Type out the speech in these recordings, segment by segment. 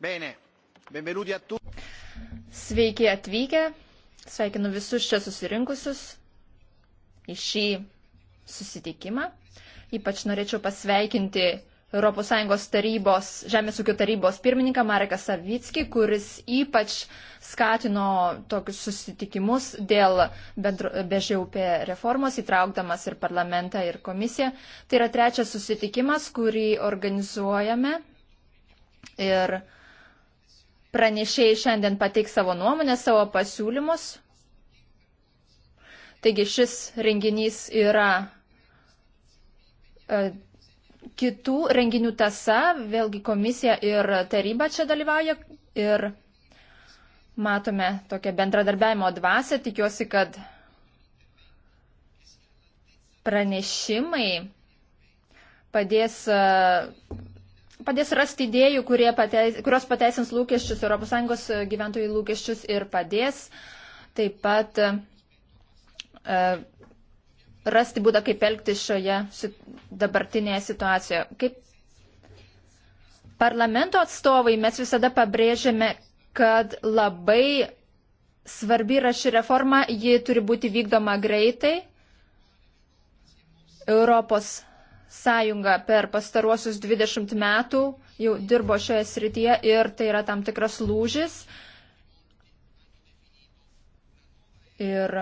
Bene, benvenuti a tutti. Sveiki atvykę, sveikinu visus čia susirinkusius į šį susitikimą. Ypač norėčiau pasveikinti ES tarybos, Žemės ūkio tarybos pirmininką Mareką Savitskį, kuris ypač skatino tokius susitikimus dėl BŽUP reformos, įtraukdamas ir parlamentą, ir komisiją. Tai yra trečias susitikimas, kurį organizuojame ir pranešėjai šiandien pateiks savo nuomonę, savo pasiūlymus. Taigi šis renginys yra e, kitų renginių tasa, vėlgi komisija ir taryba čia dalyvauja ir matome tokią bendradarbiavimo dvasę, tikiuosi, kad pranešimai padės e, padės rasti idėjų, pateis, kurios pateisins lūkesčius, ES gyventojų lūkesčius ir padės taip pat uh, rasti būdą, kaip elgtis šioje šit, dabartinėje situacijoje. Kaip parlamento atstovai mes visada pabrėžiame, kad labai svarbi yra ši reforma, ji turi būti vykdoma greitai. Europos sąjunga per pastaruosius 20 metų jau dirbo šioje srityje ir tai yra tam tikras lūžis. Ir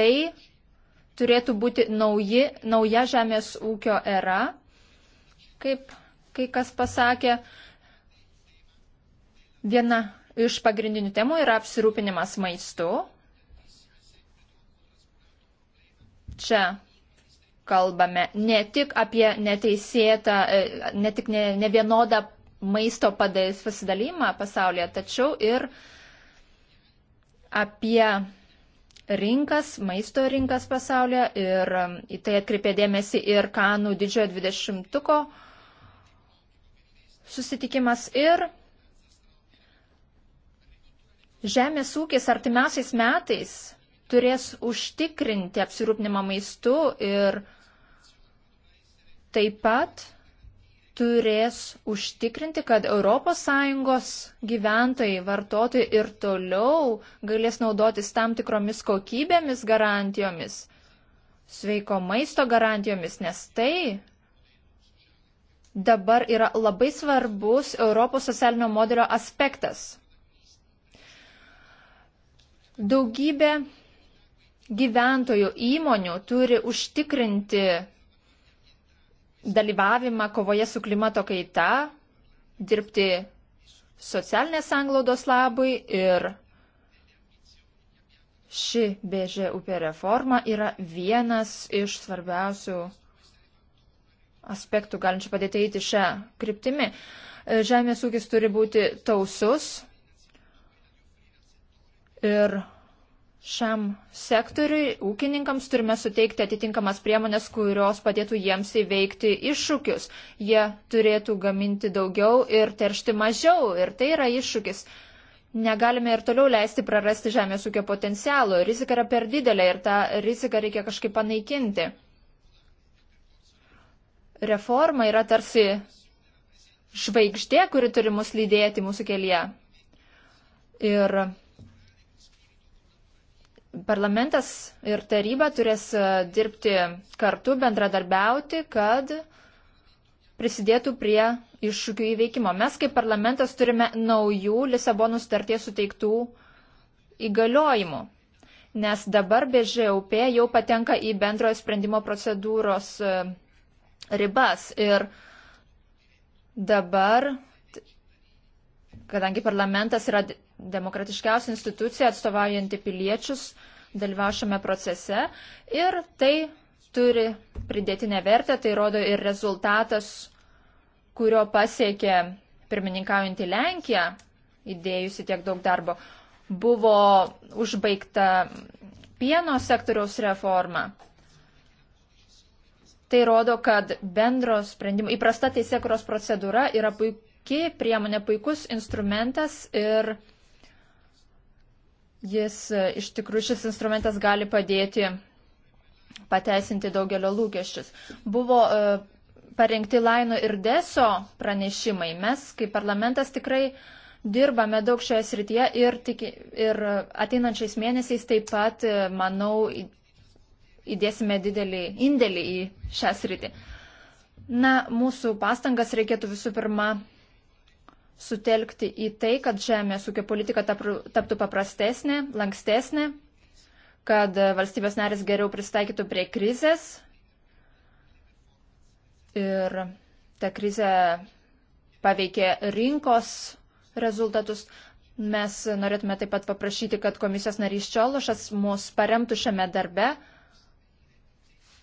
tai turėtų būti nauji, nauja žemės ūkio era, kaip kai kas pasakė. Viena iš pagrindinių temų yra apsirūpinimas maistu. Čia kalbame ne tik apie neteisėtą, e, ne tik nevienodą ne maisto padais pasidalymą pasaulyje, tačiau ir apie rinkas, maisto rinkas pasaulyje ir e, į tai atkreipė dėmesį ir Kanų didžiojo dvidešimtuko susitikimas ir Žemės ūkis artimiausiais metais turės užtikrinti apsirūpinimą maistu ir taip pat turės užtikrinti, kad ES gyventojai, vartotojai ir toliau galės naudotis tam tikromis kokybėmis garantijomis, sveiko maisto garantijomis, nes tai dabar yra labai svarbus Europos socialinio modelio aspektas. Daugybė gyventojų įmonių turi užtikrinti dalyvavimą kovoje su klimato kaita, dirbti socialinės sanglaudos labui ir ši BŽUP reforma yra vienas iš svarbiausių aspektų galinčių padėti eiti šią kryptimį. E, žemės ūkis turi būti tausus ir šiam sektoriui, ūkininkams turime suteikti atitinkamas priemonės, kurios padėtų jiems įveikti iššūkius. Jie turėtų gaminti daugiau ir teršti mažiau, ir tai yra iššūkis. Negalime ir toliau leisti prarasti žemės ūkio potencialo. Rizika yra per didelė ir tą riziką reikia kažkaip panaikinti. Reforma yra tarsi žvaigždė, kuri turi mus lydėti mūsų kelyje. Ir parlamentas ir taryba turės e, dirbti kartu, bendradarbiauti, kad prisidėtų prie iššūkių įveikimo. Mes kaip parlamentas turime naujų Lisabonų starties suteiktų įgaliojimų, nes dabar BŽUP jau patenka į bendrojo sprendimo procedūros e, ribas ir dabar, kadangi parlamentas yra demokratiškiausia institucija atstovaujanti piliečius dalyvauja šiame procese ir tai turi pridėtinę vertę, tai rodo ir rezultatas, kurio pasiekė pirmininkaujantį Lenkiją, įdėjusi tiek daug darbo, buvo užbaigta pieno sektoriaus reforma. Tai rodo, kad bendro sprendimo įprasta teisėkuros procedūra yra puikiai priemonė, puikus instrumentas ir Jis e, iš tikrųjų šis instrumentas gali padėti pateisinti daugelio lūkesčius. Buvo e, parengti Laino ir Deso pranešimai. Mes kaip parlamentas tikrai dirbame daug šioje srityje ir, tiki, ir ateinančiais mėnesiais taip pat, e, manau, įdėsime didelį indėlį į šią sritį. Na, mūsų pastangas reikėtų visų pirma sutelkti į tai, kad žemės ūkio politika taptų paprastesnė, lankstesnė, kad valstybės narės geriau pristaikytų prie krizės ir ta krizė paveikė rinkos rezultatus. Mes norėtume taip pat paprašyti, kad komisijos narys Čiološas mus paremtų šiame darbe,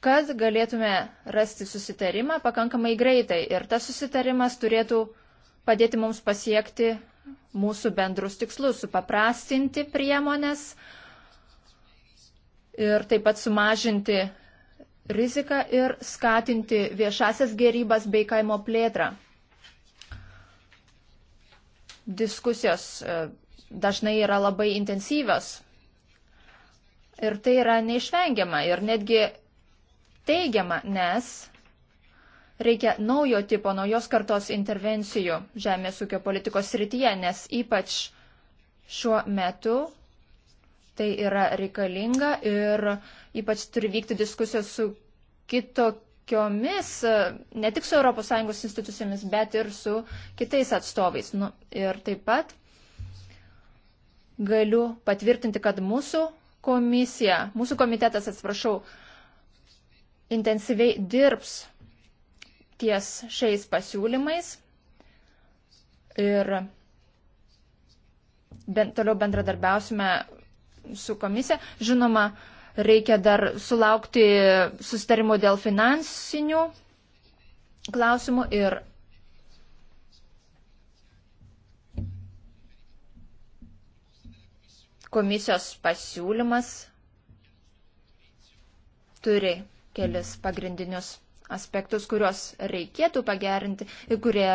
kad galėtume rasti susitarimą pakankamai greitai. Ir tas susitarimas turėtų padėti mums pasiekti mūsų bendrus tikslus, supaprastinti priemonės ir taip pat sumažinti riziką ir skatinti viešasias gerybas bei kaimo plėtrą. Diskusijos e, dažnai yra labai intensyvios ir tai yra neišvengiama ir netgi teigiama, nes Reikia naujo tipo, naujos kartos intervencijų žemės ūkio politikos srityje, nes ypač šiuo metu tai yra reikalinga ir ypač turi vykti diskusijos su kitokiomis, ne tik su ES institucijomis, bet ir su kitais atstovais. Nu, ir taip pat galiu patvirtinti, kad mūsų komisija, mūsų komitetas, atsiprašau, intensyviai dirbs ties šiais pasiūlymais ir ben, toliau bendradarbiausime su komisija. Žinoma, reikia dar sulaukti susitarimo dėl finansinių klausimų ir komisijos pasiūlymas turi kelis pagrindinius aspektus, kuriuos reikėtų pagerinti, kurie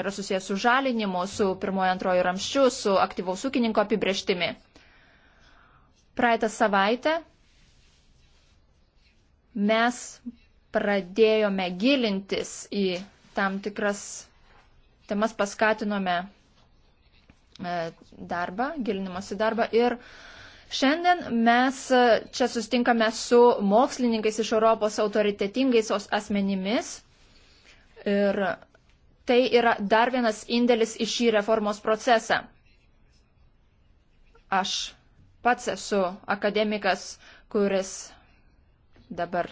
yra susijęs su žalinimu, su pirmojo antrojo ramščiu, su aktyvaus ūkininko apibrieštimi. Praeitą savaitę mes pradėjome gilintis į tam tikras temas, paskatinome e, darbą, gilinimosi darbą ir uh, Šiandien mes e, čia sustinkame su mokslininkais iš Europos autoritetingais asmenimis. Ir tai yra dar vienas indėlis į šį reformos procesą. Aš pats esu akademikas, kuris dabar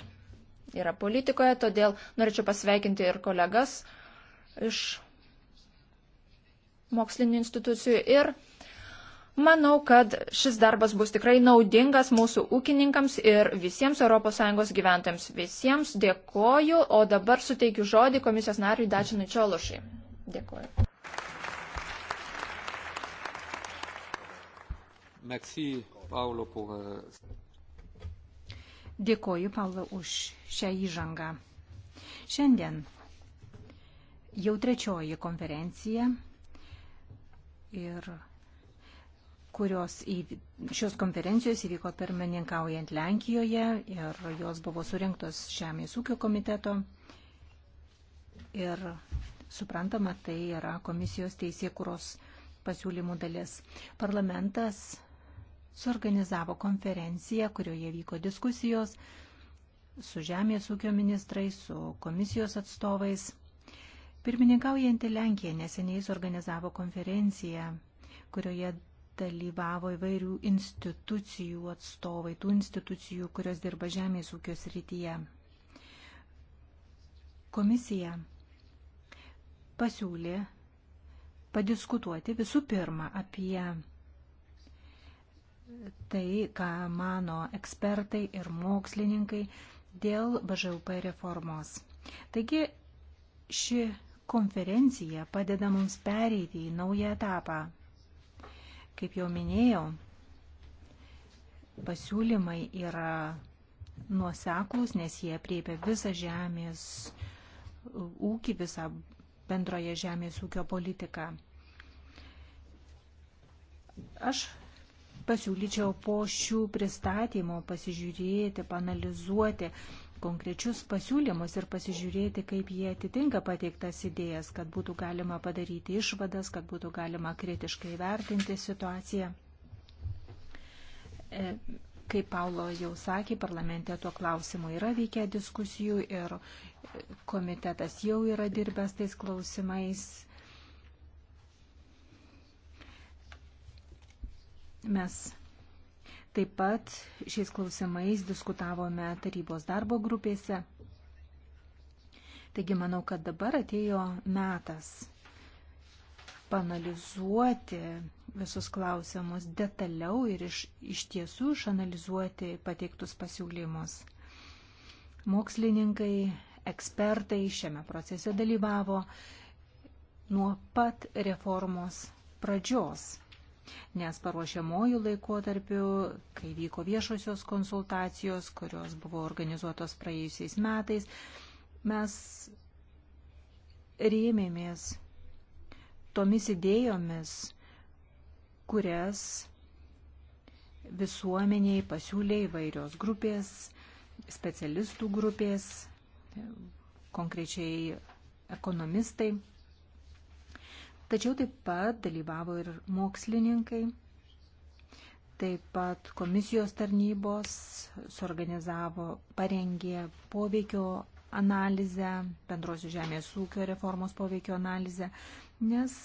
yra politikoje, todėl norėčiau pasveikinti ir kolegas iš mokslininių institucijų ir Manau, kad šis darbas bus tikrai naudingas mūsų ūkininkams ir visiems ES gyventojams. Visiems dėkoju, o dabar suteikiu žodį komisijos nariui Dačinui Čiološai. Dėkoju. Merci, Paulo, pour... Euh, dėkoju, Paulo, už šią įžangą. Šiandien jau trečioji konferencija ir kurios į, šios konferencijos įvyko pirmininkaujant Lenkijoje ir jos buvo surinktos Žemės ūkio komiteto. Ir suprantama, tai yra komisijos teisėkuros pasiūlymų dalis. Parlamentas suorganizavo konferenciją, kurioje vyko diskusijos su Žemės ūkio ministrais, su komisijos atstovais. Pirmininkaujanti Lenkija neseniai suorganizavo konferenciją, kurioje dalyvavo įvairių institucijų atstovai, tų institucijų, kurios dirba žemės ūkio srityje. Komisija pasiūlė padiskutuoti visų pirma apie tai, ką mano ekspertai ir mokslininkai dėl BŽUP reformos. Taigi ši konferencija padeda mums pereiti į naują etapą. Kaip jau minėjau, pasiūlymai yra nuoseklus, nes jie priepia visą žemės ūkį, visą bendroje žemės ūkio politiką. Aš pasiūlyčiau po šių pristatymų pasižiūrėti, panalizuoti, konkrečius pasiūlymus ir pasižiūrėti, kaip jie atitinka pateiktas idėjas, kad būtų galima padaryti išvadas, kad būtų galima kritiškai vertinti situaciją. E, kaip Paulo jau sakė, parlamente tuo klausimu yra vykę diskusijų ir komitetas jau yra dirbęs tais klausimais. Mes Taip pat šiais klausimais diskutavome tarybos darbo grupėse. Taigi manau, kad dabar atėjo metas panalizuoti visus klausimus detaliau ir iš, iš tiesų išanalizuoti pateiktus pasiūlymus. Mokslininkai, ekspertai šiame procese dalyvavo nuo pat reformos pradžios nes paruošiamojų laikotarpių, kai vyko viešosios konsultacijos, kurios buvo organizuotos praėjusiais metais, mes rėmėmės tomis idėjomis, kurias visuomeniai pasiūlė įvairios grupės, specialistų grupės, konkrečiai ekonomistai. Tačiau taip pat dalyvavo ir mokslininkai, taip pat komisijos tarnybos suorganizavo, parengė poveikio analizę, bendrosios žemės ūkio reformos poveikio analizę, nes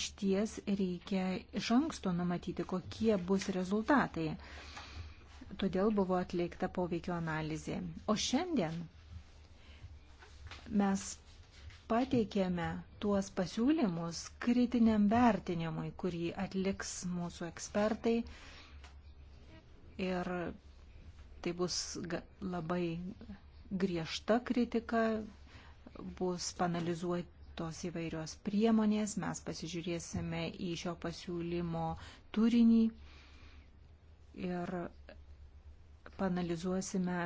iš ties reikia iš anksto numatyti, kokie bus rezultatai. Todėl buvo atlikta poveikio analizė. O šiandien mes pateikėme tuos pasiūlymus kritiniam vertinimui, kurį atliks mūsų ekspertai. Ir tai bus labai griežta kritika, bus panalizuotos įvairios priemonės, mes pasižiūrėsime į šio pasiūlymo turinį ir panalizuosime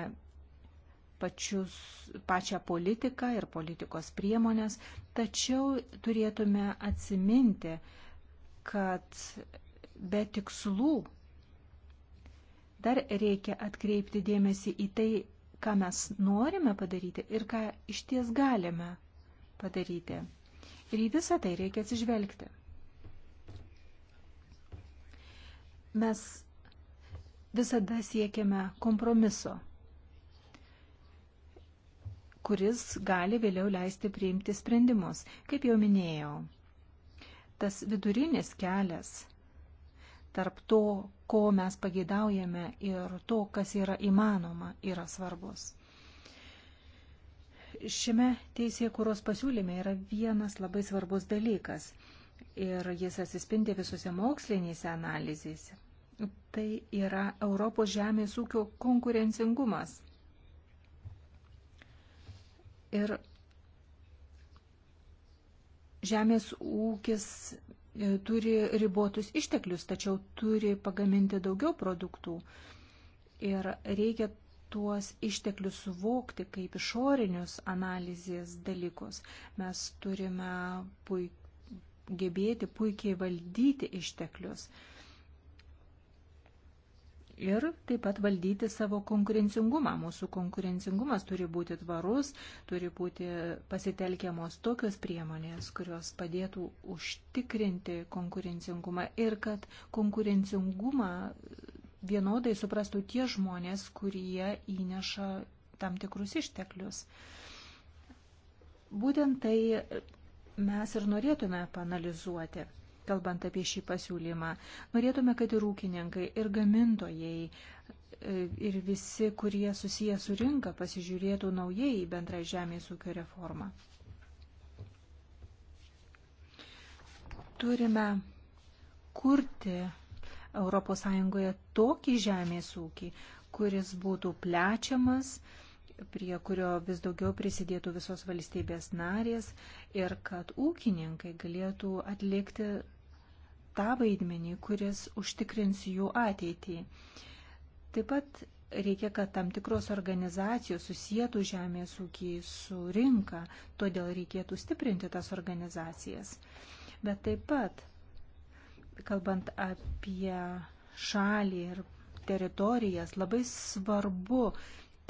pačius, pačią politiką ir politikos priemonės, tačiau turėtume atsiminti, kad be tikslų dar reikia atkreipti dėmesį į tai, ką mes norime padaryti ir ką iš ties galime padaryti. Ir į visą tai reikia atsižvelgti. Mes visada siekiame kompromiso kuris gali vėliau leisti priimti sprendimus. Kaip jau minėjau, tas vidurinis kelias tarp to, ko mes pageidaujame ir to, kas yra įmanoma, yra svarbus. Šiame teisėkūros pasiūlyme yra vienas labai svarbus dalykas ir jis atsispindi visose mokslinėse analizėse. Tai yra Europos žemės ūkio konkurencingumas. Ir žemės ūkis e, turi ribotus išteklius, tačiau turi pagaminti daugiau produktų. Ir reikia tuos išteklius suvokti kaip išorinius analizės dalykus. Mes turime puik, gebėti puikiai valdyti išteklius. Uh, ir taip pat valdyti savo konkurencingumą. Mūsų konkurencingumas turi būti tvarus, turi būti pasitelkiamos tokios priemonės, kurios padėtų užtikrinti konkurencingumą ir kad konkurencingumą vienodai suprastų tie žmonės, kurie įneša tam tikrus išteklius. Būtent tai mes ir norėtume panalizuoti kalbant apie šį pasiūlymą. Norėtume, kad ir ūkininkai, ir gamintojai, e, ir visi, kurie susiję su rinka, pasižiūrėtų naujai į bendrą žemės ūkio reformą. Turime kurti ES tokį žemės ūkį, kuris būtų plečiamas, prie kurio vis daugiau prisidėtų visos valstybės narės ir kad ūkininkai galėtų atlikti tą vaidmenį, kuris užtikrins jų ateitį. Taip pat reikia, kad tam tikros organizacijos susijėtų žemės ūkį su rinka, todėl reikėtų stiprinti tas organizacijas. Bet taip pat, kalbant apie šalį ir teritorijas, labai svarbu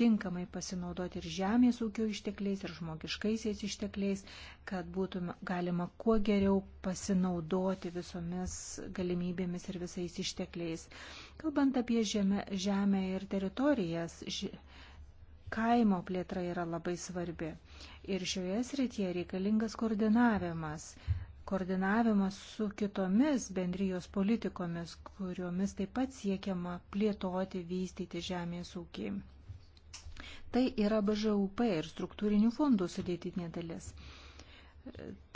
tinkamai pasinaudoti ir žemės ūkio ištekliais, ir žmogiškaisiais ištekliais, kad būtų galima kuo geriau pasinaudoti visomis galimybėmis ir visais ištekliais. Kalbant apie žemę, žemę ir teritorijas, ži, kaimo plėtra yra labai svarbi. Ir šioje srityje reikalingas koordinavimas koordinavimas su kitomis bendrijos politikomis, kuriomis taip pat siekiama plėtoti, vystyti žemės ūkį. Tai yra BŽUP ir struktūrinių fondų sudėtinė dalis.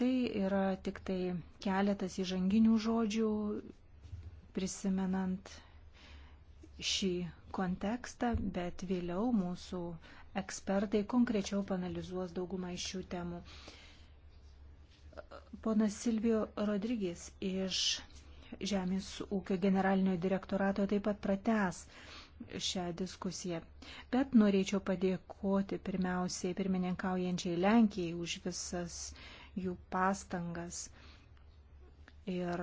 Tai yra tik tai keletas įžanginių žodžių, prisimenant šį kontekstą, bet vėliau mūsų ekspertai konkrečiau panalizuos daugumą iš šių temų. Ponas Silvio Rodrygis iš Žemės ūkio generalinio direktorato taip pat prates šią diskusiją. Bet norėčiau padėkoti pirmiausiai pirmininkaujančiai Lenkijai už visas jų pastangas ir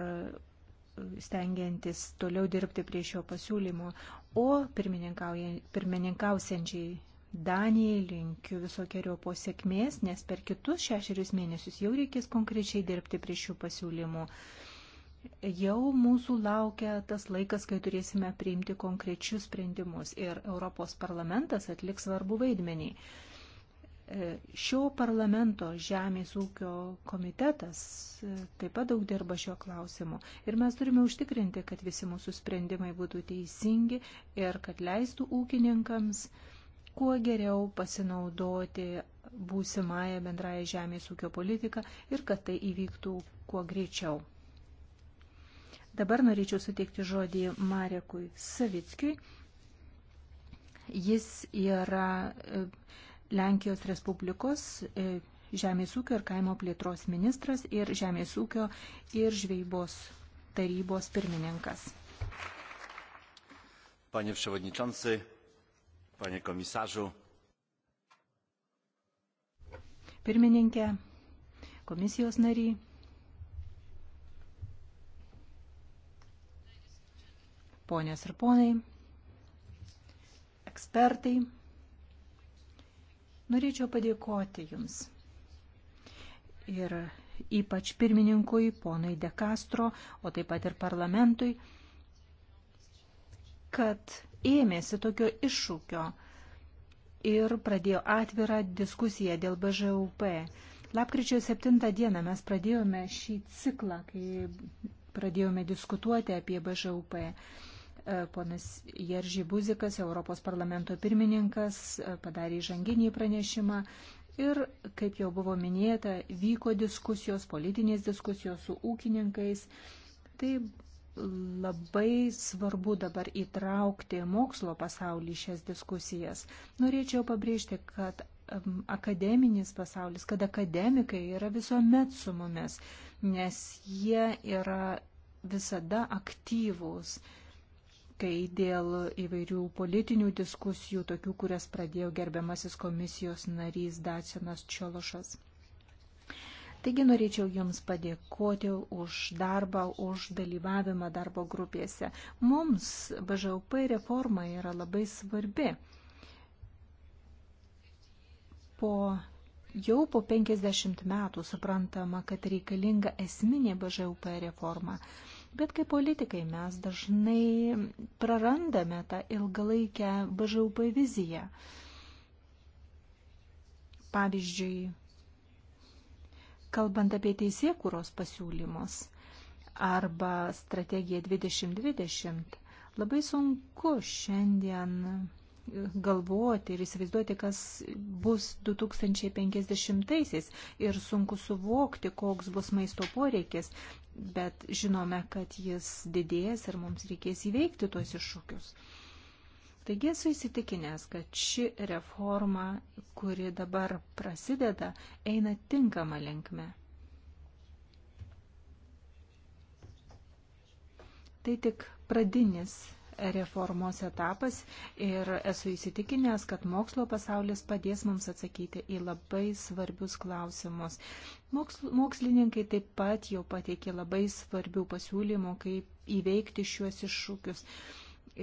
stengiantis toliau dirbti prie šio pasiūlymo, o pirmininkausiančiai Danijai linkiu visokiojo posėkmės, nes per kitus šešerius mėnesius jau reikės konkrečiai dirbti prie šių pasiūlymų jau mūsų laukia tas laikas, kai turėsime priimti konkrečius sprendimus ir Europos parlamentas atliks svarbu vaidmenį. E, šio parlamento žemės ūkio komitetas e, taip pat daug dirba šiuo klausimu ir mes turime užtikrinti, kad visi mūsų sprendimai būtų teisingi ir kad leistų ūkininkams kuo geriau pasinaudoti būsimąją bendrąją žemės ūkio politiką ir kad tai įvyktų kuo greičiau. Dabar norėčiau suteikti žodį Marekui Savickiui. Jis yra e, Lenkijos Respublikos e, Žemės ūkio ir kaimo plėtros ministras ir Žemės ūkio ir žvejybos tarybos pirmininkas. Panie Przewodniczący, Panie Komisarzu. Pirmininkė, komisijos nariai, ponės ir ponai, ekspertai, norėčiau padėkoti Jums. Ir ypač pirmininkui, ponui De Castro, o taip pat ir parlamentui, kad ėmėsi tokio iššūkio ir pradėjo atvirą diskusiją dėl BŽUP. Lapkričio 7 dieną mes pradėjome šį ciklą, kai pradėjome diskutuoti apie BŽUP. E, ponas Jerži Buzikas, Europos parlamento pirmininkas, e, padarė įžanginį pranešimą. Ir, kaip jau buvo minėta, vyko diskusijos, politinės diskusijos su ūkininkais. Tai labai svarbu dabar įtraukti mokslo pasaulį šias diskusijas. Norėčiau pabrėžti, kad akademinis pasaulis, kad akademikai yra visuomet su mumis, nes jie yra visada aktyvūs kai dėl įvairių politinių diskusijų, tokių, kurias pradėjo gerbiamasis komisijos narys Dacinas Čiološas. Taigi norėčiau Jums padėkoti už darbą, už dalyvavimą darbo grupėse. Mums BŽUP reforma yra labai svarbi. Po jau po 50 metų suprantama, kad reikalinga esminė BŽUP reforma. Bet kaip politikai mes dažnai prarandame tą ilgalaikę BŽUP viziją. Pavyzdžiui, kalbant apie teisėkūros pasiūlymus arba strategiją 2020, labai sunku šiandien galvoti ir įsivaizduoti, kas bus 2050-aisiais ir sunku suvokti, koks bus maisto poreikis, bet žinome, kad jis didės ir mums reikės įveikti tuos iššūkius. Taigi esu įsitikinęs, kad ši reforma, kuri dabar prasideda, eina tinkama linkme. Tai tik pradinis reformos etapas ir esu įsitikinęs, kad mokslo pasaulis padės mums atsakyti į labai svarbius klausimus. Mokslininkai taip pat jau pateikė labai svarbių pasiūlymų, kaip įveikti šiuos iššūkius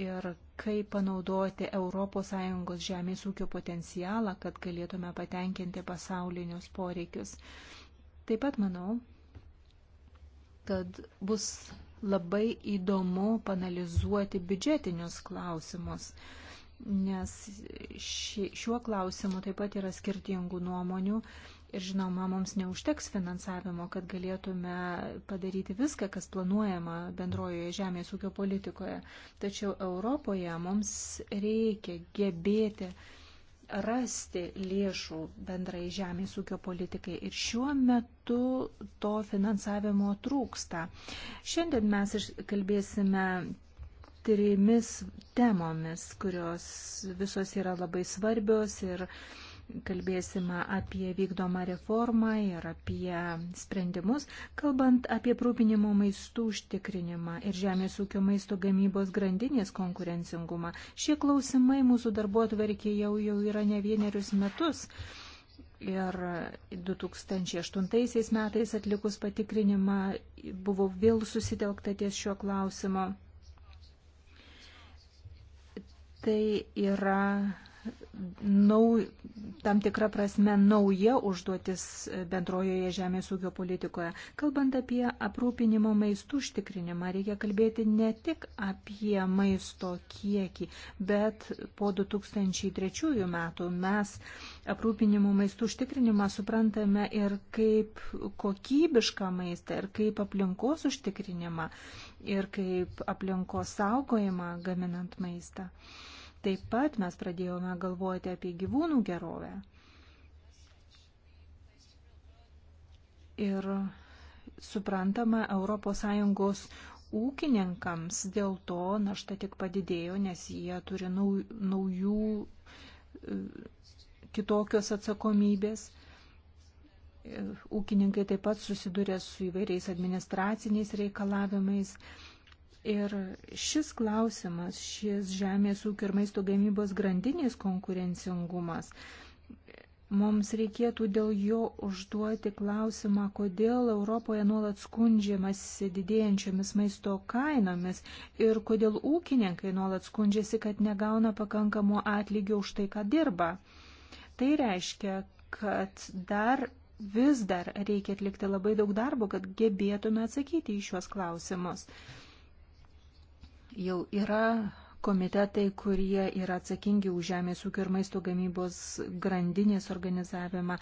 ir kaip panaudoti ES žemės ūkio potencialą, kad galėtume patenkinti pasaulinius poreikius. Taip pat manau, kad bus labai įdomu panalizuoti biudžetinius klausimus, nes ši, šiuo klausimu taip pat yra skirtingų nuomonių. Ir žinoma, mums neužteks finansavimo, kad galėtume padaryti viską, kas planuojama bendrojoje žemės ūkio politikoje. Tačiau Europoje mums reikia gebėti uh, rasti lėšų bendrai žemės ūkio politikai ir šiuo metu to finansavimo trūksta. Šiandien mes kalbėsime trimis temomis, kurios visos yra labai svarbios ir uh, kalbėsime apie vykdomą reformą ir apie sprendimus, kalbant apie prūpinimo maistų užtikrinimą ir žemės ūkio maisto gamybos grandinės konkurencingumą. Šie klausimai mūsų darbo atvarkė jau, jau yra ne vienerius metus. Ir 2008 metais atlikus patikrinimą buvo vėl susitelkta ties šio klausimo. Tai yra nau, tam tikra prasme nauja užduotis bendrojoje žemės ūkio politikoje. Kalbant apie aprūpinimo maistų užtikrinimą, reikia kalbėti ne tik apie maisto kiekį, bet po 2003 metų mes aprūpinimo maistų užtikrinimą suprantame ir kaip kokybišką maistą, ir kaip aplinkos užtikrinimą, ir kaip aplinkos saugojimą gaminant maistą. Thank you. Taip pat mes pradėjome galvoti apie gyvūnų gerovę. Ir suprantama, ES ūkininkams dėl to našta tik padidėjo, nes jie turi naujų e, kitokios atsakomybės. E, ūkininkai taip pat susiduria su įvairiais administraciniais reikalavimais. Ir šis klausimas, šis žemės ūkio ir maisto gamybos grandinės konkurencingumas, mums reikėtų dėl jo užduoti klausimą, kodėl Europoje nuolat skundžiamas didėjančiomis maisto kainomis ir kodėl ūkininkai nuolat skundžiasi, kad negauna pakankamo atlygio už tai, ką dirba. Tai reiškia, kad dar vis dar reikia atlikti labai daug darbo, kad gebėtume atsakyti į šiuos klausimus jau yra komitetai, kurie yra atsakingi už žemės ūkio ir maisto gamybos grandinės organizavimą.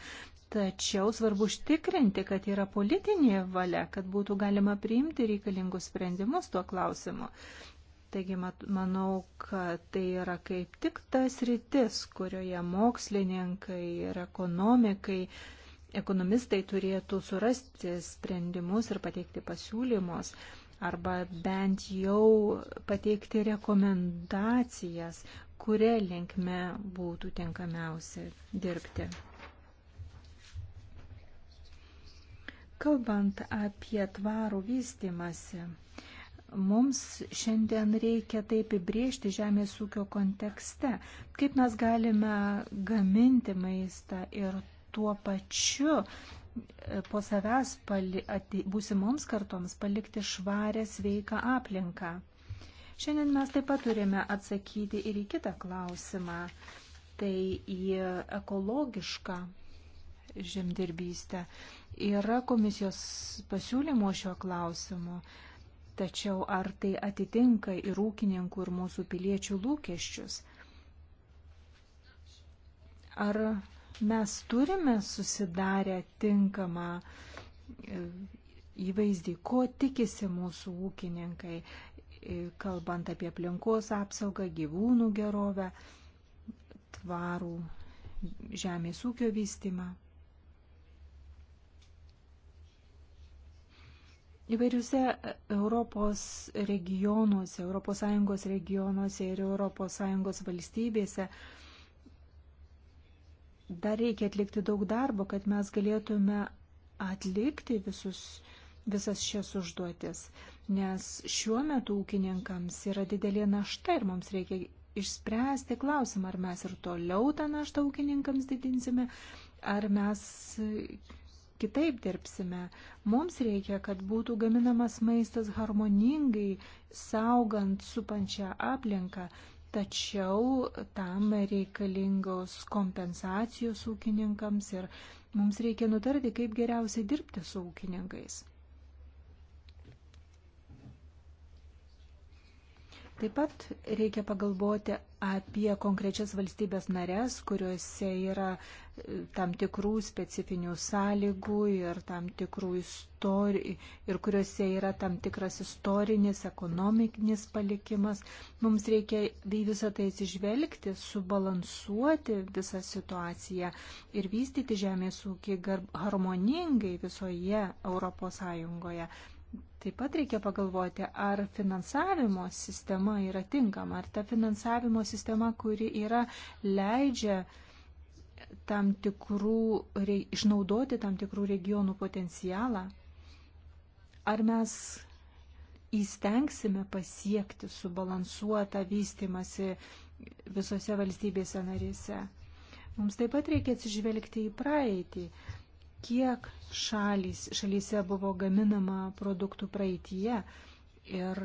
Tačiau svarbu užtikrinti, kad yra politinė valia, kad būtų galima priimti reikalingus sprendimus tuo klausimu. Taigi manau, kad tai yra kaip tik tas rytis, kurioje mokslininkai ir ekonomikai, ekonomistai turėtų surasti sprendimus ir pateikti pasiūlymus arba bent jau pateikti rekomendacijas, kuria linkme būtų tinkamiausia dirbti. Kalbant apie tvarų vystimąsi, mums šiandien reikia taip įbriežti žemės ūkio kontekste, kaip mes galime gaminti maistą ir tuo pačiu po savęs pali, ate, būsimoms kartoms palikti švarę sveiką aplinką. Šiandien mes taip pat turime atsakyti ir į kitą klausimą, tai į ekologišką žemdirbystę. Yra komisijos pasiūlymo šio klausimu, tačiau ar tai atitinka ir ūkininkų, ir mūsų piliečių lūkesčius? Ar Mes turime susidarę tinkamą e, įvaizdį, ko tikisi mūsų ūkininkai, e, kalbant apie aplinkos apsaugą, gyvūnų gerovę, tvarų žemės ūkio vystimą. Įvairiuose Europos regionuose, ES regionuose ir ES valstybėse Dar reikia atlikti daug darbo, kad mes galėtume atlikti visus, visas šias užduotis, nes šiuo metu ūkininkams yra didelė našta ir mums reikia išspręsti klausimą, ar mes ir toliau tą naštą ūkininkams didinsime, ar mes kitaip dirbsime. Mums reikia, kad būtų gaminamas maistas harmoningai, saugant supančią aplinką tačiau tam reikalingos kompensacijos ūkininkams ir mums reikia nutarti, kaip geriausiai dirbti su ūkininkais. Taip pat reikia pagalvoti apie konkrečias valstybės narės, kuriuose yra e, tam tikrų specifinių sąlygų ir tam tikrų istorijų, ir kuriuose yra tam tikras istorinis, ekonominis palikimas. Mums reikia į visą tai atsižvelgti, subalansuoti visą situaciją ir vystyti žemės ūkį harmoningai visoje Europos Sąjungoje. Taip pat reikia pagalvoti, ar finansavimo sistema yra tinkama, ar ta finansavimo sistema, kuri yra leidžia tam tikrų, rei, išnaudoti tam tikrų regionų potencialą, ar mes įstengsime pasiekti subalansuotą vystimasi visose valstybėse narėse. Mums taip pat reikia atsižvelgti į praeitį kiek šalys, šalyse buvo gaminama produktų praeitie ir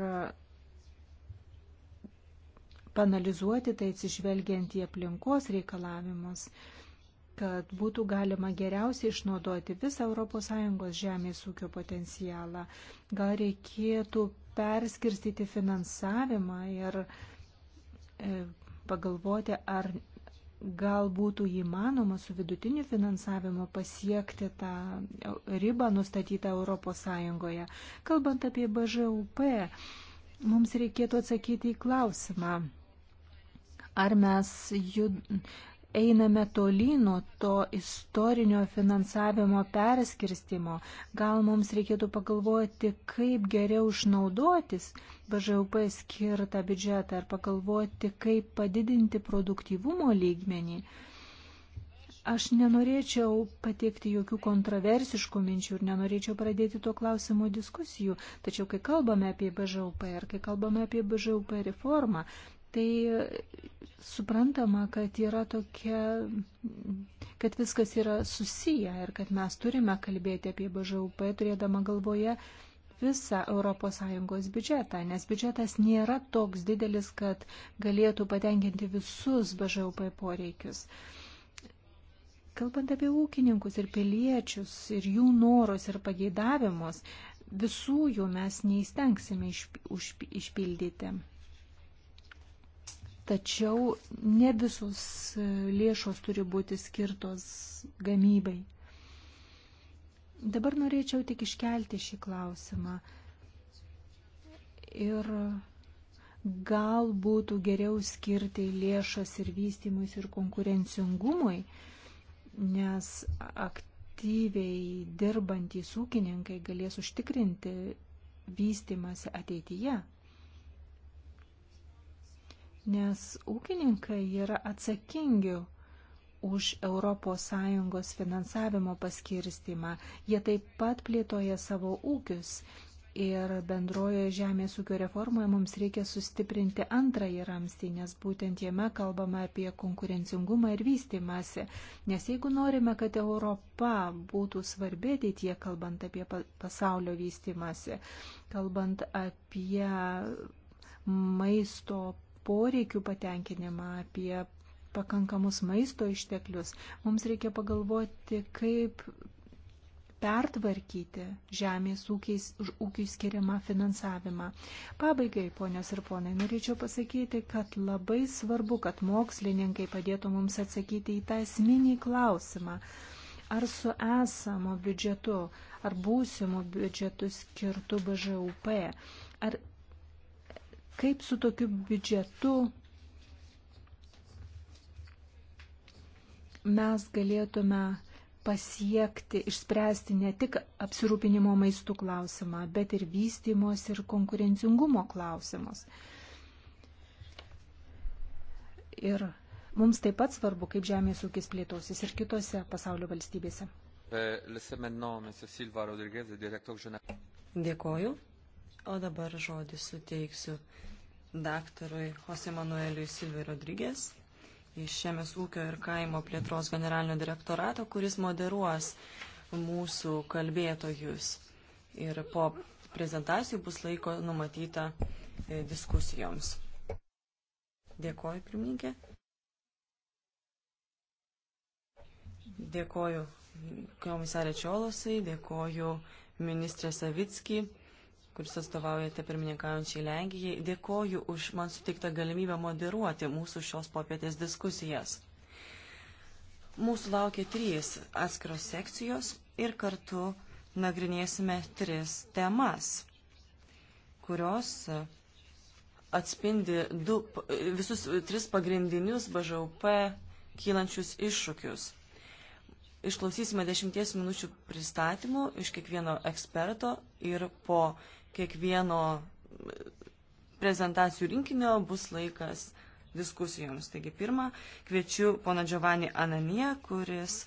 panalizuoti tai atsižvelgiant į aplinkos reikalavimus, kad būtų galima geriausiai išnaudoti visą ES žemės ūkio potencialą. Gal reikėtų perskirstyti finansavimą ir e, pagalvoti, ar gal būtų įmanoma su vidutiniu finansavimu pasiekti tą ribą nustatytą ES. Kalbant apie BŽUP, mums reikėtų atsakyti į klausimą, ar mes jud, einame tolyn nuo to istorinio finansavimo perskirstimo. Gal mums reikėtų pagalvoti, kaip geriau išnaudotis BŽUP skirtą biudžetą ir pagalvoti, kaip padidinti produktyvumo lygmenį. Aš nenorėčiau pateikti jokių kontroversiškų minčių ir nenorėčiau pradėti tuo klausimu diskusijų, tačiau kai kalbame apie BŽUP ir kai kalbame apie BŽUP reformą, Tai suprantama, kad yra tokia, kad viskas yra susiję ir kad mes turime kalbėti apie BŽUP, turėdama galvoje visą ES biudžetą, nes biudžetas nėra toks didelis, kad galėtų patenkinti visus BŽUP poreikius. Kalbant apie ūkininkus ir piliečius ir jų norus ir pageidavimus, visų jų mes neįstengsime išp, užp, išpildyti tačiau ne visos lėšos turi būti skirtos gamybai. Dabar norėčiau tik iškelti šį klausimą. Ir gal būtų geriau skirti lėšas ir vystymus ir konkurencingumui, nes aktyviai dirbantys ūkininkai galės užtikrinti vystimąsi ateityje nes ūkininkai yra atsakingi už ES finansavimo paskirstimą. Jie taip pat plėtoja savo ūkius. Ir bendrojoje žemės ūkio reformoje mums reikia sustiprinti antrąjį ramstį, nes būtent jame kalbame apie konkurencingumą ir vystimąsi. Nes jeigu norime, kad Europa būtų svarbi ateitie, kalbant apie pasaulio vystimąsi, kalbant apie maisto poreikių patenkinimą, apie pakankamus maisto išteklius. Mums reikia pagalvoti, kaip pertvarkyti žemės ūkiais, ūkiai skiriamą finansavimą. Pabaigai, ponios ir ponai, norėčiau pasakyti, kad labai svarbu, kad mokslininkai padėtų mums atsakyti į tą esminį klausimą. Ar su esamo biudžetu, ar būsimo biudžetu skirtu BŽUP, ar Kaip su tokiu biudžetu mes galėtume pasiekti, išspręsti ne tik apsirūpinimo maistų klausimą, bet ir vystimos ir konkurencingumo klausimus. Ir mums taip pat svarbu, kaip žemės ūkis plėtosis ir kitose pasaulio valstybėse. Eh, Dėkoju. O dabar žodį suteiksiu daktarui Jose Manueliui Silvio Rodrygės iš Žemės ūkio ir kaimo plėtros generalinio direktorato, kuris moderuos mūsų kalbėtojus. Ir po prezentacijų bus laiko numatyta e, diskusijoms. Dėkoju, pirmininkė. Dėkoju komisarė Čiolosai, dėkoju ministrė Savicki kuris atstovaujate pirmininkaujančiai Lenkijai. Dėkoju už man suteiktą galimybę moderuoti mūsų šios popietės diskusijas. Mūsų laukia trys atskiros sekcijos ir kartu nagrinėsime tris temas, kurios atspindi du, visus tris pagrindinius BŽUP kylančius iššūkius. Išklausysime dešimties minučių pristatymų iš kiekvieno eksperto ir po kiekvieno prezentacijų rinkinio bus laikas diskusijoms. Taigi pirmą kviečiu pona Giovanni Ananiją, kuris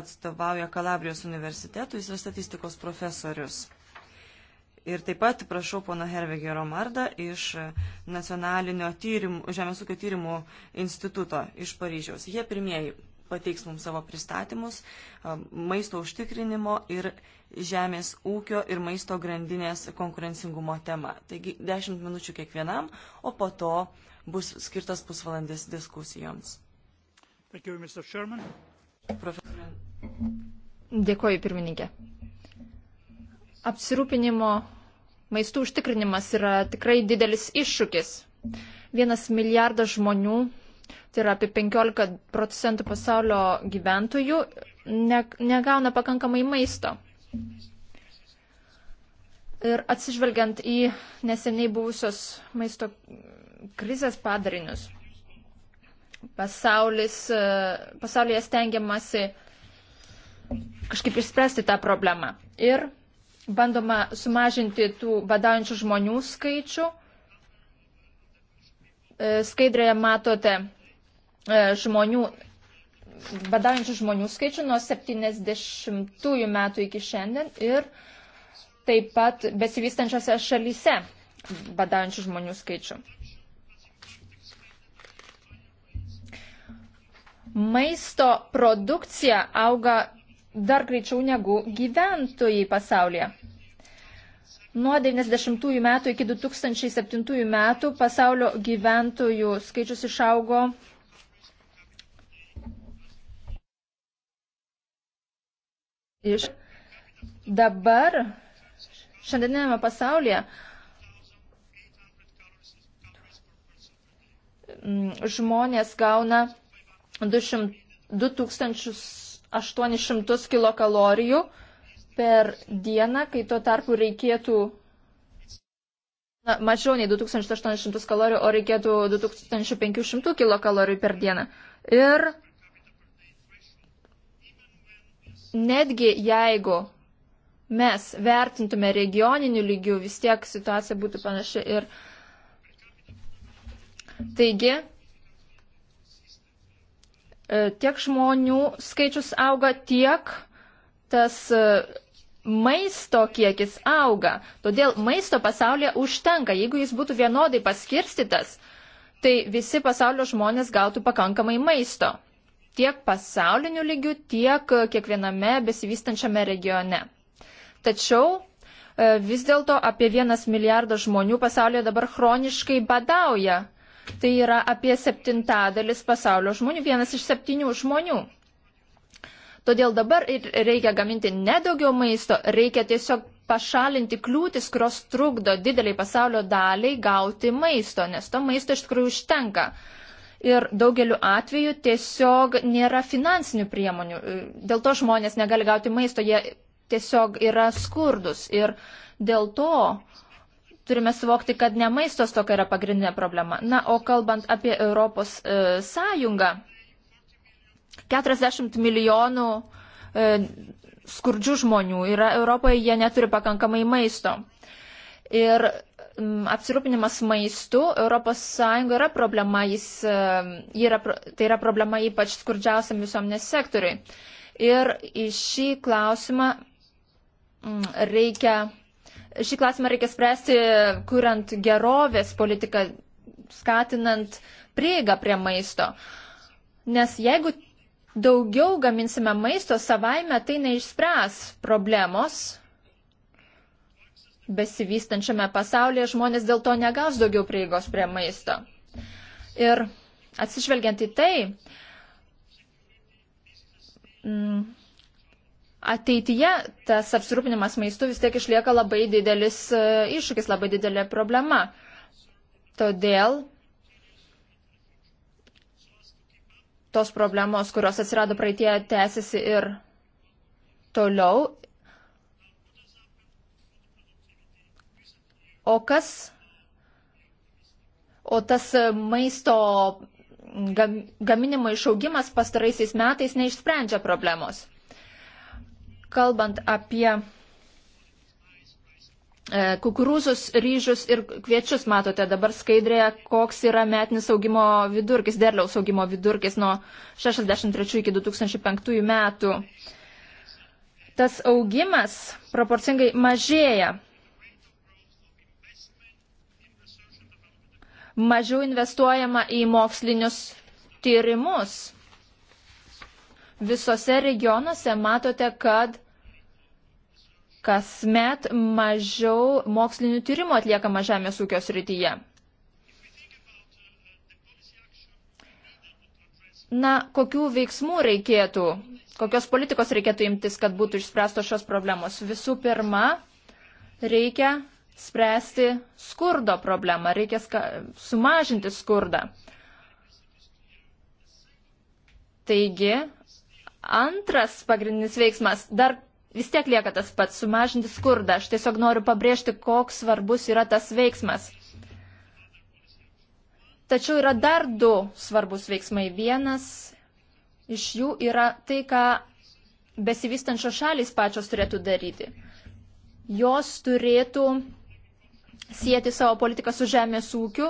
atstovauja Kalabrijos universitetui, jis yra statistikos profesorius. Ir taip pat prašau pono Hervegio Romardą iš Nacionalinio tyrimų, Žemės ūkio tyrimų instituto iš Paryžiaus. Jie pirmieji pateiks mums savo pristatymus maisto užtikrinimo ir žemės ūkio ir maisto grandinės konkurencingumo tema. Taigi 10 minučių kiekvienam, o po to bus skirtas pusvalandis diskusijoms. Profesorė. Dėkoju, pirmininkė. Apsirūpinimo maistų užtikrinimas yra tikrai didelis iššūkis. Vienas milijardas žmonių, tai yra apie 15 procentų pasaulio gyventojų, ne, negauna pakankamai maisto. Ir atsižvelgiant į neseniai buvusios maisto krizės padarinius, pasaulis, pasaulyje stengiamasi kažkaip išspręsti tą problemą. Ir bandoma sumažinti tų badaujančių žmonių skaičių. E, skaidrėje matote e, žmonių badaujančių žmonių skaičių nuo 70 metų iki šiandien ir taip pat besivystančiose šalyse badaujančių žmonių skaičių. Maisto produkcija auga dar greičiau negu gyventojai pasaulyje. Nuo 90 metų iki 2007 metų pasaulio gyventojų skaičius išaugo Iš dabar šiandieninėme pasaulyje mm, žmonės gauna 200, 2800 kilokalorijų per dieną, kai tuo tarpu reikėtų na, mažiau nei 2800 kalorijų, o reikėtų 2500 kilokalorijų per dieną. Ir netgi jeigu mes vertintume regioninių lygių, vis tiek situacija būtų panaši ir. Taigi, e, tiek žmonių skaičius auga, tiek tas e, maisto kiekis auga. Todėl maisto pasaulyje užtenka. Jeigu jis būtų vienodai paskirstytas, tai visi pasaulio žmonės gautų pakankamai maisto tiek pasauliniu lygiu, tiek e, kiekviename besivystančiame regione. Tačiau e, vis dėlto apie vienas milijardas žmonių pasaulyje dabar chroniškai badauja. Tai yra apie septintadalis pasaulio žmonių, vienas iš septynių žmonių. Todėl dabar reikia gaminti nedaugiau maisto, reikia tiesiog pašalinti kliūtis, kurios trukdo dideliai pasaulio daliai gauti maisto, nes to maisto iš tikrųjų užtenka. Uh, ir daugeliu atveju tiesiog nėra finansinių priemonių. Dėl to žmonės negali gauti maisto, jie tiesiog yra skurdus ir dėl to turime suvokti, kad ne maisto stoka yra pagrindinė problema. Na, o kalbant apie Europos e, sąjungą, 40 milijonų e, skurdžių žmonių yra Europoje, jie neturi pakankamai maisto. Ir apsirūpinimas maistu ES yra problema, jis, e, yra, tai yra problema ypač skurdžiausiam visuomenės sektoriui. Ir į šį klausimą reikia, šį klausimą reikia spręsti, kuriant gerovės politiką, skatinant prieigą prie maisto. Nes jeigu daugiau gaminsime maisto savaime, tai neišspręs problemos besivystančiame pasaulyje žmonės dėl to negaus daugiau prieigos prie maisto. Ir atsižvelgiant į tai, mm, ateityje tas apsirūpinimas maistu vis tiek išlieka labai didelis e, iššūkis, labai didelė problema. Todėl tos problemos, kurios atsirado praeitie, tęsiasi ir toliau O kas? O tas e, maisto gaminimo išaugimas pastaraisiais metais neišsprendžia problemos. Kalbant apie e, kukurūzus, ryžius ir kviečius, matote dabar skaidrėje, koks yra metinis augimo vidurkis, derliaus augimo vidurkis nuo 63 iki 2005 metų. Tas augimas proporcingai mažėja. mažiau investuojama į mokslinius tyrimus. Visose regionuose matote, kad kasmet mažiau mokslinių tyrimų atliekama žemės ūkio srityje. Na, kokių veiksmų reikėtų, kokios politikos reikėtų imtis, kad būtų išspręstos šios problemos? Visų pirma, reikia spręsti skurdo problemą, reikia sumažinti skurdą. Taigi, antras pagrindinis veiksmas dar vis tiek lieka tas pats - sumažinti skurdą. Aš tiesiog noriu pabrėžti, koks svarbus yra tas veiksmas. Tačiau yra dar du svarbus veiksmai. Vienas iš jų yra tai, ką besivystančios šalys pačios turėtų daryti. Jos turėtų sieti savo politiką su žemės ūkiu,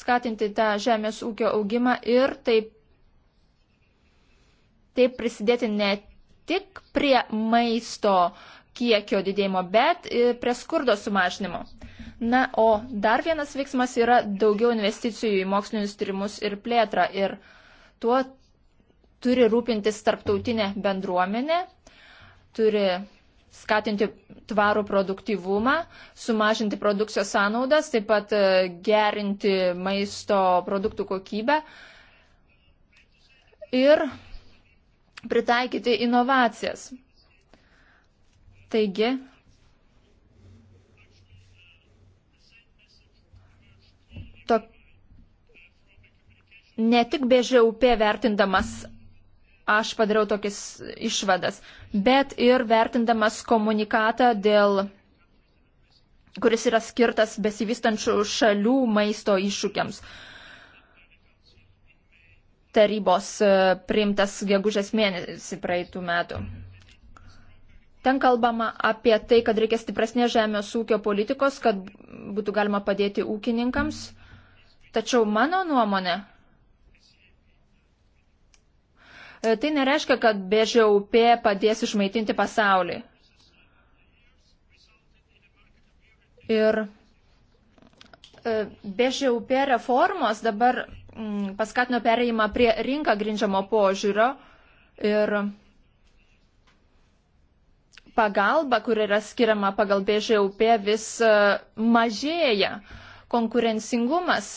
skatinti tą žemės ūkio augimą ir taip, taip prisidėti ne tik prie maisto kiekio didėjimo, bet ir prie skurdo sumažinimo. Na, o dar vienas veiksmas yra daugiau investicijų į mokslinius tyrimus ir plėtrą. Ir tuo turi rūpintis tarptautinė bendruomenė, turi skatinti tvarų produktyvumą, sumažinti produkcijos sąnaudas, taip pat e, gerinti maisto produktų kokybę ir pritaikyti inovacijas. Taigi, to, ne tik BŽUP vertindamas aš padariau tokias išvadas, bet ir vertindamas komunikatą dėl kuris yra skirtas besivystančių šalių maisto iššūkiams. Tarybos e, priimtas gegužės mėnesį praeitų metų. Ten kalbama apie tai, kad reikia stipresnės žemės ūkio politikos, kad būtų galima padėti ūkininkams. Tačiau mano nuomonė, E, tai nereiškia, kad BŽUP padės išmaitinti pasaulį. Ir e, BŽUP reformos dabar mm, paskatino perėjimą prie rinką grindžiamo požiūrio ir pagalba, kur yra skiriama pagal BŽUP, vis e, mažėja. Konkurencingumas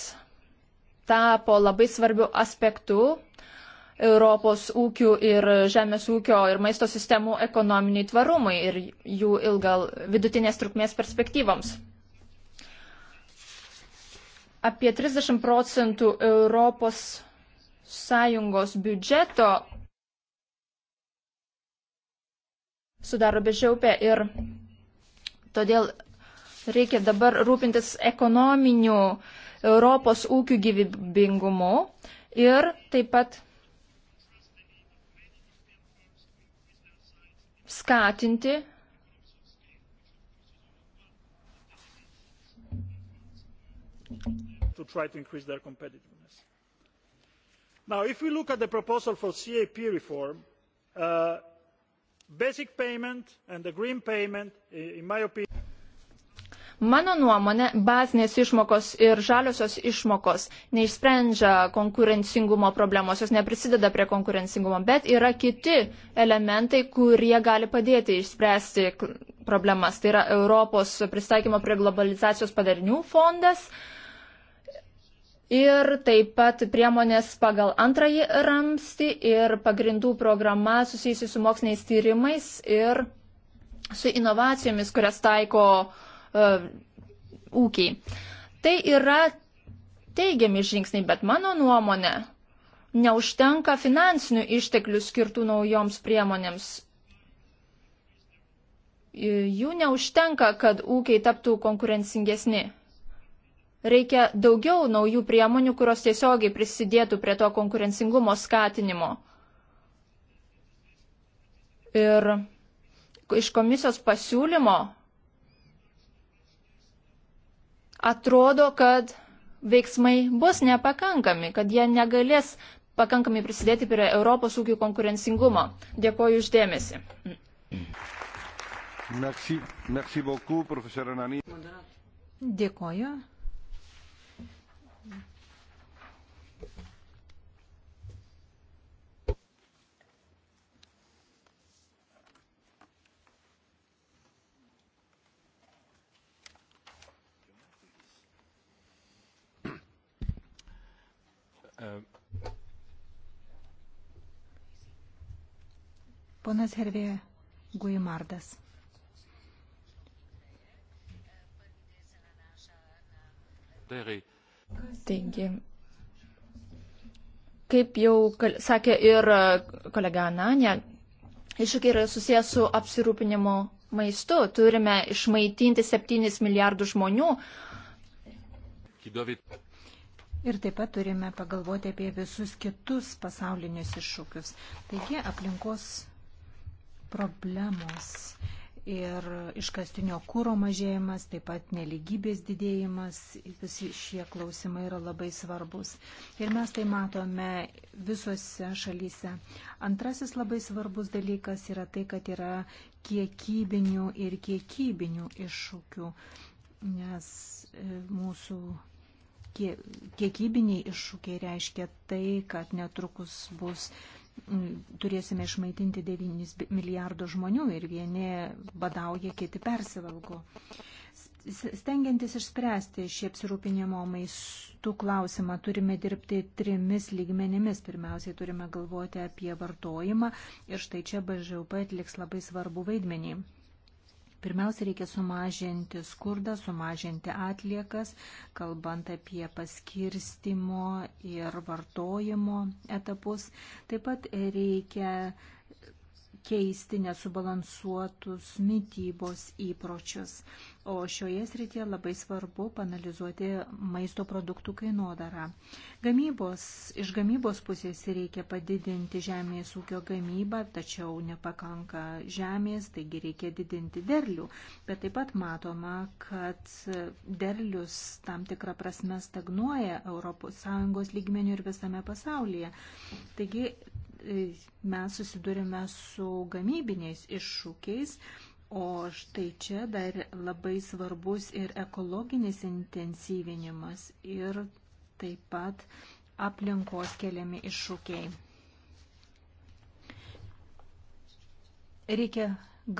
tapo labai svarbiu aspektu Europos ūkių ir žemės ūkio ir maisto sistemų ekonominiai tvarumai ir jų ilgal vidutinės trukmės perspektyvoms. Apie 30 procentų Europos Sąjungos biudžeto sudaro bežiaupė ir todėl reikia dabar rūpintis ekonominiu Europos ūkių gyvybingumu ir taip pat skatinti to try to increase their competitiveness. Now, if we look at the proposal for CAP reform, uh, basic payment and the green payment, in my opinion, Mano nuomonė, bazinės išmokos ir žaliosios išmokos neišsprendžia konkurencingumo problemos, jos neprisideda prie konkurencingumo, bet yra kiti elementai, kurie gali padėti išspręsti problemas. Tai yra Europos pristaikymo prie globalizacijos padarinių fondas ir taip pat priemonės pagal antrąjį ramstį ir pagrindų programa susijusi su moksliniais tyrimais ir su inovacijomis, kurias taiko uh, uh, ūkiai. Tai yra teigiami žingsniai, bet mano nuomonė, neužtenka finansinių išteklių skirtų naujoms priemonėms. E, jų neužtenka, kad ūkiai taptų konkurencingesni. Reikia daugiau naujų priemonių, kurios tiesiogiai prisidėtų prie to konkurencingumo skatinimo. Ir iš komisijos pasiūlymo atrodo, kad veiksmai bus nepakankami, kad jie negalės pakankamai prisidėti prie Europos ūkių konkurencingumo. Dėkoju uždėmesi. Merci, merci beaucoup, Dėkoju, Ponas Hervė Guimardas. Taigi, kaip jau sakė ir e, kolega Ananė, iššūkiai yra susijęs su apsirūpinimu maistu. Turime išmaitinti 7 milijardų žmonių. Ir taip pat turime pagalvoti apie visus kitus pasaulinius iššūkius. Taigi aplinkos problemos ir iškastinio kūro mažėjimas, taip pat neligybės didėjimas, visi šie klausimai yra labai svarbus. Ir mes tai matome visose šalyse. Antrasis labai svarbus dalykas yra tai, kad yra kiekybinių ir kiekybinių iššūkių, nes e, mūsų kiekybiniai iššūkiai reiškia tai, kad netrukus bus turėsime išmaitinti 9 milijardo žmonių ir vieni badauja, kiti persivalgo. Stengiantis išspręsti šį apsirūpinimo maistų klausimą, turime dirbti trimis lygmenimis. Pirmiausiai turime galvoti apie vartojimą ir štai čia BŽUP atliks labai svarbu vaidmenį. Pirmiausia, reikia sumažinti skurdą, sumažinti atliekas, kalbant apie paskirstimo ir vartojimo etapus. Taip pat reikia keisti nesubalansuotus mytybos įpročius. O šioje srityje labai svarbu panalizuoti maisto produktų kainodarą. Gamybos, iš gamybos pusės reikia padidinti žemės ūkio gamybą, tačiau nepakanka žemės, taigi reikia didinti derlių. Bet taip pat matoma, kad derlius tam tikrą prasme stagnuoja ES lygmenių ir visame pasaulyje. Taigi mes susidurime su gamybiniais iššūkiais, o štai čia dar labai svarbus ir ekologinis intensyvinimas ir taip pat aplinkos keliami iššūkiai. Reikia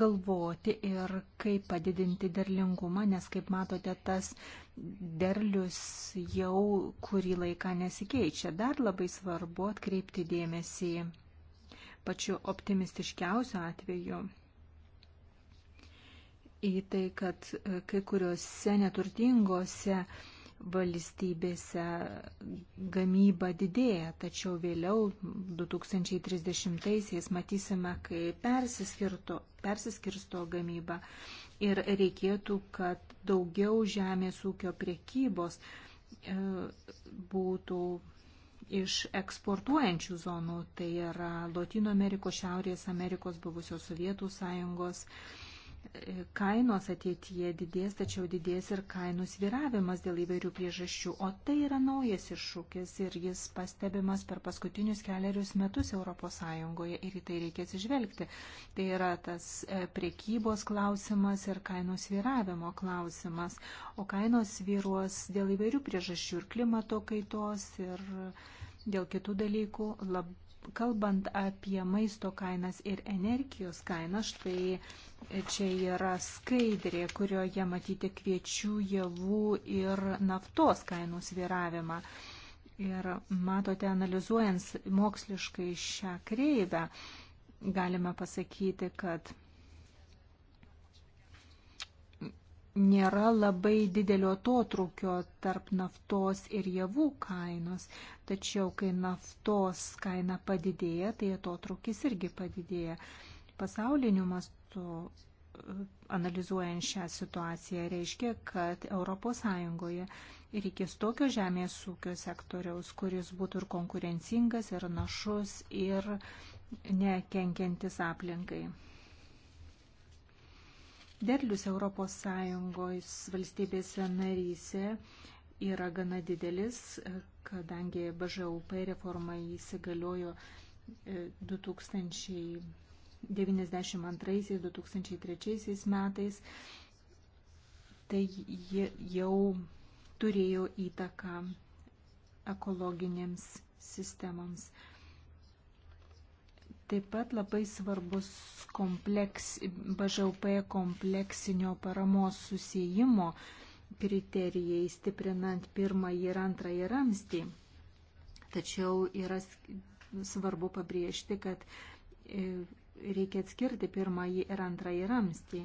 galvoti ir kaip padidinti derlingumą, nes kaip matote, tas derlius jau kurį laiką nesikeičia. Dar labai svarbu atkreipti dėmesį pačiu optimistiškiausiu atveju į tai, kad e, kai kuriuose neturtingose valstybėse gamyba didėja, tačiau vėliau 2030-aisiais matysime, kai persiskirsto gamyba ir reikėtų, kad daugiau žemės ūkio priekybos e, būtų iš eksportuojančių zonų, tai yra Latino Amerikos, Šiaurės Amerikos, buvusios Sovietų sąjungos, kainos ateityje didės, tačiau didės ir kainų sviravimas dėl įvairių priežasčių. O tai yra naujas iššūkis ir jis pastebimas per paskutinius keliarius metus ES ir į tai reikės išvelgti. Tai yra tas e, priekybos klausimas ir kainų sviravimo klausimas. O kainos sviruos dėl įvairių priežasčių ir klimato kaitos ir dėl kitų dalykų. Lab kalbant apie maisto kainas ir energijos kainas, štai čia yra skaidrė, kurioje matyti kviečių, javų ir naftos kainų sviravimą. Ir matote, analizuojant moksliškai šią kreivę, galime pasakyti, kad nėra labai didelio atotrukio tarp naftos ir javų kainos, tačiau kai naftos kaina padidėja, tai atotrukis irgi padidėja. Pasauliniu mastu e, analizuojant šią situaciją reiškia, kad ES reikės tokio žemės ūkio sektoriaus, kuris būtų ir konkurencingas, ir našus, ir nekenkiantis aplinkai. Derlius Europos Sąjungos valstybėse naryse yra gana didelis, kadangi BŽUP reforma įsigaliojo 2092-2003 e, metais, tai jau turėjo įtaką ekologinėms sistemams. Taip pat labai svarbus kompleks, BŽP kompleksinio paramos susijimo kriterijai stiprinant pirmąjį ir antrąjį ramstį. Tačiau yra svarbu pabrėžti, kad e, reikia atskirti pirmąjį ir antrąjį ramstį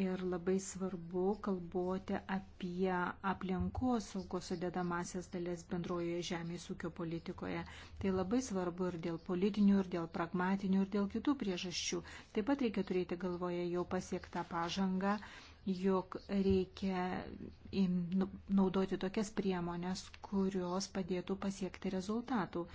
ir labai svarbu kalbuoti apie aplinkos saugos sudėdamasias dalės bendrojoje žemės ūkio politikoje. Tai labai svarbu ir dėl politinių, ir dėl pragmatinių, ir dėl kitų priežasčių. Taip pat reikia turėti galvoje jau pasiektą pažangą jog reikia nu- naudoti tokias priemonės, kurios padėtų pasiekti rezultatų.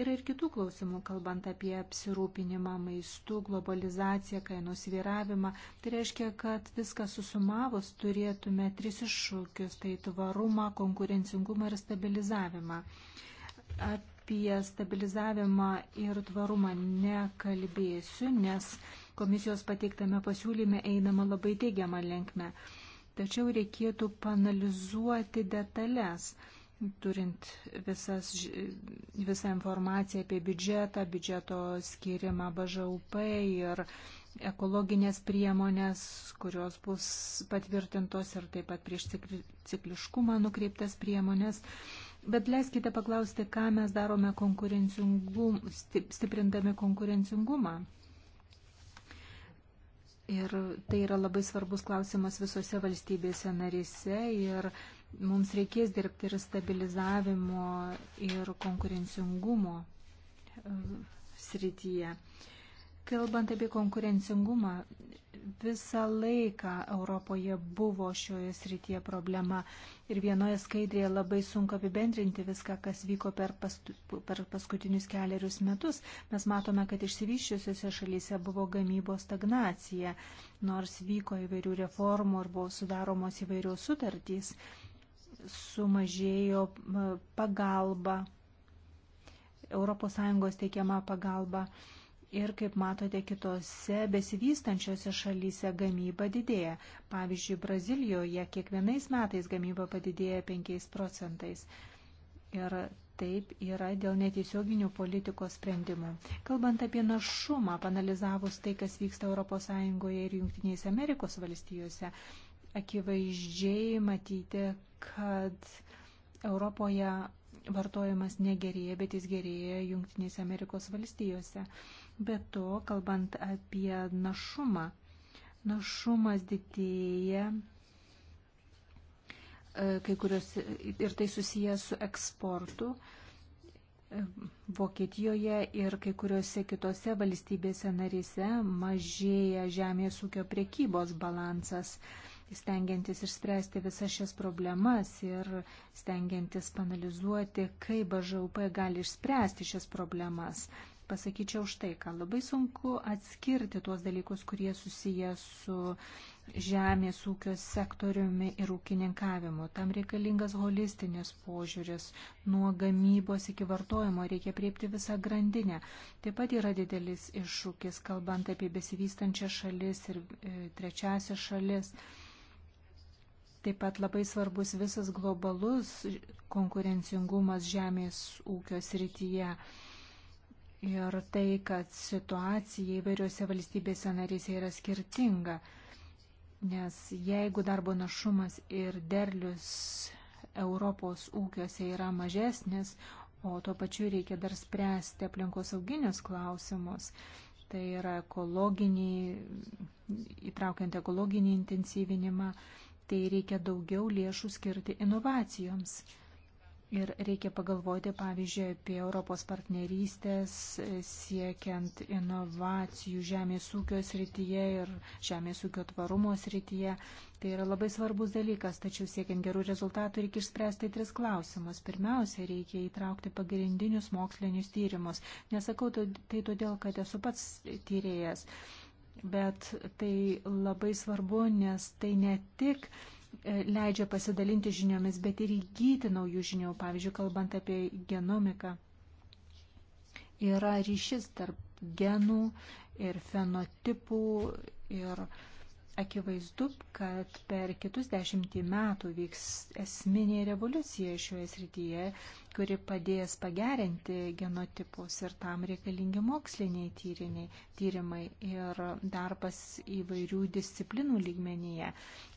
Yra ir kitų klausimų, kalbant apie apsirūpinimą maistų, globalizaciją, kainų sviravimą. Tai reiškia, kad viską susumavus turėtume tris iššūkius - tai tvarumą, konkurencingumą ir stabilizavimą. Apie stabilizavimą ir tvarumą nekalbėsiu, nes komisijos pateiktame pasiūlyme einama labai teigiamą linkme. Tačiau reikėtų panalizuoti detalės turint visas, visą informaciją apie biudžetą, biudžeto skirimą BŽUP ir ekologinės priemonės, kurios bus patvirtintos ir taip pat prieš cikliškumą nukreiptas priemonės. Bet leiskite paklausti, ką mes darome konkurencingum, stiprindami konkurencingumą. Ir tai yra labai svarbus klausimas visose valstybėse narise. Ir Mums reikės dirbti ir stabilizavimo ir konkurencingumo e, srityje. Kalbant apie konkurencingumą, visą laiką Europoje buvo šioje srityje problema ir vienoje skaidrėje labai sunku apibendrinti viską, kas vyko per, pastu, per paskutinius keliarius metus. Mes matome, kad išsivyščiusiuose šalyse buvo gamybos stagnacija, nors vyko įvairių reformų ir buvo sudaromos įvairios sutartys sumažėjo pagalba, ES teikiama pagalba. Ir kaip matote, kitose besivystančiose šalyse gamyba didėja. Pavyzdžiui, Brazilijoje kiekvienais metais gamyba padidėja 5 procentais. Ir taip yra dėl netiesioginių politikos sprendimų. Kalbant apie našumą, panalizavus tai, kas vyksta ES ir Junktinėse Amerikos valstijose, akivaizdžiai matyti, kad Europoje vartojimas negerėja, bet jis gerėja Junktinėse Amerikos valstijose. Be to, kalbant apie našumą, našumas didėja e, kai kurios ir tai susijęs su eksportu. E, Vokietijoje ir kai kuriuose kitose valstybėse narise mažėja žemės ūkio priekybos balansas stengiantis išspręsti visas šias problemas ir stengiantis panalizuoti, kaip BŽUP gali išspręsti šias problemas. Pasakyčiau štai, ką labai sunku atskirti tuos dalykus, kurie susiję su žemės ūkio sektoriumi ir ūkininkavimu. Tam reikalingas holistinis požiūris. Nuo gamybos iki vartojimo reikia priepti visą grandinę. Taip pat yra didelis iššūkis, kalbant apie besivystančias šalis ir e, trečiasias šalis. E, Taip pat labai svarbus visas globalus konkurencingumas žemės ūkio srityje. Ir tai, kad situacija įvairiose valstybėse narėse yra skirtinga. Nes jeigu darbo našumas ir derlius Europos ūkiuose yra mažesnis, o tuo pačiu reikia dar spręsti aplinkosauginius klausimus, tai yra ekologiniai, įtraukiant ekologinį intensyvinimą, tai reikia daugiau lėšų skirti inovacijoms. Ir reikia pagalvoti, pavyzdžiui, apie Europos partnerystės siekiant inovacijų žemės ūkio srityje ir žemės ūkio tvarumo srityje. Tai yra labai svarbus dalykas, tačiau siekiant gerų rezultatų reikia išspręsti tris klausimus. Pirmiausia, reikia įtraukti pagrindinius mokslinius tyrimus. Nesakau tai todėl, kad esu pats tyrėjas bet tai labai svarbu, nes tai ne tik e, leidžia pasidalinti žiniomis, bet ir įgyti naujų žinių, pavyzdžiui, kalbant apie genomiką. Yra ryšys tarp genų ir fenotipų ir uh, Akivaizdu, kad per kitus dešimtį metų vyks esminė revoliucija šioje srityje, kuri padės pagerinti genotipus ir tam reikalingi moksliniai tyriniai, tyrimai ir darbas įvairių disciplinų lygmenyje.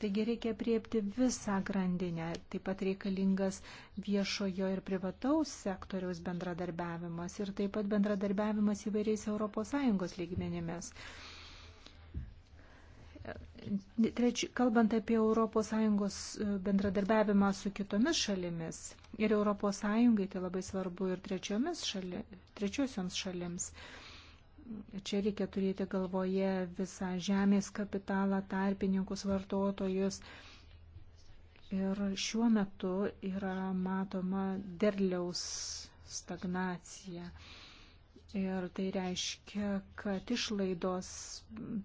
Taigi reikia priepti visą grandinę. Taip pat reikalingas viešojo ir privataus sektoriaus bendradarbiavimas ir taip pat bendradarbiavimas įvairiais ES lygmenimis. Treči, kalbant apie ES e, bendradarbiavimą su kitomis šalimis ir ES tai labai svarbu ir šali, trečiosioms šalims. Čia reikia turėti galvoje visą žemės kapitalą, tarpininkus, vartotojus. Ir šiuo metu yra matoma derliaus stagnacija. Ir tai reiškia, kad išlaidos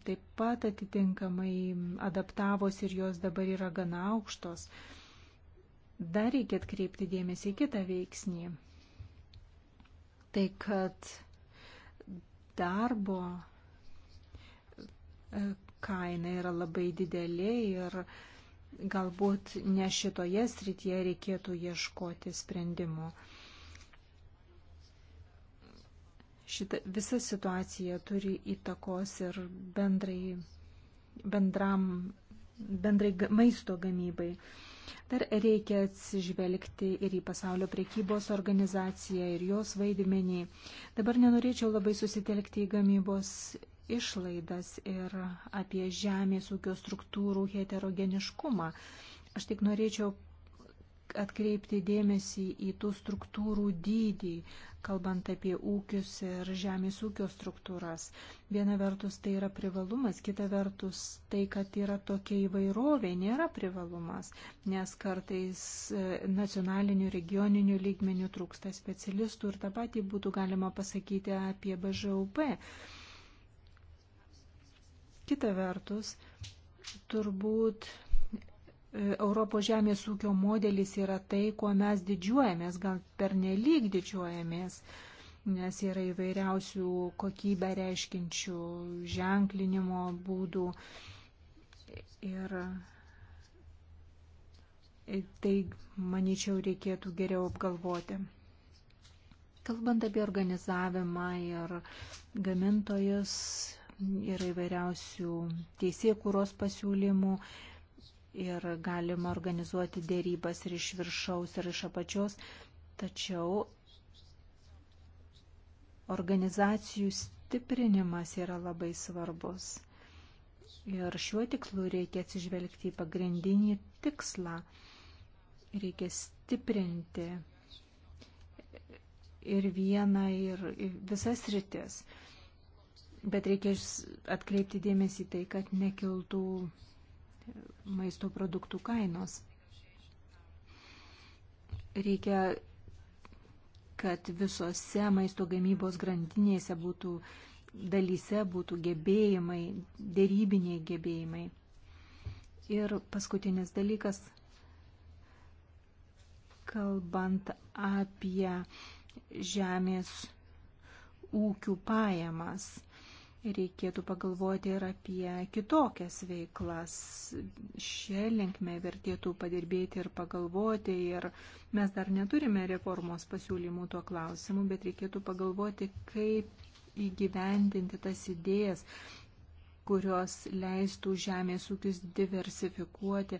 taip pat atitinkamai adaptavosi ir jos dabar yra gana aukštos. Dar reikia atkreipti dėmesį į kitą veiksnį. Tai kad darbo e, kaina yra labai didelė ir galbūt ne šitoje srityje reikėtų ieškoti sprendimų. Šita visa situacija turi įtakos ir bendrai, bendram, bendrai maisto gamybai. Dar reikia atsižvelgti ir į pasaulio priekybos organizaciją ir jos vaidmenį. Dabar nenorėčiau labai susitelkti į gamybos išlaidas ir apie žemės ūkio struktūrų heterogeniškumą. Aš tik norėčiau atkreipti dėmesį į tų struktūrų dydį, kalbant apie ūkius ir žemės ūkio struktūras. Viena vertus tai yra privalumas, kita vertus tai, kad yra tokia įvairovė, nėra privalumas, nes kartais e, nacionaliniu, regioniniu lygmeniu trūksta specialistų ir tą patį būtų galima pasakyti apie BŽUP. Kita vertus, turbūt Europos žemės ūkio modelis yra tai, kuo mes didžiuojamės, gal per nelik didžiuojamės, nes yra įvairiausių kokybę reiškinčių ženklinimo būdų. Ir tai, manyčiau, reikėtų geriau apgalvoti. Kalbant apie organizavimą ir gamintojus, yra įvairiausių teisėkūros pasiūlymų ir galima organizuoti dėrybas ir iš viršaus, ir iš apačios, tačiau organizacijų stiprinimas yra labai svarbus. Ir šiuo tikslu reikia atsižvelgti į pagrindinį tikslą. Reikia stiprinti ir vieną, ir visas rytis. Bet reikia atkreipti dėmesį tai, kad nekiltų maisto produktų kainos. Reikia, kad visose maisto gamybos grandinėse būtų dalyse būtų gebėjimai, dėrybiniai gebėjimai. Ir paskutinis dalykas, kalbant apie žemės ūkių pajamas reikėtų pagalvoti ir apie kitokias veiklas. Šią linkmę vertėtų padirbėti ir pagalvoti. Ir mes dar neturime reformos pasiūlymų tuo klausimu, bet reikėtų pagalvoti, kaip įgyvendinti tas idėjas, kurios leistų žemės ūkius diversifikuoti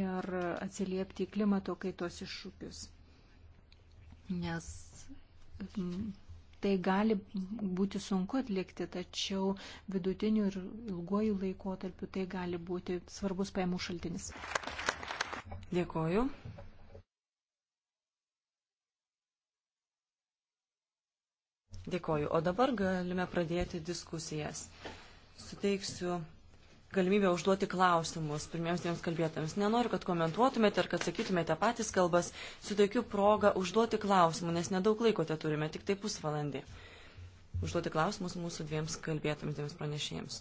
ir atsiliepti į klimato kaitos iššūkius. Nes tai gali būti sunku atlikti, tačiau vidutiniu ir ilguoju laikotarpiu tai gali būti svarbus pajamų šaltinis. Dėkoju. Dėkoju. O dabar galime pradėti diskusijas. Suteiksiu galimybę užduoti klausimus pirmiesiems kalbėtams. Nenoriu, kad komentuotumėte ar kad sakytumėte patys kalbas, suteikiu progą užduoti klausimų, nes nedaug laiko te turime, tik tai pusvalandį. Užduoti klausimus mūsų dviems kalbėtams, dviems pranešėjams.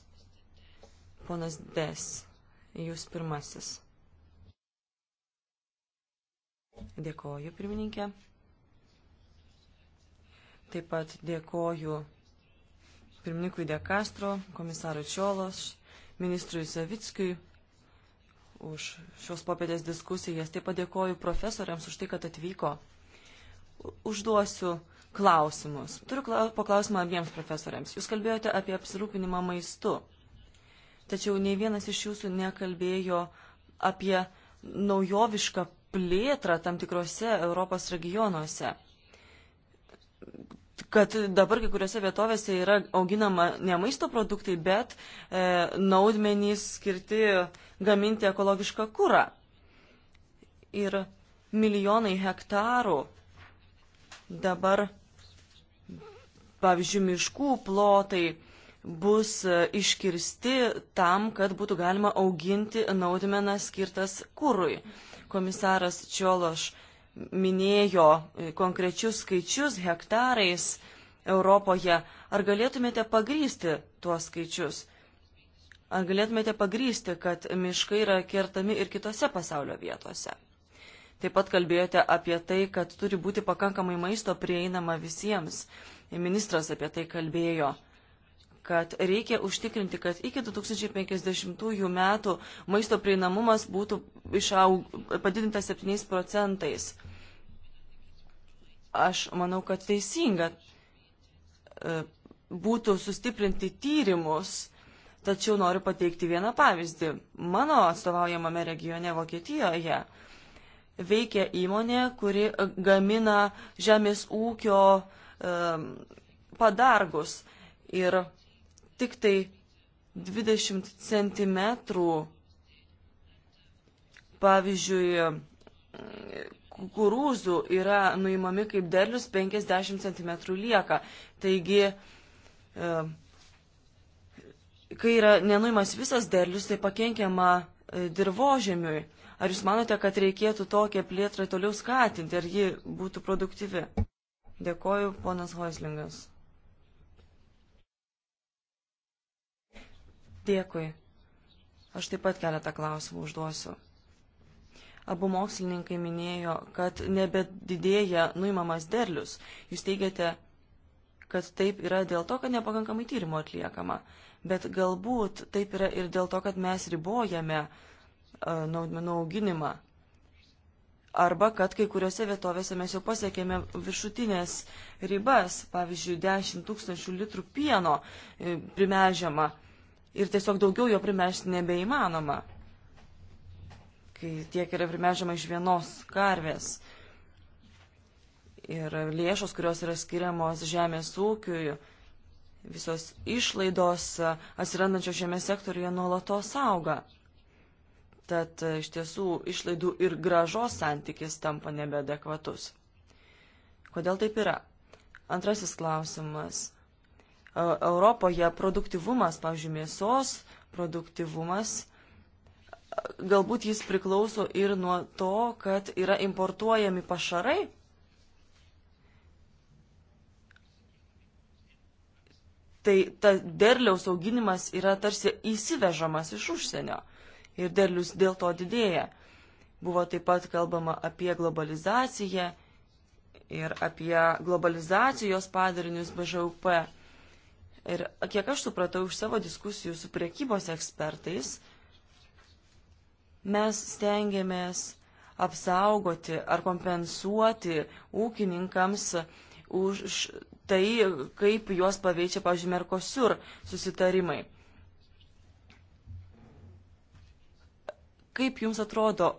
Ponas Des, jūs pirmasis. Dėkoju, pirmininkė. Taip pat dėkoju pirmininkui De Castro, komisarui Čiolos, ministrui Savickiui už šios popietės diskusijas. Taip pat dėkoju profesoriams už tai, kad atvyko. Užduosiu klausimus. Turiu klau, paklausimą abiems profesoriams. Jūs kalbėjote apie apsirūpinimą maistu, tačiau nei vienas iš jūsų nekalbėjo apie naujovišką plėtrą tam tikrose Europos regionuose kad dabar kai kuriuose vietovėse yra auginama ne maisto produktai, bet e, naudmenys skirti gaminti ekologišką kūrą. Ir milijonai hektarų dabar, pavyzdžiui, miškų plotai bus e, iškirsti tam, kad būtų galima auginti naudmeną skirtas kūrui. Komisaras Čiološ minėjo konkrečius skaičius hektarais Europoje. Ar galėtumėte pagrysti tuos skaičius? Ar galėtumėte pagrysti, kad miškai yra kertami ir kitose pasaulio vietose? Taip pat kalbėjote apie tai, kad turi būti pakankamai maisto prieinama visiems. Ministras apie tai kalbėjo kad reikia užtikrinti, kad iki 2050 metų maisto prieinamumas būtų išaug, padidintas 7 procentais. Aš manau, kad teisinga e, būtų sustiprinti tyrimus, tačiau noriu pateikti vieną pavyzdį. Mano atstovaujamame regione Vokietijoje veikia įmonė, kuri e, gamina žemės ūkio um, padargus. Ir tik tai 20 cm, pavyzdžiui, kukurūzų yra nuimami kaip derlius, 50 cm lieka. Taigi, e, kai yra nenuimas visas derlius, tai pakenkiama e, dirbožėmiui. Ar jūs manote, kad reikėtų tokią plėtrą toliau skatinti, ar ji būtų produktyvi? Dėkoju, ponas Hoislingas. Dėkui. Aš taip pat keletą klausimų užduosiu. Abu mokslininkai minėjo, kad nebedidėja nuimamas derlius. Jūs teigiate, kad taip yra dėl to, kad nepakankamai tyrimo atliekama. Bet galbūt taip yra ir dėl to, kad mes ribojame uh, naudmenų auginimą. Arba kad kai kuriuose vietovėse mes jau pasiekėme viršutinės ribas, pavyzdžiui, 10 tūkstančių litrų pieno e, primežiama ir tiesiog daugiau jo primešti nebeįmanoma, kai tiek yra primežama iš vienos karvės. Ir lėšos, kurios yra skiriamos žemės ūkiui, visos išlaidos atsirandančios šiame sektoriuje nuolatos auga. Tad e, iš tiesų išlaidų ir gražos santykis tampa nebeadekvatus. Kodėl taip yra? Antrasis klausimas E, Europoje produktivumas, pavyzdžiui, mėsos produktivumas, e, galbūt jis priklauso ir nuo to, kad yra importuojami pašarai. Tai ta derliaus auginimas yra tarsi įsivežamas iš užsienio ir derlius dėl to didėja. Buvo taip pat kalbama apie globalizaciją ir apie globalizacijos padarinius BŽUP. Ir kiek aš supratau iš savo diskusijų su priekybos ekspertais, mes stengiamės apsaugoti ar kompensuoti ūkininkams už tai, kaip juos paveikia, pavyzdžiui, Merkosur susitarimai. Kaip jums atrodo,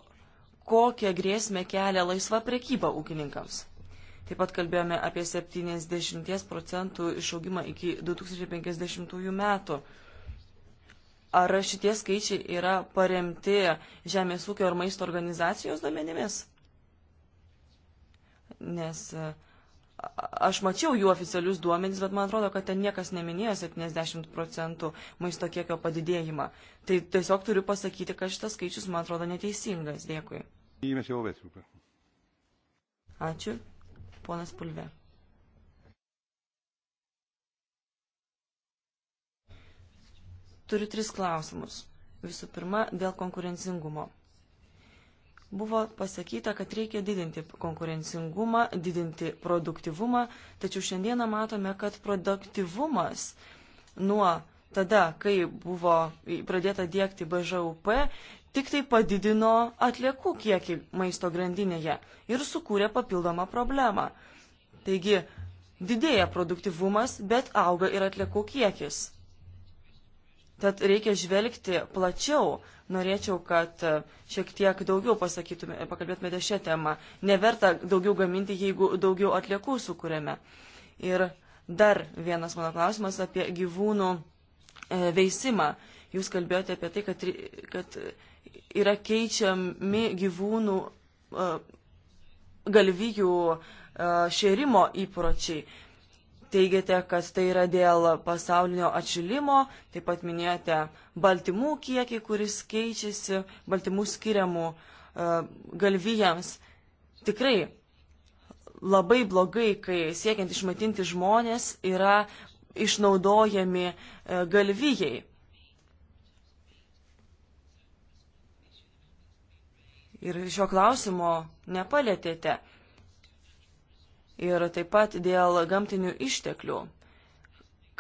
kokią grėsmę kelia laisva prekyba ūkininkams? Taip pat kalbėjome apie 70 procentų išaugimą iki 2050 metų. Ar šitie skaičiai yra paremti Žemės ūkio ir maisto organizacijos domenimis? Nes aš mačiau jų oficialius duomenys, bet man atrodo, kad ten niekas neminėjo 70 procentų maisto kiekio padidėjimą. Tai tiesiog turiu pasakyti, kad šitas skaičius man atrodo neteisingas. Dėkui. Ačiū. Ponas Pulve. Turiu tris klausimus. Visų pirma, dėl konkurencingumo. Buvo pasakyta, kad reikia didinti konkurencingumą, didinti produktivumą, tačiau šiandieną matome, kad produktivumas nuo tada, kai buvo pradėta dėkti BŽUP, tik tai padidino atliekų kiekį maisto grandinėje ir sukūrė papildomą problemą. Taigi, didėja produktivumas, bet auga ir atliekų kiekis. Tad reikia žvelgti plačiau. Norėčiau, kad e, šiek tiek daugiau pakalbėtumėte šią temą. Neverta daugiau gaminti, jeigu daugiau atliekų sukūrėme. Ir dar vienas mano klausimas apie gyvūnų e, veisimą. Jūs kalbėjote apie tai, kad, kad yra keičiami gyvūnų galvijų šerimo įpročiai. Teigiate, kad tai yra dėl pasaulinio atšilimo, taip pat minėjote baltymų kiekį, kuris keičiasi, baltymų skiriamų galvijams. Tikrai labai blogai, kai siekiant išmatinti žmonės yra išnaudojami galvijai. ir šio klausimo nepalėtėte. Ir taip pat dėl gamtinių išteklių.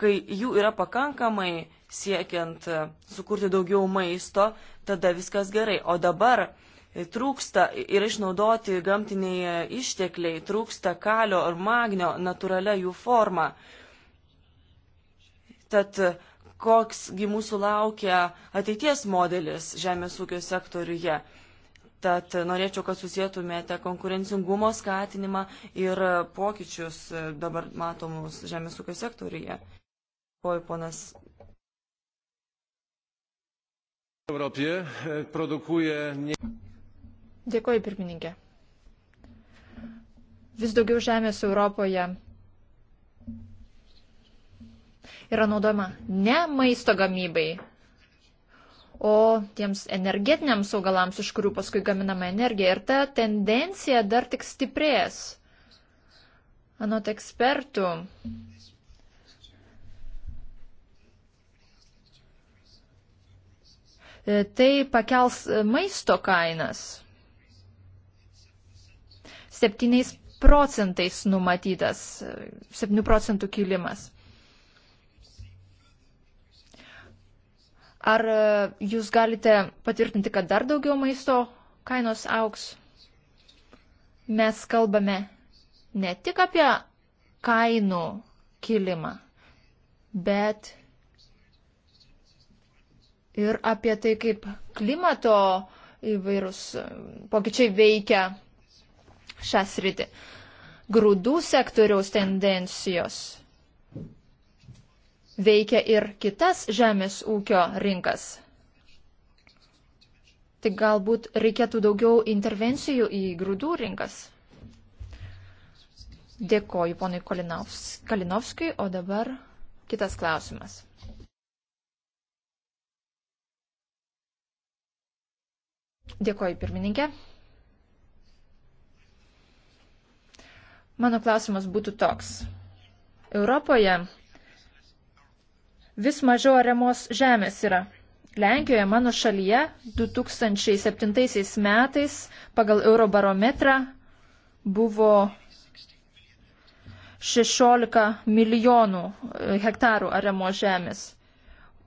Kai jų yra pakankamai siekiant sukurti daugiau maisto, tada viskas gerai. O dabar trūksta ir išnaudoti gamtiniai ištekliai, trūksta kalio ar magnio natūralia jų forma. Tad koksgi mūsų laukia ateities modelis žemės ūkio sektoriuje? Tad norėčiau, kad susijėtumėte konkurencingumo skatinimą ir pokyčius dabar matomus žemės ūkio sektoriuje. Poj, ponas. Europie e, produkuje. Dėkuoju, pirmininkė. Vis daugiau žemės Europoje yra naudojama ne maisto gamybai, o tiems energetiniams augalams, iš kurių paskui gaminama energija. Ir ta tendencija dar tik stiprės. Anot ekspertų. E, tai pakels maisto kainas. 7 procentais numatytas, 7 e, procentų kilimas. Ar e, jūs galite patvirtinti, kad dar daugiau maisto kainos auks? Mes kalbame ne tik apie kainų kilimą, bet ir apie tai, kaip klimato įvairūs e, pokyčiai veikia šią sritį. Grūdų sektoriaus tendencijos veikia ir kitas žemės ūkio rinkas. Tik galbūt reikėtų daugiau intervencijų į grūdų rinkas. Dėkoju ponui Kalinovskui, o dabar kitas klausimas. Dėkoju pirmininkė. Mano klausimas būtų toks. Europoje vis mažiau ariamos žemės yra. Lenkijoje, mano šalyje, 2007 metais pagal Eurobarometrą buvo 16 milijonų e, hektarų ariamo žemės,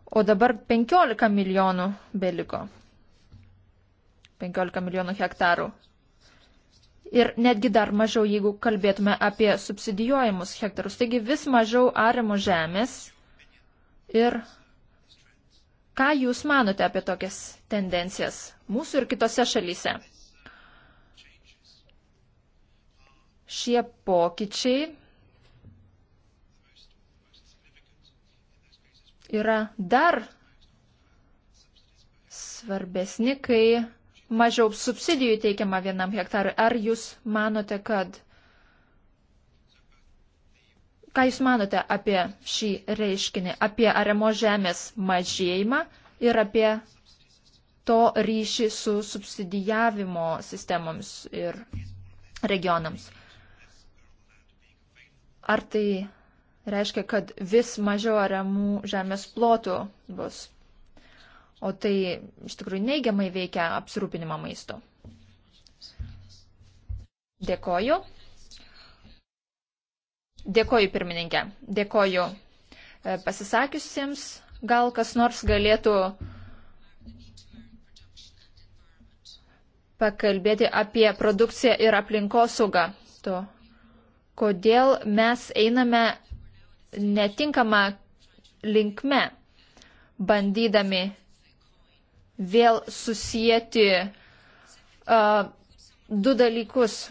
o dabar 15 milijonų beliko. 15 milijonų hektarų. Ir netgi dar mažiau, jeigu kalbėtume apie subsidijuojamus hektarus. Taigi vis mažiau ariamo žemės Ir ką Jūs manote apie tokias tendencijas mūsų ir kitose šalyse? Šie pokyčiai yra dar svarbesni, kai mažiau subsidijų teikiama vienam hektarui. Ar jūs manote, kad Ką Jūs manote apie šį reiškinį, apie aremo žemės mažėjimą ir apie to ryšį su subsidijavimo sistemoms ir regionams? Ar tai reiškia, kad vis mažiau aremų žemės plotų bus? O tai iš tikrųjų neigiamai veikia apsirūpinimą maisto. Dėkoju. Dėkoju pirmininkė, dėkoju e, pasisakiusiems. Gal kas nors galėtų pakalbėti apie produkciją ir aplinkosaugą. To. Kodėl mes einame netinkamą linkme, bandydami vėl susijęti uh, e, du dalykus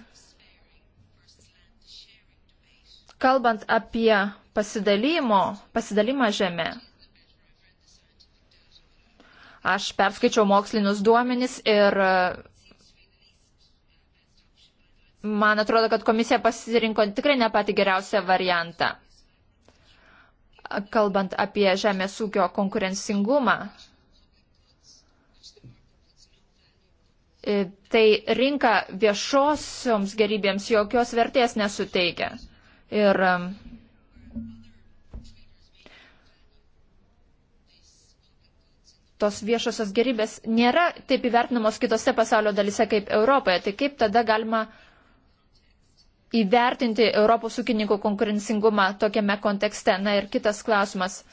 kalbant apie pasidalimą žemę, aš perskaičiau mokslinius duomenis ir e, man atrodo, kad komisija pasirinko tikrai ne patį geriausią variantą. Kalbant apie žemės ūkio konkurencingumą, e, tai rinka viešosioms gerybėms jokios vertės nesuteikia. Ir tos viešosios gerybės nėra taip įvertinamos kitose pasaulio dalise kaip Europoje. Tai kaip tada galima įvertinti Europos ūkininkų konkurencingumą tokiame kontekste? Na ir kitas klausimas.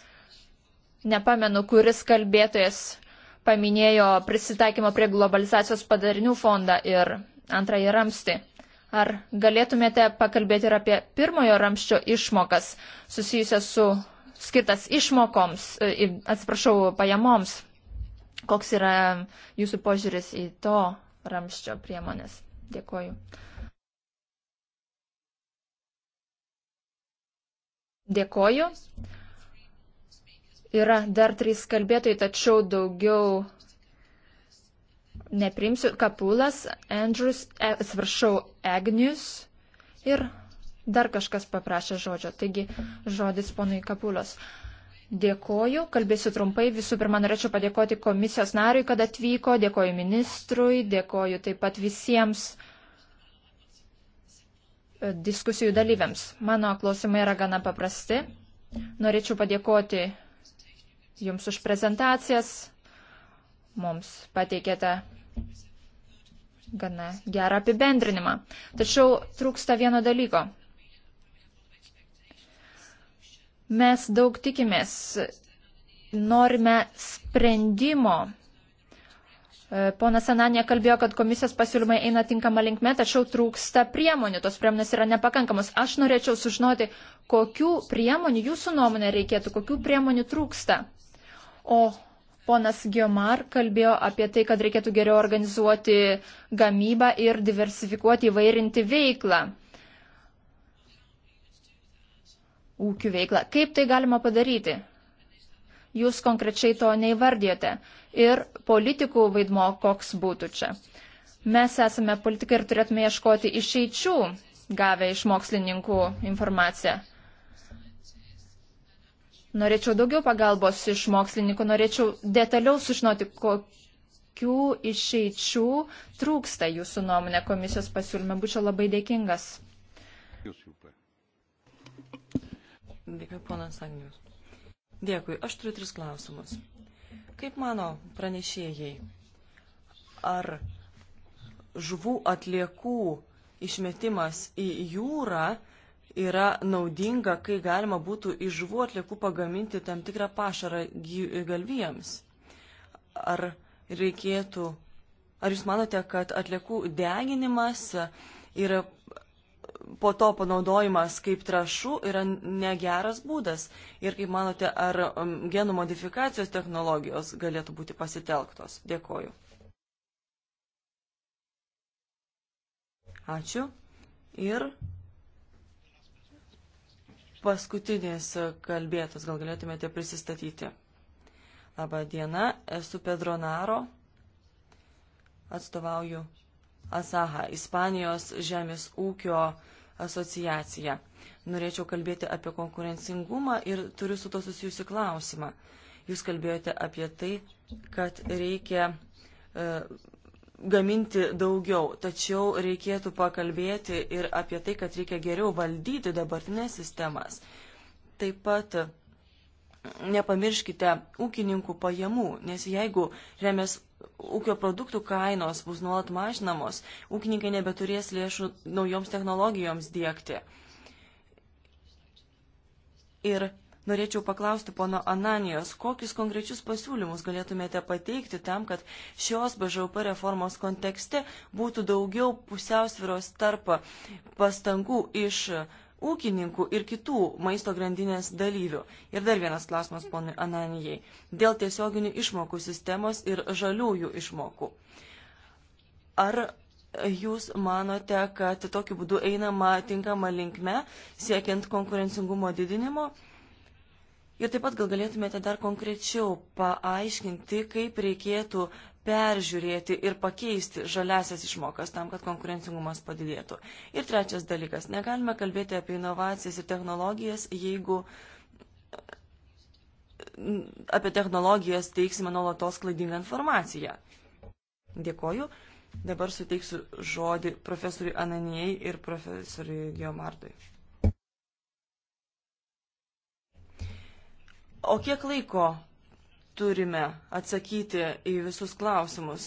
Nepamenu, kuris kalbėtojas paminėjo prisitaikymo prie globalizacijos padarinių fondą ir antrąjį ramstį. Ar galėtumėte pakalbėti ir apie pirmojo ramščio išmokas susijusias su skirtas išmokoms, e, atsiprašau, pajamoms? Koks yra jūsų požiūris į to ramščio priemonės? Dėkoju. Dėkoju. Yra dar trys kalbėtojai, tačiau daugiau neprimsiu, Kapulas, Andrews, e, atsiprašau, Agnius ir dar kažkas paprašė žodžio. Taigi žodis ponui Kapulos. Dėkoju, kalbėsiu trumpai. Visų pirma, norėčiau padėkoti komisijos nariui, kad atvyko, dėkoju ministrui, dėkoju taip pat visiems e, diskusijų dalyviams. Mano klausimai yra gana paprasti. Norėčiau padėkoti Jums už prezentacijas. Mums pateikėte gana gerą apibendrinimą. Tačiau trūksta vieno dalyko. Mes daug tikimės, norime sprendimo. E, ponas Ananė kalbėjo, kad komisijos pasiūlymai eina tinkama linkme, tačiau trūksta priemonių, tos priemonės yra nepakankamos. Aš norėčiau sužinoti, kokių priemonių jūsų nuomonė reikėtų, kokių priemonių trūksta. O Ponas Giomar kalbėjo apie tai, kad reikėtų geriau organizuoti gamybą ir diversifikuoti įvairinti veiklą. Ūkių veiklą. Kaip tai galima padaryti? Jūs konkrečiai to neįvardėte. Ir politikų vaidmo koks būtų čia. Mes esame politikai ir turėtume ieškoti išeičių, gavę iš mokslininkų informaciją. Norėčiau daugiau pagalbos iš mokslininkų, norėčiau detaliau sužinoti, kokių išeičių trūksta jūsų nuomonė komisijos pasiūlyme. Būčiau labai dėkingas. Dėkui, ponas Agnius. Dėkui, aš turiu tris klausimus. Kaip mano pranešėjai, ar žuvų atliekų išmetimas į jūrą yra naudinga, kai galima būtų iš žuvų atliekų pagaminti tam tikrą pašarą galvijams? Ar reikėtų, ar jūs manote, kad atliekų deginimas yra po to panaudojimas kaip trašų yra negeras būdas. Ir kaip manote, ar um, genų modifikacijos technologijos galėtų būti pasitelktos? Dėkoju. Ačiū. Ir paskutinės kalbėtos, gal galėtumėte prisistatyti. Labą dieną, esu Pedro Naro, atstovauju Asaha, Ispanijos žemės ūkio asociaciją. Norėčiau kalbėti apie konkurencingumą ir turiu su to susijusi klausimą. Jūs kalbėjote apie tai, kad reikia e, gaminti daugiau, tačiau reikėtų pakalbėti ir apie tai, kad reikia geriau valdyti dabartinės sistemas. Taip pat nepamirškite ūkininkų pajamų, nes jeigu remės ūkio produktų kainos bus nuolat mažinamos, ūkininkai nebeturės lėšų naujoms technologijoms dėkti. Ir Norėčiau paklausti pono Ananijos, kokius konkrečius pasiūlymus galėtumėte pateikti tam, kad šios BŽUP reformos kontekste būtų daugiau pusiausviros tarp pastangų iš ūkininkų ir kitų maisto grandinės dalyvių. Ir dar vienas klausimas ponui Ananijai dėl tiesioginių išmokų sistemos ir žaliųjų išmokų. Ar jūs manote, kad tokiu būdu einama tinkama linkme, siekiant konkurencingumo didinimo? Ir taip pat gal galėtumėte dar konkrečiau paaiškinti, kaip reikėtų peržiūrėti ir pakeisti žaliasias išmokas tam, kad konkurencingumas padidėtų. Ir trečias dalykas, negalime kalbėti apie inovacijas ir technologijas, jeigu apie technologijas teiksime nuolatos klaidingą informaciją. Dėkoju. Dabar suteiksiu žodį profesoriui Ananijai ir profesoriui Geomardui. O kiek laiko turime atsakyti į visus klausimus?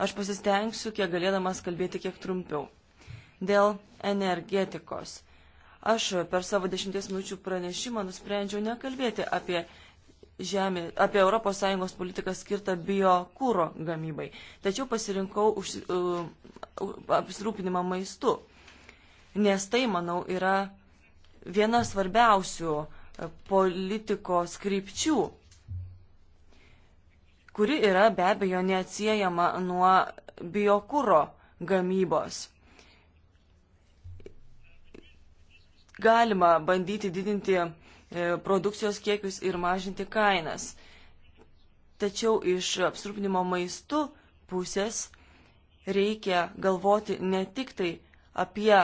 Aš pasistengsiu, kiek galėdamas kalbėti kiek trumpiau. Dėl energetikos. Aš per savo dešimties minučių pranešimą nusprendžiau nekalbėti apie žemė, apie ES politiką skirtą biokūro gamybai. Tačiau pasirinkau už, uh, apsirūpinimą maistu, nes tai, manau, yra viena svarbiausių politikos krypčių, kuri yra be abejo neatsiejama nuo biokūro gamybos. Galima bandyti didinti e, produkcijos kiekius ir mažinti kainas. Tačiau iš apsirūpinimo maistu pusės reikia galvoti ne tik tai apie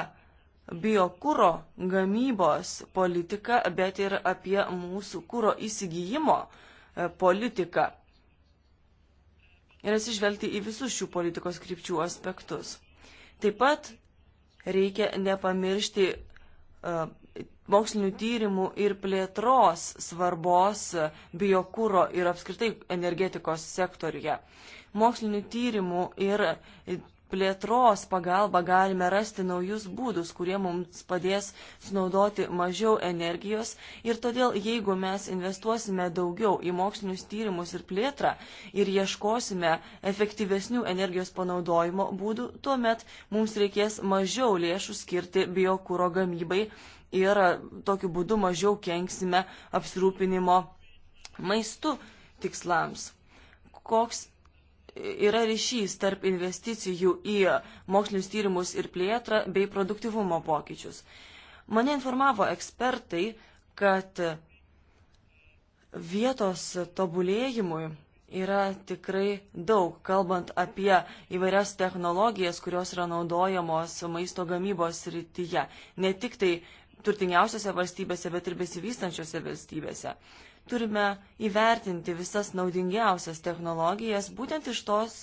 biokūro gamybos politiką, bet ir apie mūsų kūro įsigijimo e, politiką. Ir atsižvelgti į visus šių politikos krypčių aspektus. Taip pat reikia nepamiršti uh, mokslinių tyrimų ir plėtros svarbos biokūro ir apskritai energetikos sektoriuje. Mokslinių tyrimų ir plėtros pagalba galime rasti naujus būdus, kurie mums padės sunaudoti mažiau energijos ir todėl jeigu mes investuosime daugiau į mokslinius tyrimus ir plėtrą ir ieškosime efektyvesnių energijos panaudojimo būdų, tuomet mums reikės mažiau lėšų skirti biokūro gamybai ir tokiu būdu mažiau kenksime apsirūpinimo maistu tikslams. Koks yra ryšys tarp investicijų į mokslinius tyrimus ir plėtrą bei produktivumo pokyčius. Mane informavo ekspertai, kad vietos tobulėjimui yra tikrai daug, kalbant apie įvairias technologijas, kurios yra naudojamos maisto gamybos rytyje. Ne tik tai turtingiausiose valstybėse, bet ir besivystančiose valstybėse turime įvertinti visas naudingiausias technologijas būtent iš tos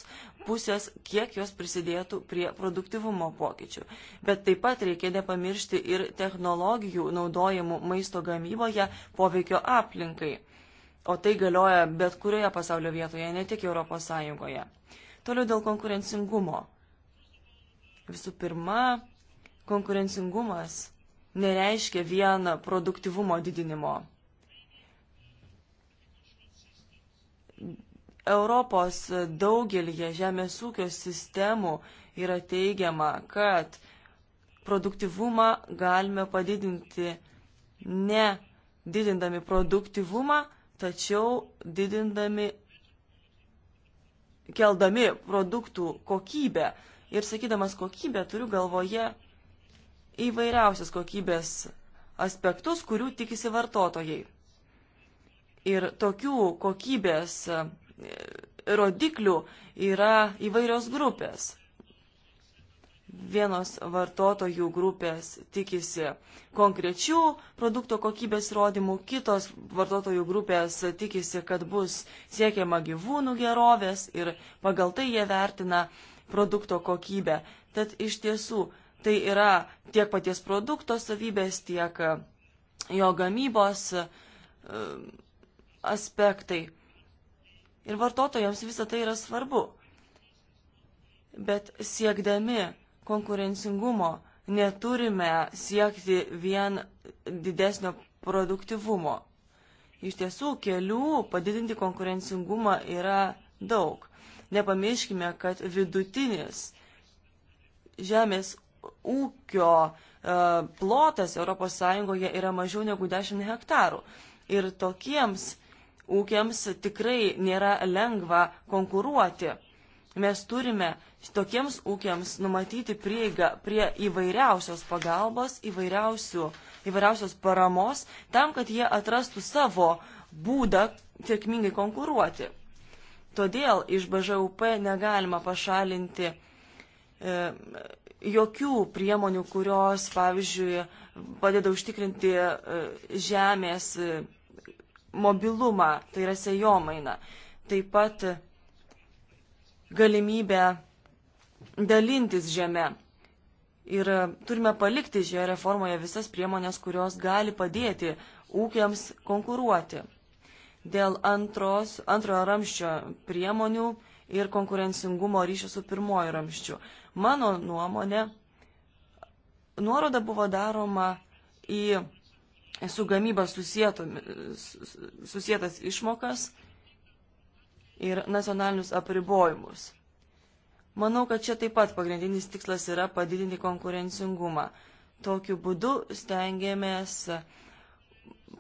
pusės, kiek jos prisidėtų prie produktivumo pokyčių. Bet taip pat reikia nepamiršti ir technologijų naudojimų maisto gamyboje poveikio aplinkai. O tai galioja bet kurioje pasaulio vietoje, ne tik ES. Toliau dėl konkurencingumo. Visų pirma, konkurencingumas nereiškia vien produktivumo didinimo. Europos daugelį žemės ūkio sistemų yra teigiama, kad produktivumą galime padidinti ne didindami produktivumą, tačiau didindami, keldami produktų kokybę. Ir sakydamas kokybę turiu galvoje įvairiausias kokybės aspektus, kurių tikisi vartotojai. Ir tokių kokybės rodiklių yra įvairios grupės. Vienos vartotojų grupės tikisi konkrečių produkto kokybės rodymų, kitos vartotojų grupės tikisi, kad bus siekiama gyvūnų gerovės ir pagal tai jie vertina produkto kokybę. Tad iš tiesų tai yra tiek paties produkto savybės, tiek jo gamybos e, aspektai. Ir vartotojams visą tai yra svarbu. Bet siekdami konkurencingumo neturime siekti vien didesnio produktivumo. Iš tiesų, kelių padidinti konkurencingumą yra daug. Nepamirškime, kad vidutinis žemės ūkio e, plotas ES yra mažiau negu 10 hektarų. Ir tokiems ūkiams tikrai nėra lengva konkuruoti. Mes turime tokiems ūkiams numatyti prieigą prie įvairiausios pagalbos, įvairiausių, įvairiausios paramos, tam, kad jie atrastų savo būdą sėkmingai konkuruoti. Todėl iš BŽUP negalima pašalinti e, jokių priemonių, kurios, pavyzdžiui, padeda užtikrinti e, žemės mobilumą, tai yra sejomainą. Taip pat galimybę dalintis žemę. Ir turime palikti šioje reformoje visas priemonės, kurios gali padėti ūkiams konkuruoti. Dėl antros, antrojo ramščio priemonių ir konkurencingumo ryšio su pirmojo ramščiu. Mano nuomonė, nuoroda buvo daroma į su gamyba susijęs išmokas ir nacionalinius apribojimus. Manau, kad čia taip pat pagrindinis tikslas yra padidinti konkurencingumą. Tokiu būdu stengiamės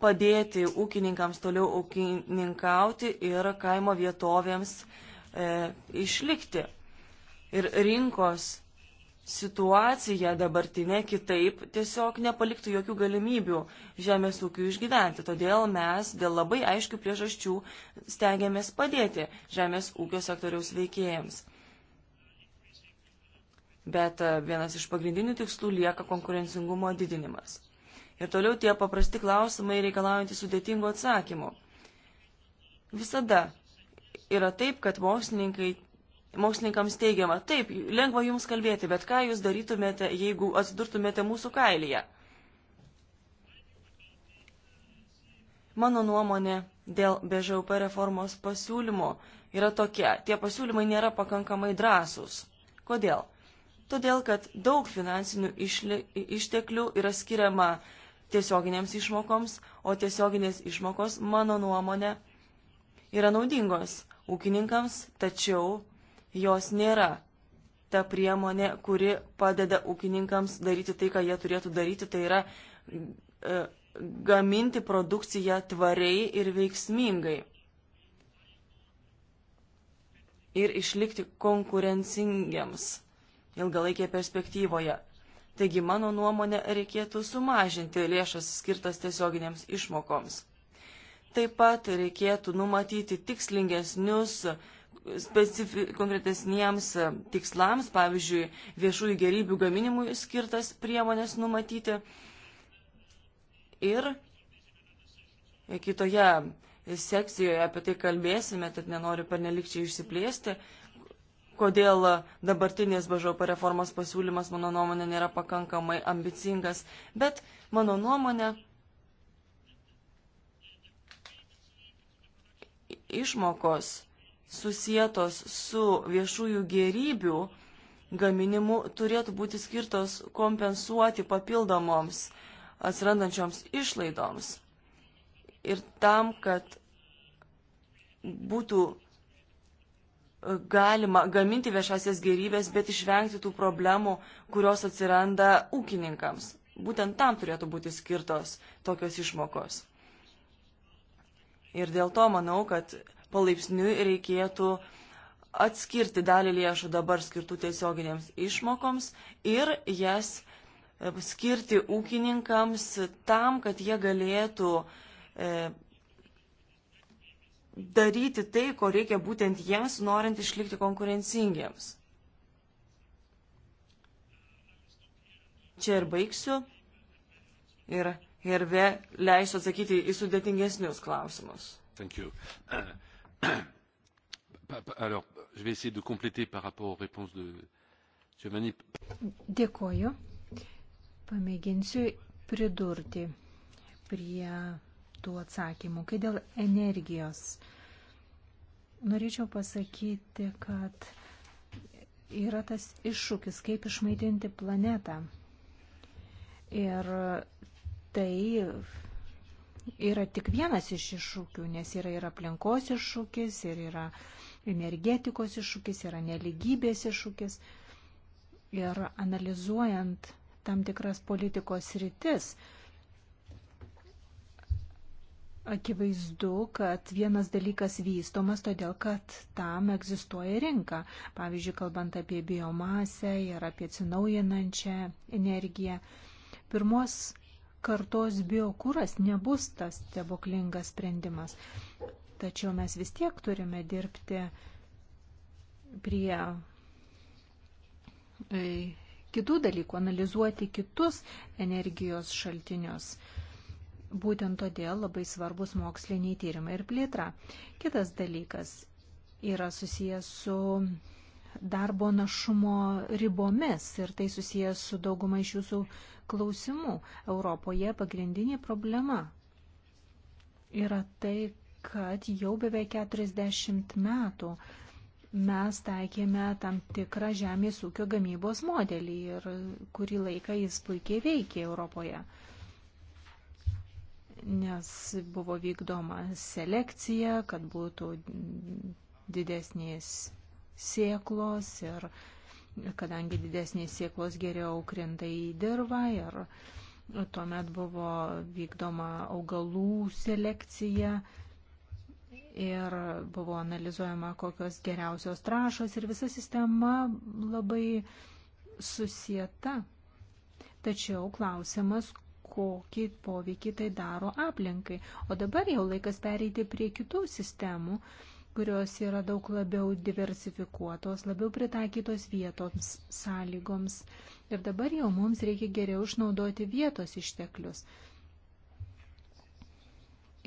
padėti ūkininkams toliau ūkininkauti ir kaimo vietovėms e, išlikti. Ir rinkos situacija dabartinė kitaip tiesiog nepaliktų jokių galimybių žemės ūkiui išgyventi. Todėl mes dėl labai aiškių priežasčių stengiamės padėti žemės ūkio sektoriaus veikėjams. Bet e, vienas iš pagrindinių tikslų lieka konkurencingumo didinimas. Ir toliau tie paprasti klausimai reikalaujantys sudėtingų atsakymų. Visada yra taip, kad mokslininkai mokslininkams teigiama, taip, lengva jums kalbėti, bet ką jūs darytumėte, jeigu atsidurtumėte mūsų kailyje? Mano nuomonė dėl BŽUP reformos pasiūlymo yra tokia. Tie pasiūlymai nėra pakankamai drąsūs. Kodėl? Todėl, kad daug finansinių išli, išteklių yra skiriama tiesioginėms išmokoms, o tiesioginės išmokos, mano nuomonė, yra naudingos ūkininkams, tačiau jos nėra ta priemonė, kuri padeda ūkininkams daryti tai, ką jie turėtų daryti, tai yra e, gaminti produkciją tvariai ir veiksmingai. Ir išlikti konkurencingiams ilgalaikėje perspektyvoje. Taigi, mano nuomonė, reikėtų sumažinti lėšas skirtas tiesioginėms išmokoms. Taip pat reikėtų numatyti tikslingesnius konkretesniems e, tikslams, pavyzdžiui, viešųjų gerybių gaminimui skirtas priemonės numatyti. Ir kitoje sekcijoje apie tai kalbėsime, tad nenoriu pernelikčiai išsiplėsti, kodėl dabartinės BŽP reformos pasiūlymas, mano nuomonė, nėra pakankamai ambicingas, bet mano nuomonė išmokos susijėtos su viešųjų gerybių gaminimu turėtų būti skirtos kompensuoti papildomoms atsirandančioms išlaidoms. Ir tam, kad būtų e, galima gaminti viešasias gerybės, bet išvengti tų problemų, kurios atsiranda ūkininkams. Būtent tam turėtų būti skirtos tokios išmokos. Ir dėl to manau, kad palaipsniui reikėtų atskirti dalį lėšų dabar skirtų tiesioginėms išmokoms ir jas e, skirti ūkininkams tam, kad jie galėtų e, daryti tai, ko reikia būtent jiems, norint išlikti konkurencingiems. Čia ir baigsiu ir, ir vėl leisiu atsakyti į sudėtingesnius klausimus. Thank you. Alors, je vais essayer de compléter par rapport aux réponses de Giovanni. Dėkoju. Pamėginsiu pridurti prie tų atsakymų. Kai dėl energijos, norėčiau pasakyti, kad yra tas iššūkis, kaip išmaitinti planetą. Ir tai yra tik vienas iš iššūkių, nes yra ir aplinkos iššūkis, ir yra energetikos iššūkis, yra neligybės iššūkis. Ir analizuojant tam tikras politikos rytis, akivaizdu, kad vienas dalykas vystomas, todėl kad tam egzistuoja rinka. Pavyzdžiui, kalbant apie biomasę ir apie atsinaujinančią energiją. Pirmos kartos biokūras nebus tas stebuklingas sprendimas. Tačiau mes vis tiek turime dirbti prie e, kitų dalykų, analizuoti kitus energijos šaltinius. Būtent todėl labai svarbus moksliniai tyrimai ir plėtra. Kitas dalykas yra susijęs su darbo našumo ribomis ir tai susijęs su dauguma iš jūsų klausimų. Europoje pagrindinė problema yra tai, kad jau beveik 40 metų mes taikėme tam tikrą žemės ūkio gamybos modelį ir kurį laiką jis puikiai veikė Europoje. Nes buvo vykdoma selekcija, kad būtų didesnės sėklos ir kadangi didesnės sėklos geriau krenta į dirvą ir tuomet buvo vykdoma augalų selekcija ir buvo analizuojama kokios geriausios trašos ir visa sistema labai susieta. Tačiau klausimas, kokį poveikį tai daro aplinkai. O dabar jau laikas pereiti prie kitų sistemų, kurios yra daug labiau diversifikuotos, labiau pritaikytos vietoms, sąlygoms. Ir dabar jau mums reikia geriau išnaudoti vietos išteklius.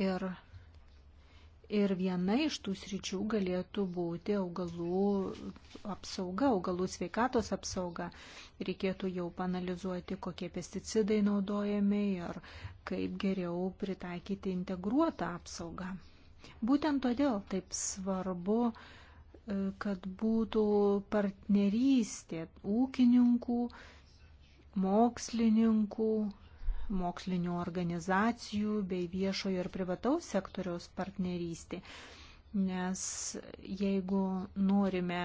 Ir, ir viena iš tų sričių galėtų būti augalų apsauga, augalų sveikatos apsauga. Reikėtų jau panalizuoti, kokie pesticidai naudojami ir kaip geriau pritaikyti integruotą apsaugą. Būtent todėl taip svarbu, e, kad būtų partnerystė ūkininkų, mokslininkų, mokslinių organizacijų bei viešojo ir privataus sektoriaus partnerystė. Nes jeigu norime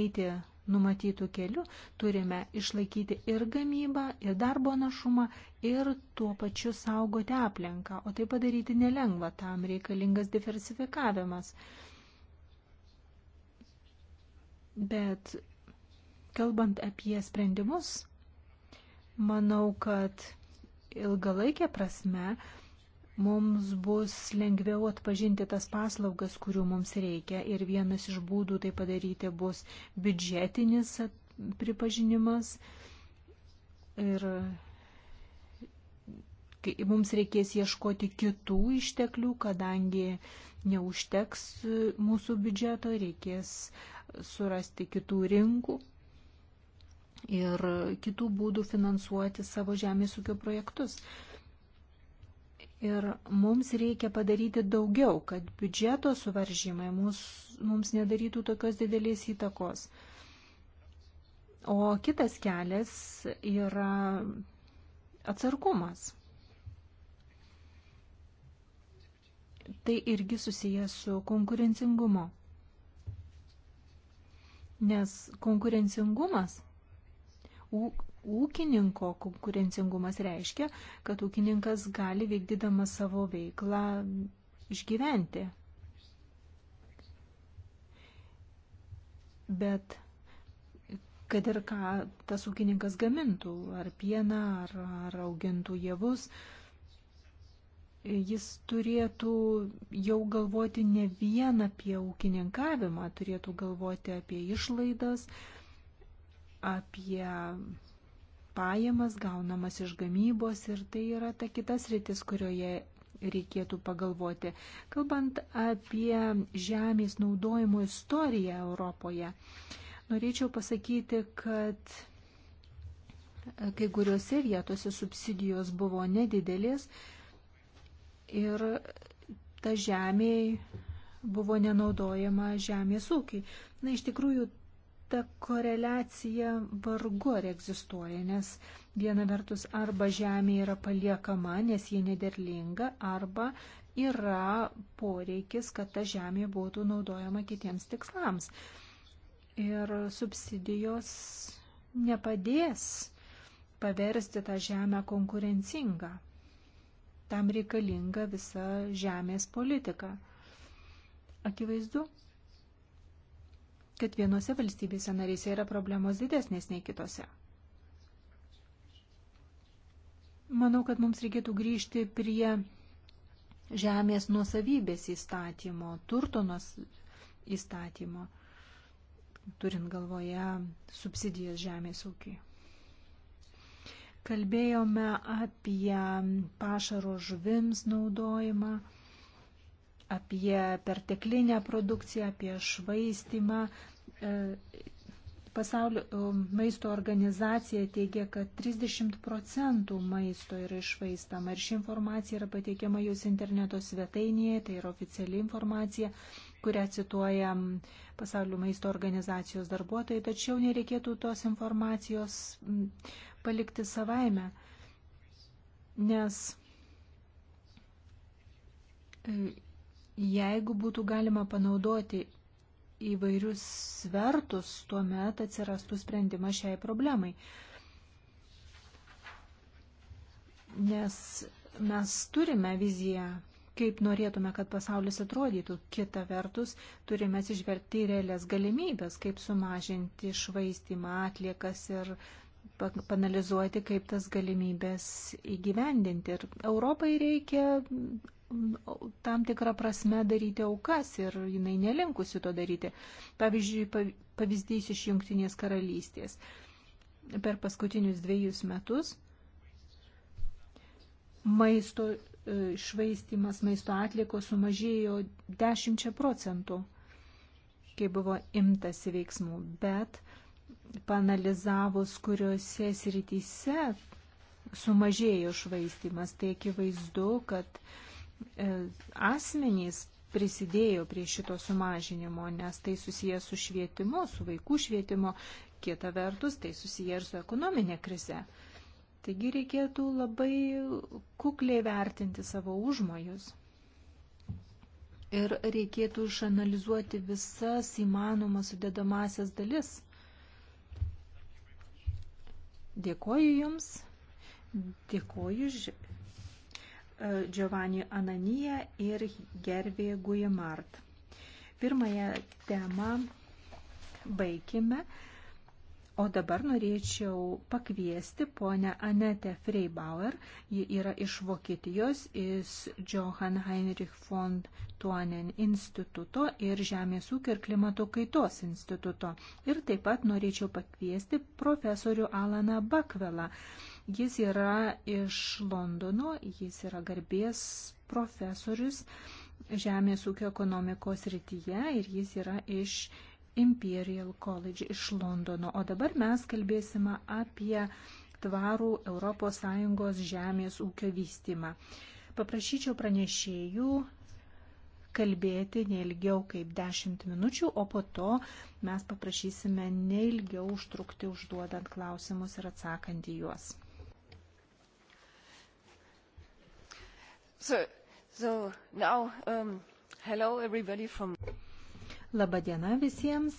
eiti numatytų kelių, turime išlaikyti ir gamybą, ir darbo našumą, ir tuo pačiu saugoti aplinką, o tai padaryti nelengva, tam reikalingas diversifikavimas. Bet kalbant apie sprendimus, manau, kad ilgalaikė prasme mums bus lengviau atpažinti tas paslaugas, kurių mums reikia. Ir vienas iš būdų tai padaryti bus biudžetinis pripažinimas. Ir mums reikės ieškoti kitų išteklių, kadangi neužteks mūsų biudžeto, reikės surasti kitų rinkų ir kitų būdų finansuoti savo žemės ūkio projektus. Ir mums reikia padaryti daugiau, kad biudžeto suvaržymai mums, mums nedarytų tokios didelės įtakos. O kitas kelias yra atsargumas. Tai irgi susijęs su konkurencingumu. Nes konkurencingumas ūkininko konkurencingumas reiškia, kad ūkininkas gali vykdydamas savo veiklą išgyventi. Bet kad ir ką tas ūkininkas gamintų, ar pieną, ar, ar augintų javus, jis turėtų jau galvoti ne vien apie ūkininkavimą, turėtų galvoti apie išlaidas, apie pajamas gaunamas iš gamybos ir tai yra ta kitas rytis, kurioje reikėtų pagalvoti. Kalbant apie žemės naudojimo istoriją Europoje, norėčiau pasakyti, kad kai kuriuose vietose subsidijos buvo nedidelės ir ta žemė buvo nenaudojama žemės ūkiai. Na, iš tikrųjų, ta koreliacija vargu ar egzistuoja, nes viena vertus arba žemė yra paliekama, nes ji nederlinga, arba yra poreikis, kad ta žemė būtų naudojama kitiems tikslams. Ir subsidijos nepadės paversti tą žemę konkurencingą. Tam reikalinga visa žemės politika. Akivaizdu, kad vienose valstybėse narėse yra problemos didesnės nei kitose. Manau, kad mums reikėtų grįžti prie žemės nuosavybės įstatymo, turtonos įstatymo, turint galvoje subsidijas žemės ūkiai. Kalbėjome apie pašaro žuvims naudojimą apie perteklinę produkciją, apie švaistimą. E, pasaulio e, maisto organizacija teigia, kad 30 procentų maisto yra išvaistama ir ši informacija yra pateikiama jūs interneto svetainėje, tai yra oficiali informacija, kurią cituoja Pasaulio maisto organizacijos darbuotojai, tačiau nereikėtų tos informacijos palikti savaime, nes e, Jeigu būtų galima panaudoti įvairius svertus, tuomet atsirastų sprendimas šiai problemai. Nes mes turime viziją, kaip norėtume, kad pasaulis atrodytų. Kita vertus, turime atsižvelgti į realias galimybės, kaip sumažinti švaistimą atliekas ir uh, panalizuoti, kaip tas galimybės įgyvendinti. Ir Europai reikia mm, tam tikrą prasme daryti aukas ir jinai nelinkusi to daryti. Pavyzdžiui, pavyzdys iš Junktinės karalystės. Per paskutinius dviejus metus maisto išvaistimas, e, maisto atliko sumažėjo 10 procentų, kai buvo imtasi veiksmų, bet panalizavus, kuriuose srityse sumažėjo švaistimas, tai akivaizdu, kad e, asmenys prisidėjo prie šito sumažinimo, nes tai susijęs su švietimu, su vaikų švietimu, kita vertus tai susiję ir su ekonominė krize. Taigi reikėtų labai kukliai vertinti savo užmojus. Ir reikėtų išanalizuoti visas įmanomas sudėdamasias dalis. Dėkoju Jums, dėkoju e, Giovanni Ananija ir Gervė Gujamart. Pirmąją temą baigime. O dabar norėčiau pakviesti ponę Anetę Freibauer, ji yra iš Vokietijos, iš Johann Heinrich von Tuanen instituto ir Žemės ūkio ir klimato kaitos instituto. Ir taip pat norėčiau pakviesti profesorių Alaną Bakvelą. Jis yra iš Londono, jis yra garbės profesorius Žemės ūkio ekonomikos rytyje ir jis yra iš Imperial College iš Londono. O dabar mes kalbėsime apie tvarų ES žemės ūkio vystymą. Paprašyčiau pranešėjų kalbėti neilgiau kaip 10 minučių, o po to mes paprašysime neilgiau užtrukti užduodant klausimus ir atsakant į juos. So, so now, um, hello everybody from... Labadiena visiems.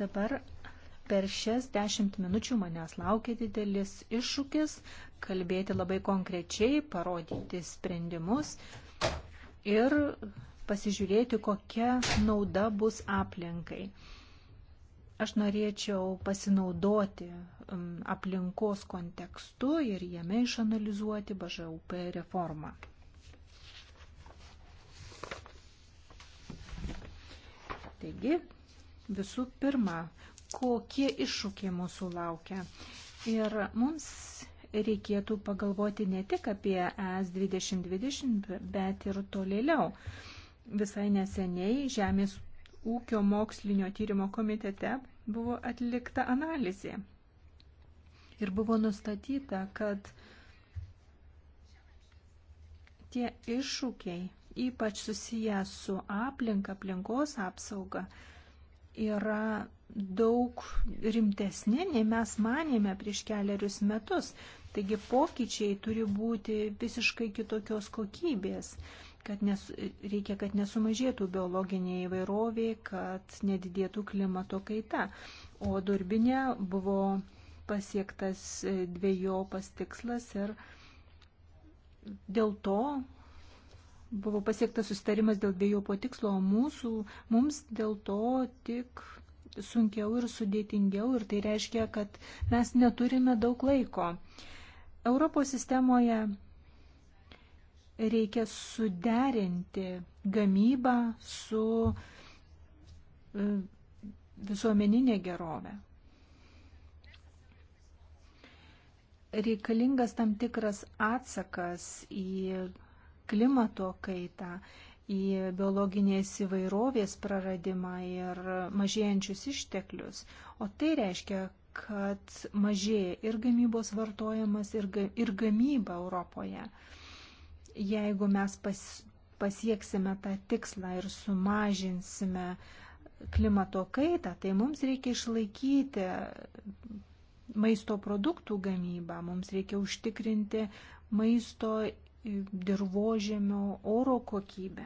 Dabar per šias dešimt minučių manęs laukia didelis iššūkis kalbėti labai konkrečiai, parodyti sprendimus ir pasižiūrėti, kokia nauda bus aplinkai. Aš norėčiau pasinaudoti mm, aplinkos kontekstu ir jame išanalizuoti BŽUP reformą. Taigi, visų pirma, kokie iššūkiai mūsų laukia. Ir mums reikėtų pagalvoti ne tik apie ES 2020, bet ir tolėliau. Visai neseniai Žemės ūkio mokslinio tyrimo komitete buvo atlikta analizė. Ir buvo nustatyta, kad tie iššūkiai ypač susiję su aplinka, aplinkos apsauga, yra daug rimtesnė, nei mes manėme prieš keliarius metus. Taigi pokyčiai turi būti visiškai kitokios kokybės, kad nes, reikia, kad nesumažėtų biologinė įvairovė, kad nedidėtų klimato kaita. O durbinė buvo pasiektas dviejopas tikslas ir dėl to buvo pasiektas sustarimas dėl dviejų po tikslo, o mūsų, mums dėl to tik sunkiau ir sudėtingiau ir tai reiškia, kad mes neturime daug laiko. Europos sistemoje reikia suderinti gamybą su e, visuomeninė gerovė. Reikalingas tam tikras atsakas į klimato kaitą, į biologinės įvairovės praradimą ir mažėjančius išteklius. O tai reiškia, kad mažėja ir gamybos vartojimas, ir, ga, ir gamyba Europoje. Jeigu mes pas, pasieksime tą tikslą ir sumažinsime klimato kaitą, tai mums reikia išlaikyti maisto produktų gamybą, mums reikia užtikrinti maisto dirbožėmio oro kokybę.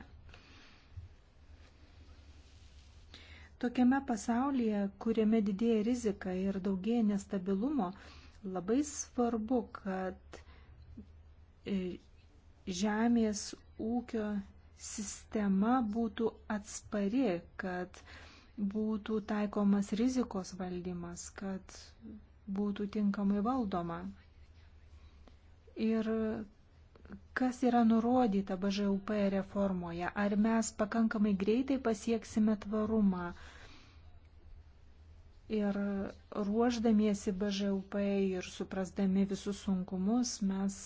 Tokiame pasaulyje, kuriame didėja rizika ir daugėja nestabilumo, labai svarbu, kad e, žemės ūkio sistema būtų atspari, kad būtų taikomas rizikos valdymas, kad būtų tinkamai valdoma. Ir kas yra nurodyta BŽUP reformoje? Ar mes pakankamai greitai pasieksime tvarumą? Ir ruoždamiesi BŽUP ir suprasdami visus sunkumus, mes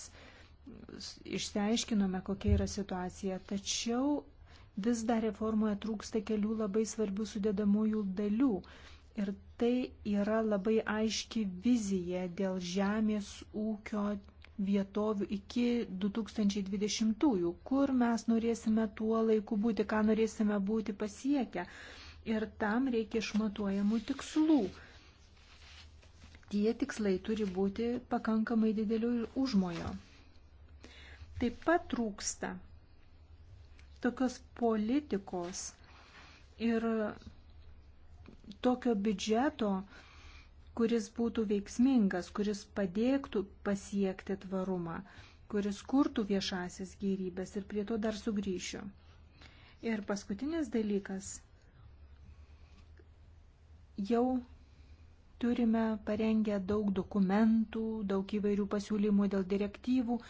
išsiaiškinome, kokia yra situacija. Tačiau vis dar reformoje trūksta kelių labai svarbių sudėdamųjų dalių. Ir tai yra labai aiški vizija dėl žemės ūkio vietovių iki 2020-ųjų, kur mes norėsime tuo laiku būti, ką norėsime būti pasiekę. Ir tam reikia išmatuojamų tikslų. Tie tikslai turi būti pakankamai didelių užmojo. Taip pat trūksta tokios politikos ir tokio biudžeto, kuris būtų veiksmingas, kuris padėktų pasiekti tvarumą, kuris kurtų viešasis gyrybės ir prie to dar sugrįšiu. Ir paskutinis dalykas. Jau turime parengę daug dokumentų, daug įvairių pasiūlymų dėl direktyvų.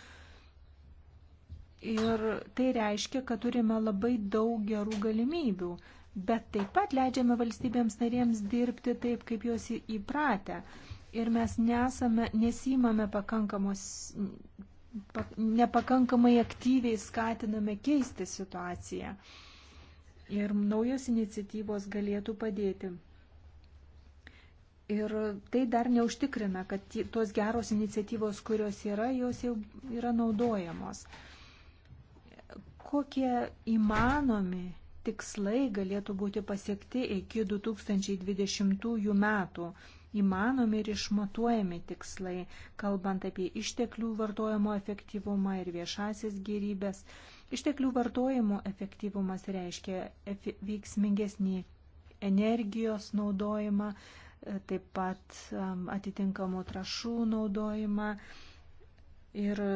Ir tai reiškia, kad turime labai daug gerų galimybių bet taip pat leidžiame valstybėms narėms dirbti taip, kaip jos įpratę. Ir mes nesame, nesimame pakankamos, pak, nepakankamai aktyviai skatiname keisti situaciją. Ir naujos iniciatyvos galėtų padėti. Ir tai dar neužtikrina, kad tos geros iniciatyvos, kurios yra, jos jau yra naudojamos. Kokie įmanomi tikslai galėtų būti pasiekti iki 2020 metų. Įmanomi ir išmatuojami tikslai, kalbant apie išteklių vartojimo efektyvumą ir viešasis gyrybės. Išteklių vartojimo efektyvumas reiškia veiksmingesnį energijos naudojimą, e, taip pat atitinkamų trašų naudojimą ir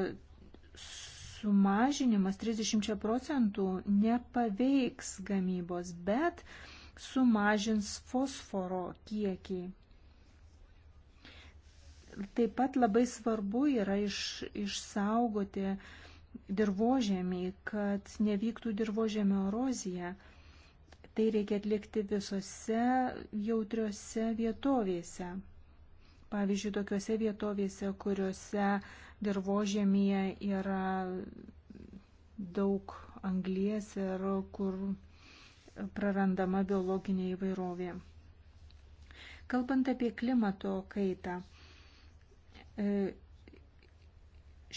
sumažinimas 30 procentų nepaveiks gamybos, bet sumažins fosforo kiekį. Taip pat labai svarbu yra iš, išsaugoti dirbožėmį, kad nevyktų dirbožėmio erozija. Tai reikia atlikti visose jautriose vietovėse. Pavyzdžiui, tokiuose vietovėse, kuriuose dirbožėmėje yra daug anglies ir kur prarandama biologinė įvairovė. Kalbant apie klimato kaitą, e,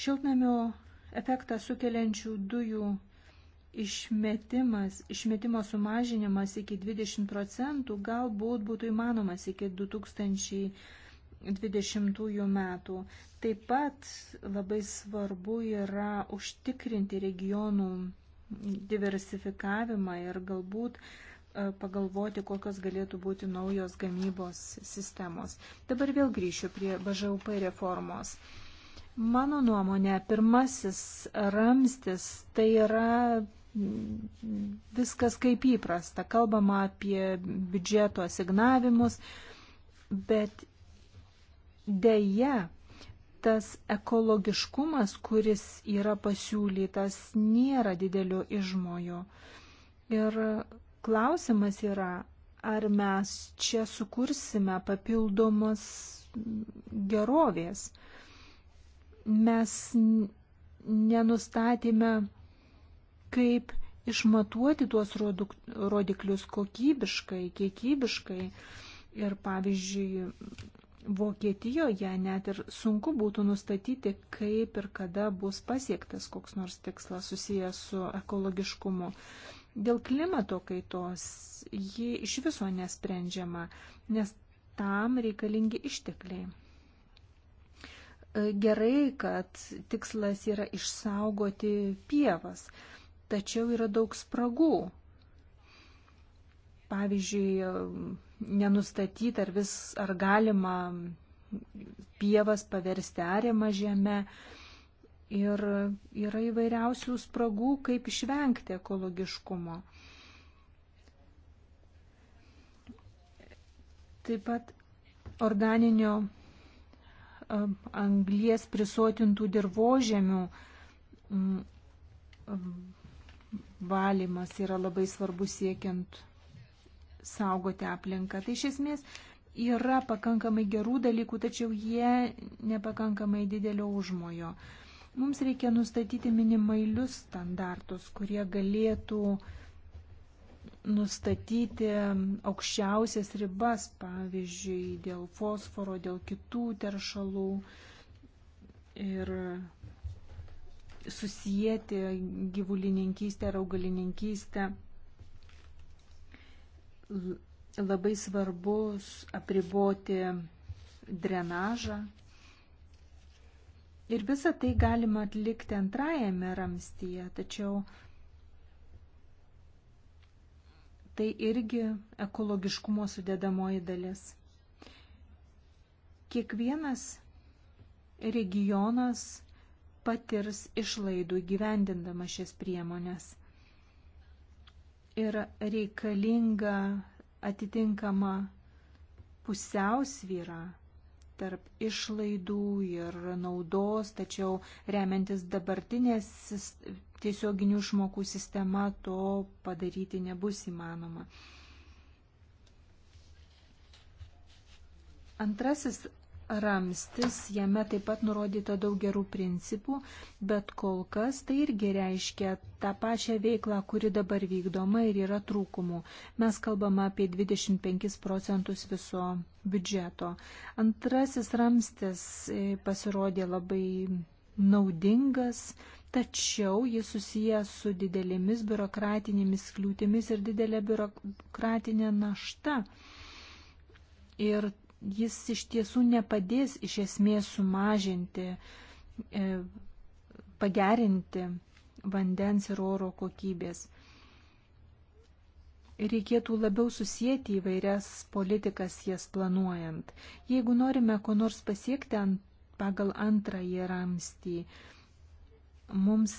šiltnamio efektą sukeliančių dujų išmetimas, išmetimo sumažinimas iki 20 procentų galbūt būtų įmanomas iki 2000 procentų 2020 metų. Taip pat labai svarbu yra užtikrinti regionų diversifikavimą ir galbūt e, pagalvoti, kokios galėtų būti naujos gamybos sistemos. Dabar vėl grįšiu prie BŽUP reformos. Mano nuomonė, pirmasis ramstis tai yra viskas kaip įprasta. Kalbama apie biudžeto asignavimus, bet Deja, tas ekologiškumas, kuris yra pasiūlytas, nėra didelio išmojo. Ir klausimas yra, ar mes čia sukursime papildomas gerovės. Mes nenustatėme, kaip išmatuoti tuos rodiklius kokybiškai, kiekybiškai. Ir pavyzdžiui, Vokietijoje net ir sunku būtų nustatyti, kaip ir kada bus pasiektas koks nors tikslas susijęs su ekologiškumu. Dėl klimato kaitos ji iš viso nesprendžiama, nes tam reikalingi ištekliai. E, gerai, kad tikslas yra išsaugoti pievas, tačiau yra daug spragų pavyzdžiui, nenustatyti, ar vis, ar galima pievas paversti ariamą žemę. Ir yra įvairiausių spragų, kaip išvengti ekologiškumo. Taip pat organinio um, anglies prisotintų dirbožemių um, valymas yra labai svarbus siekiant saugoti aplinką. Tai iš esmės yra pakankamai gerų dalykų, tačiau jie nepakankamai didelio užmojo. Mums reikia nustatyti minimalius standartus, kurie galėtų nustatyti aukščiausias ribas, pavyzdžiui, dėl fosforo, dėl kitų teršalų ir susijęti gyvulininkystę ir augalininkystę labai svarbus apriboti drenažą. Ir visą tai galima atlikti antrajame ramstyje, tačiau tai irgi ekologiškumo sudėdamoji dalis. Kiekvienas regionas patirs išlaidų gyvendindama šias priemonės ir reikalinga atitinkama pusiausvyra tarp išlaidų ir naudos, tačiau remiantis dabartinės tiesioginių išmokų sistema to padaryti nebus įmanoma. Antrasis ramstis, jame taip pat nurodyta daug gerų principų, bet kol kas tai irgi reiškia tą pačią veiklą, kuri dabar vykdoma ir yra trūkumų. Mes kalbame apie 25 procentus viso biudžeto. Antrasis ramstis e, pasirodė labai naudingas, tačiau jis susijęs su didelėmis biurokratinėmis kliūtimis ir didelė biurokratinė našta. Ir jis iš tiesų nepadės iš esmės sumažinti, e, pagerinti vandens ir oro kokybės. Reikėtų labiau susijęti įvairias politikas jas planuojant. Jeigu norime ko nors pasiekti ant, pagal antrąjį ramstį, mums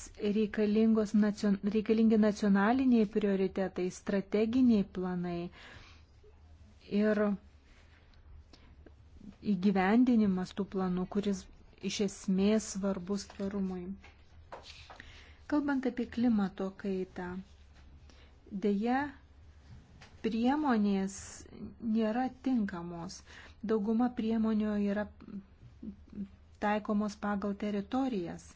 nacion, reikalingi nacionaliniai prioritetai, strateginiai planai ir įgyvendinimas tų planų, kuris iš esmės svarbus tvarumui. Kalbant apie klimato kaitą, dėja priemonės nėra tinkamos. Dauguma priemonių yra taikomos pagal teritorijas.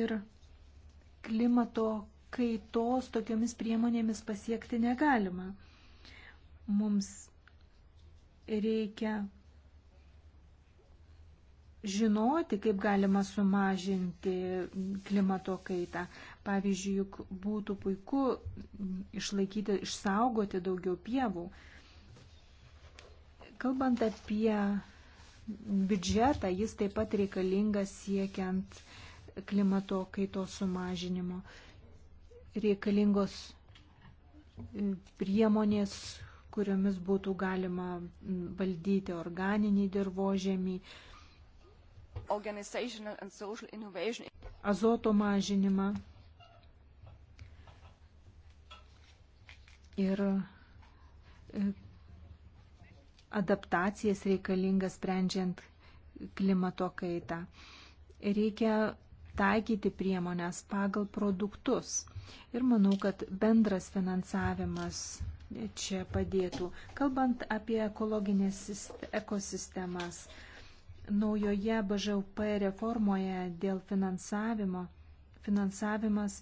Ir klimato kaitos tokiomis priemonėmis pasiekti negalima. Mums reikia žinoti, kaip galima sumažinti klimato kaitą. Pavyzdžiui, juk būtų puiku išlaikyti, išsaugoti daugiau pievų. Kalbant apie biudžetą, jis taip pat reikalingas siekiant klimato kaitos sumažinimo. Reikalingos priemonės, kuriomis būtų galima valdyti organinį dirbožemį, azoto mažinimą ir e, adaptacijas reikalingas sprendžiant klimato kaitą. Reikia taikyti priemonės pagal produktus. Ir manau, kad bendras finansavimas čia padėtų. Kalbant apie ekologinės ekosistemas, naujoje BŽUP reformoje dėl finansavimo, finansavimas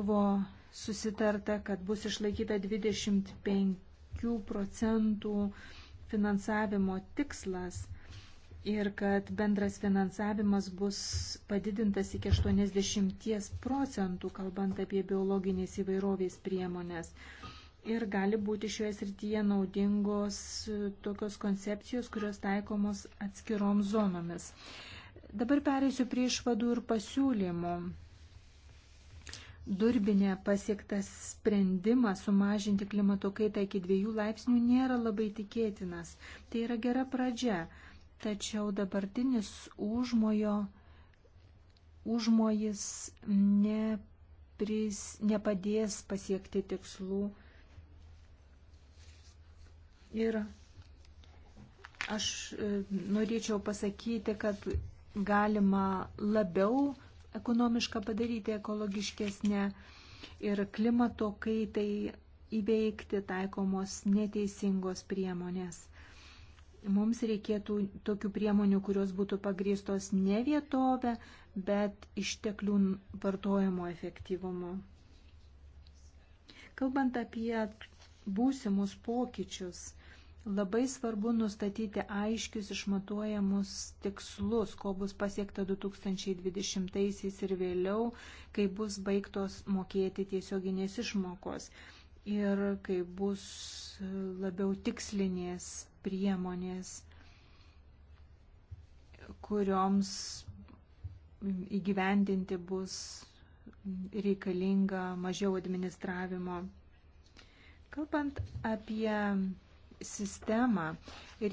buvo susitarta, kad bus išlaikyta 25 procentų finansavimo tikslas ir kad bendras finansavimas bus padidintas iki 80 procentų, kalbant apie biologinės įvairovės priemonės. Ir gali būti šioje srityje naudingos tokios koncepcijos, kurios taikomos atskirom zonomis. Dabar pereisiu prie išvadų ir pasiūlymų. Durbinė pasiektas sprendimas sumažinti klimato kaitą iki dviejų laipsnių nėra labai tikėtinas. Tai yra gera pradžia tačiau dabartinis užmojo, užmojis nepris, nepadės pasiekti tikslų. Ir aš e, norėčiau pasakyti, kad galima labiau ekonomišką padaryti ekologiškesnę ir klimato kaitai įveikti taikomos neteisingos priemonės. Mums reikėtų tokių priemonių, kurios būtų pagrįstos ne vietovė, bet išteklių vartojimo efektyvumu. Kalbant apie būsimus pokyčius, labai svarbu nustatyti aiškius išmatuojamus tikslus, ko bus pasiekta 2020-aisiais ir vėliau, kai bus baigtos mokėti tiesioginės išmokos ir kai bus labiau tikslinės priemonės, kurioms įgyvendinti bus reikalinga mažiau administravimo. Kalbant apie sistemą,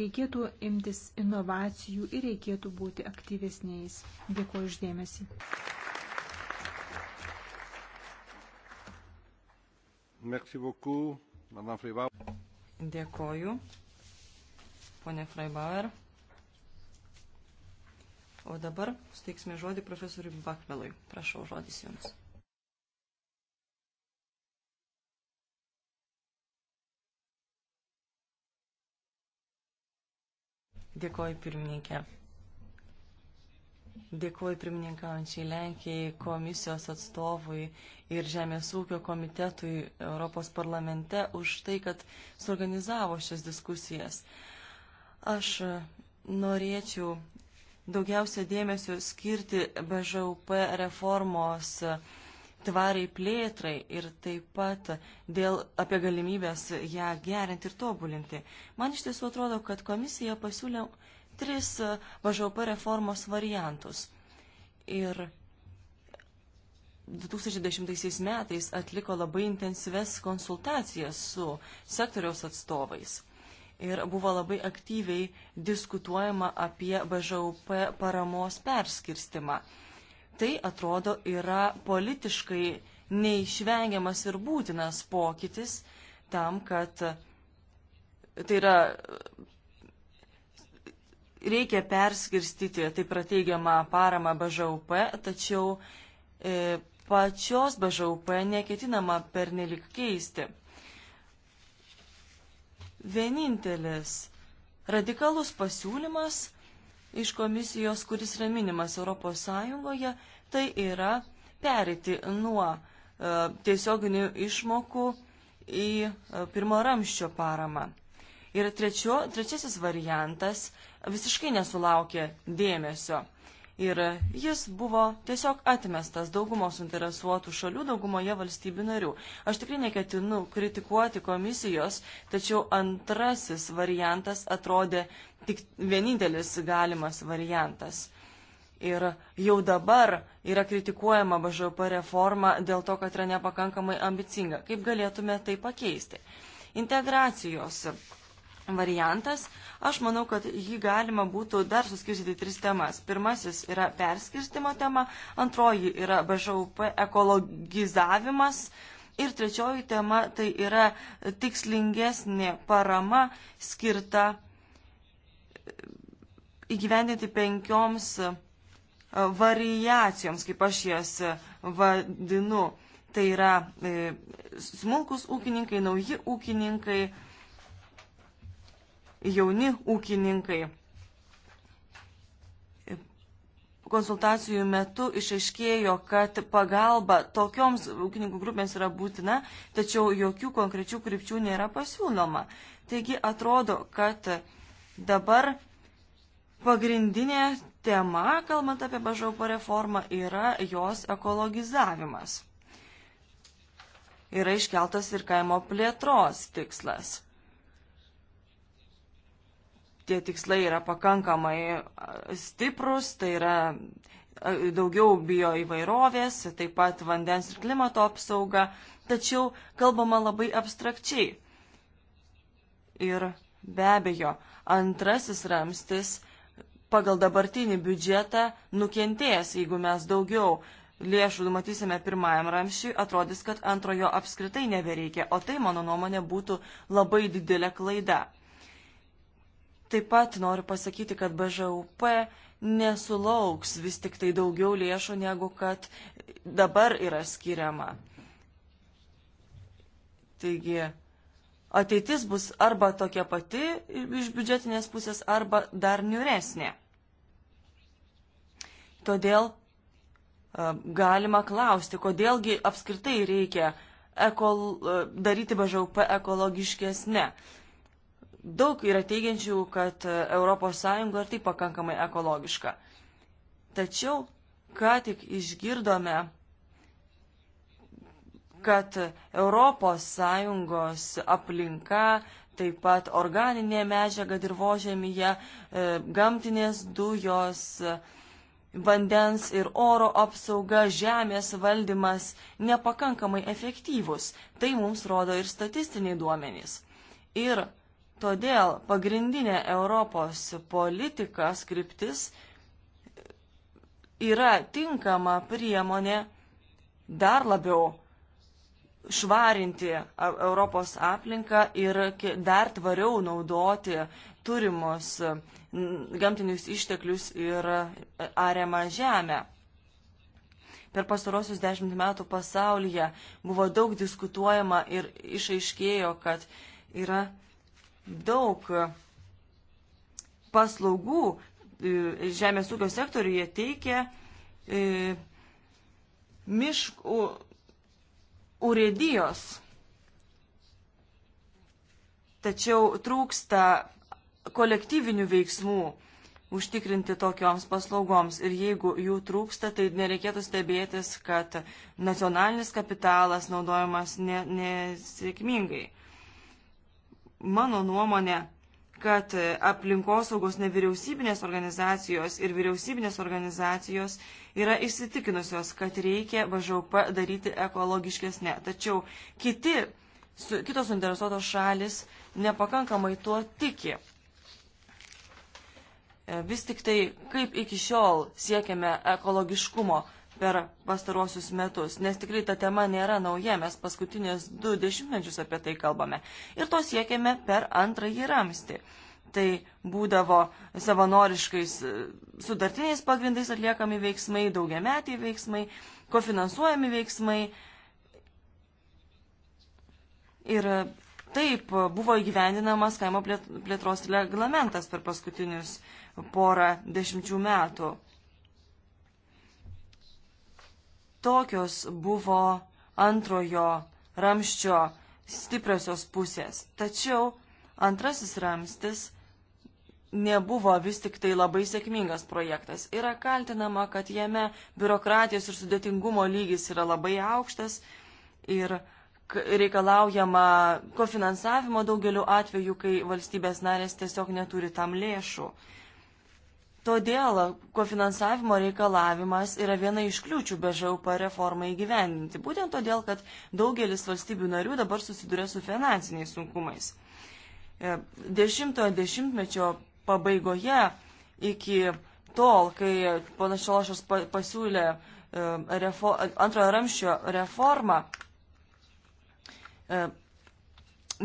reikėtų imtis inovacijų ir reikėtų būti aktyvesniais. Dėkuoju uždėmesi. Dėkuoju ponė Freibauer. O dabar steiksime žodį profesoriui Bakvelui. Prašau, žodis jums. Dėkoju pirmininkė. Dėkuoju pirmininkaujančiai Lenkijai, komisijos atstovui ir Žemės ūkio komitetui Europos parlamente už tai, kad suorganizavo šias diskusijas. Aš norėčiau daugiausia dėmesio skirti BŽUP reformos tvariai plėtrai ir taip pat dėl apie galimybės ją gerinti ir tobulinti. Man iš tiesų atrodo, kad komisija pasiūlė tris BŽUP reformos variantus. Ir 2010 metais atliko labai intensyves konsultacijas su sektoriaus atstovais ir buvo labai aktyviai diskutuojama apie BŽUP paramos perskirstimą. Tai atrodo yra politiškai neišvengiamas ir būtinas pokytis tam, kad tai yra reikia perskirstyti taip rateigiamą paramą BŽUP, tačiau e, pačios BŽUP neketinama pernelik keisti vienintelis radikalus pasiūlymas iš komisijos, kuris yra minimas Europos Sąjungoje, tai yra perėti nuo e, tiesioginių išmokų į e, pirmo ramščio paramą. Ir trečio, trečiasis variantas visiškai nesulaukė dėmesio ir jis buvo tiesiog atmestas daugumos interesuotų šalių, daugumoje valstybių narių. Aš tikrai neketinu kritikuoti komisijos, tačiau antrasis variantas atrodė tik vienintelis galimas variantas. Ir jau dabar yra kritikuojama BŽP reforma dėl to, kad yra nepakankamai ambicinga. Kaip galėtume tai pakeisti? Integracijos variantas, aš manau, kad jį galima būtų dar suskirstyti tris temas. Pirmasis yra perskirstimo tema, antroji yra BŽUP ekologizavimas ir trečioji tema tai yra tikslingesnė parama skirta įgyvendinti penkioms e, variacijoms, kaip aš jas e, vadinu. Tai yra e, smulkus ūkininkai, nauji ūkininkai, jauni ūkininkai. Konsultacijų metu išaiškėjo, kad pagalba tokioms ūkininkų grupėms yra būtina, tačiau jokių konkrečių krypčių nėra pasiūloma. Taigi atrodo, kad dabar pagrindinė tema, kalbant apie BŽP reformą, yra jos ekologizavimas. Yra iškeltas ir kaimo plėtros tikslas tie tikslai yra pakankamai stiprus, tai yra daugiau bio įvairovės, taip pat vandens ir klimato apsauga, tačiau kalbama labai abstrakčiai. Ir be abejo, antrasis ramstis pagal dabartinį biudžetą nukentės, jeigu mes daugiau lėšų numatysime pirmajam ramščiui, atrodys, kad antrojo apskritai nebereikia, o tai, mano nuomonė, būtų labai didelė klaida. Taip pat noriu pasakyti, kad BŽUP nesulauks vis tik tai daugiau lėšų, negu kad dabar yra skiriama. Taigi, ateitis bus arba tokia pati iš biudžetinės pusės, arba dar niuresnė. Todėl e, galima klausti, kodėlgi apskritai reikia ekol, e, daryti BŽUP ekologiškesnė. Ne Daug yra teigiančių, kad ES ir tai pakankamai ekologiška. Tačiau, ką tik išgirdome, kad ES aplinka, taip pat organinė medžiaga dirbožėmyje, e, gamtinės dujos, vandens ir oro apsauga, žemės valdymas nepakankamai efektyvus. Tai mums rodo ir statistiniai duomenys. Ir Todėl pagrindinė Europos politika skriptis yra tinkama priemonė dar labiau švarinti Europos aplinką ir dar tvariau naudoti turimus gamtinius išteklius ir ariamą žemę. Per pastarosius dešimt metų pasaulyje buvo daug diskutuojama ir išaiškėjo, kad yra daug paslaugų e, žemės ūkio sektoriuje teikia e, miškų urėdijos. Tačiau trūksta kolektyvinių veiksmų užtikrinti tokioms paslaugoms. Ir jeigu jų trūksta, tai nereikėtų stebėtis, kad nacionalinis kapitalas naudojamas nesėkmingai. Ne mano nuomonė, kad aplinkosaugos nevyriausybinės organizacijos ir vyriausybinės organizacijos yra įsitikinusios, kad reikia BŽP daryti ekologiškesnė. Tačiau kiti, su, kitos suinteresuotos šalis nepakankamai tuo tiki. Vis tik tai, kaip iki šiol siekiame ekologiškumo per pastarosius metus, nes tikrai ta tema nėra nauja, mes paskutinės du dešimtmečius apie tai kalbame. Ir to siekiame per antrąjį ramstį. Tai būdavo savanoriškais e, sudartiniais pagrindais atliekami veiksmai, daugiametiai veiksmai, kofinansuojami veiksmai. Ir taip buvo įgyvendinamas kaimo plėtros reglamentas per paskutinius porą dešimčių metų. Tokios buvo antrojo ramščio stipriosios pusės. Tačiau antrasis ramstis nebuvo vis tik tai labai sėkmingas projektas. Yra kaltinama, kad jame biurokratijos ir sudėtingumo lygis yra labai aukštas ir reikalaujama kofinansavimo daugeliu atveju, kai valstybės narės tiesiog neturi tam lėšų. Todėl kofinansavimo reikalavimas yra viena iš kliūčių BŽUP reformai įgyvendinti, būtent todėl, kad daugelis valstybių narių dabar susiduria su finansiniais sunkumais. E, dešimtojo dešimtmečio pabaigoje iki tol, kai ponas Šalošas pasiūlė e, refo, antrojo ramščio reformą, e,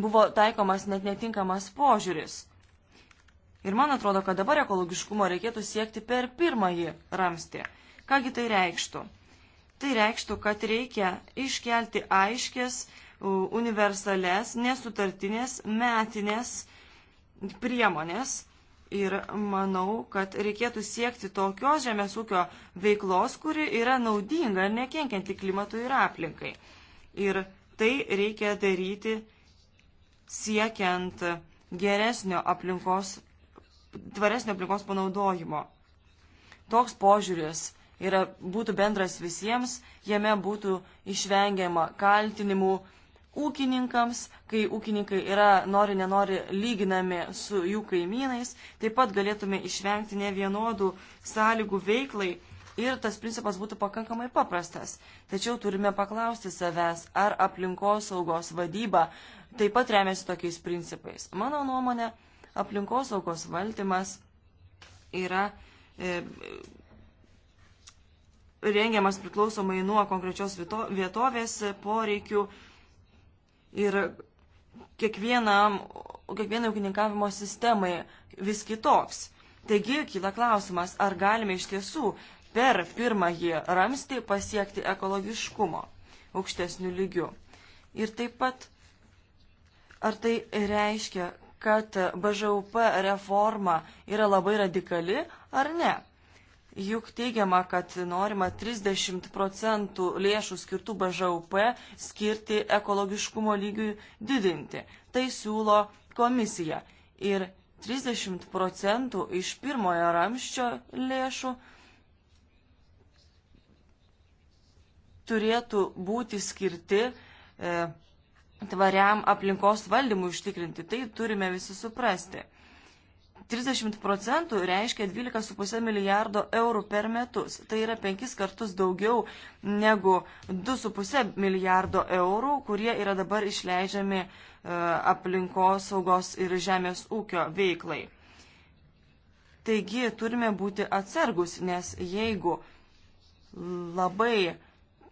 buvo taikomas net netinkamas požiūris Ir man atrodo, kad dabar ekologiškumo reikėtų siekti per pirmąjį ramstį. Kągi tai reikštų? Tai reikštų, kad reikia iškelti aiškės, universales, nesutartinės, metinės priemonės. Ir manau, kad reikėtų siekti tokios žemės ūkio veiklos, kuri yra naudinga ir nekenkianti klimatui ir aplinkai. Ir tai reikia daryti siekiant geresnio aplinkos tvaresnio aplinkos panaudojimo. Toks požiūris yra, būtų bendras visiems, jame būtų išvengiama kaltinimų ūkininkams, kai ūkininkai yra nori nenori lyginami su jų kaimynais, taip pat galėtume išvengti ne vienodų sąlygų veiklai ir tas principas būtų pakankamai paprastas. Tačiau turime paklausti savęs, ar aplinkosaugos vadyba taip pat remiasi tokiais principais. Mano nuomonė, aplinkosaugos valdymas yra e, rengiamas priklausomai nuo konkrečios vietovės poreikių ir kiekvienam, kiekvienai ūkininkavimo sistemai vis kitoks. Taigi kyla klausimas, ar galime iš tiesų per pirmąjį ramstį pasiekti ekologiškumo aukštesnių lygių. Ir taip pat, ar tai reiškia, kad BŽUP reforma yra labai radikali ar ne. Juk teigiama, kad norima 30 procentų lėšų skirtų BŽUP skirti ekologiškumo lygiui didinti. Tai siūlo komisija. Ir 30 procentų iš pirmojo ramščio lėšų turėtų būti skirti e, tvariam aplinkos valdymui užtikrinti. Tai turime visi suprasti. 30 procentų reiškia 12,5 milijardo eurų per metus. Tai yra penkis kartus daugiau negu 2,5 milijardo eurų, kurie yra dabar išleidžiami e, aplinkos saugos ir žemės ūkio veiklai. Taigi turime būti atsargus, nes jeigu labai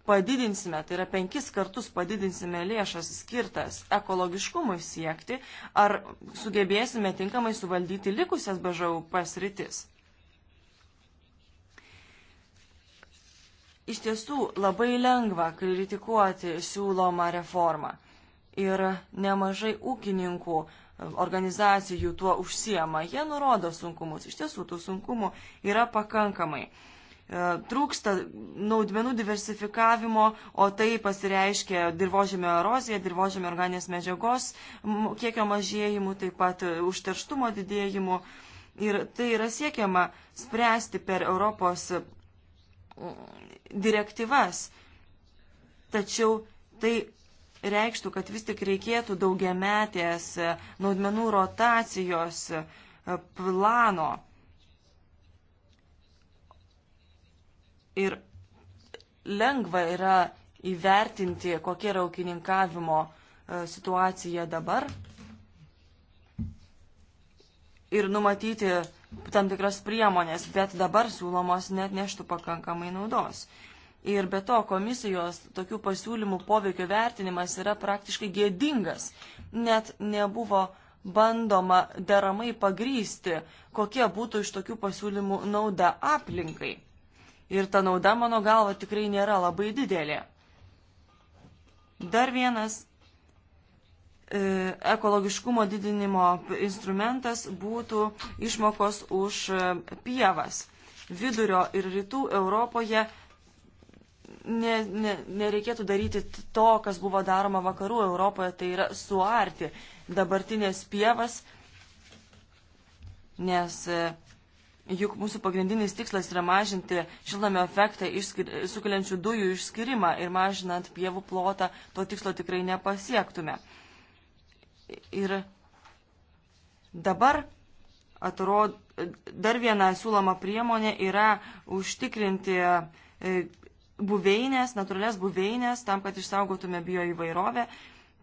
padidinsime, tai yra penkis kartus padidinsime lėšas skirtas ekologiškumui siekti, ar sugebėsime tinkamai suvaldyti likusias BŽUP sritis. Iš tiesų labai lengva kritikuoti siūlomą reformą ir nemažai ūkininkų organizacijų tuo užsiema. Jie nurodo sunkumus. Iš tiesų tų sunkumų yra pakankamai. E, trūksta naudmenų diversifikavimo, o tai pasireiškia dirbožėmio erozija, dirbožėmio organinės medžiagos kiekio mažėjimu, taip pat užterštumo didėjimu. Ir tai yra siekiama spręsti per Europos direktyvas. Tačiau tai reikštų, kad vis tik reikėtų daugiametės naudmenų rotacijos e, plano ir lengva yra įvertinti, kokia yra ūkininkavimo e, situacija dabar ir numatyti tam tikras priemonės, bet dabar siūlomos net neštų pakankamai naudos. Ir be to komisijos tokių pasiūlymų poveikio vertinimas yra praktiškai gėdingas. Net nebuvo bandoma deramai pagrysti, kokia būtų iš tokių pasiūlymų nauda aplinkai ir ta nauda, mano galva, tikrai nėra labai didelė. Dar vienas e, ekologiškumo didinimo instrumentas būtų išmokos už e, pievas. Vidurio ir rytų Europoje ne, ne, nereikėtų daryti to, kas buvo daroma vakarų Europoje, tai yra suarti dabartinės pievas, nes e, Juk mūsų pagrindinis tikslas yra mažinti šiltnamio efektą išskir... sukeliančių dujų išskirimą ir mažinant pievų plotą to tikslo tikrai nepasiektume. Ir dabar atrodo, dar viena siūloma priemonė yra užtikrinti e, buveinės, natūrales buveinės, tam, kad išsaugotume bio įvairovę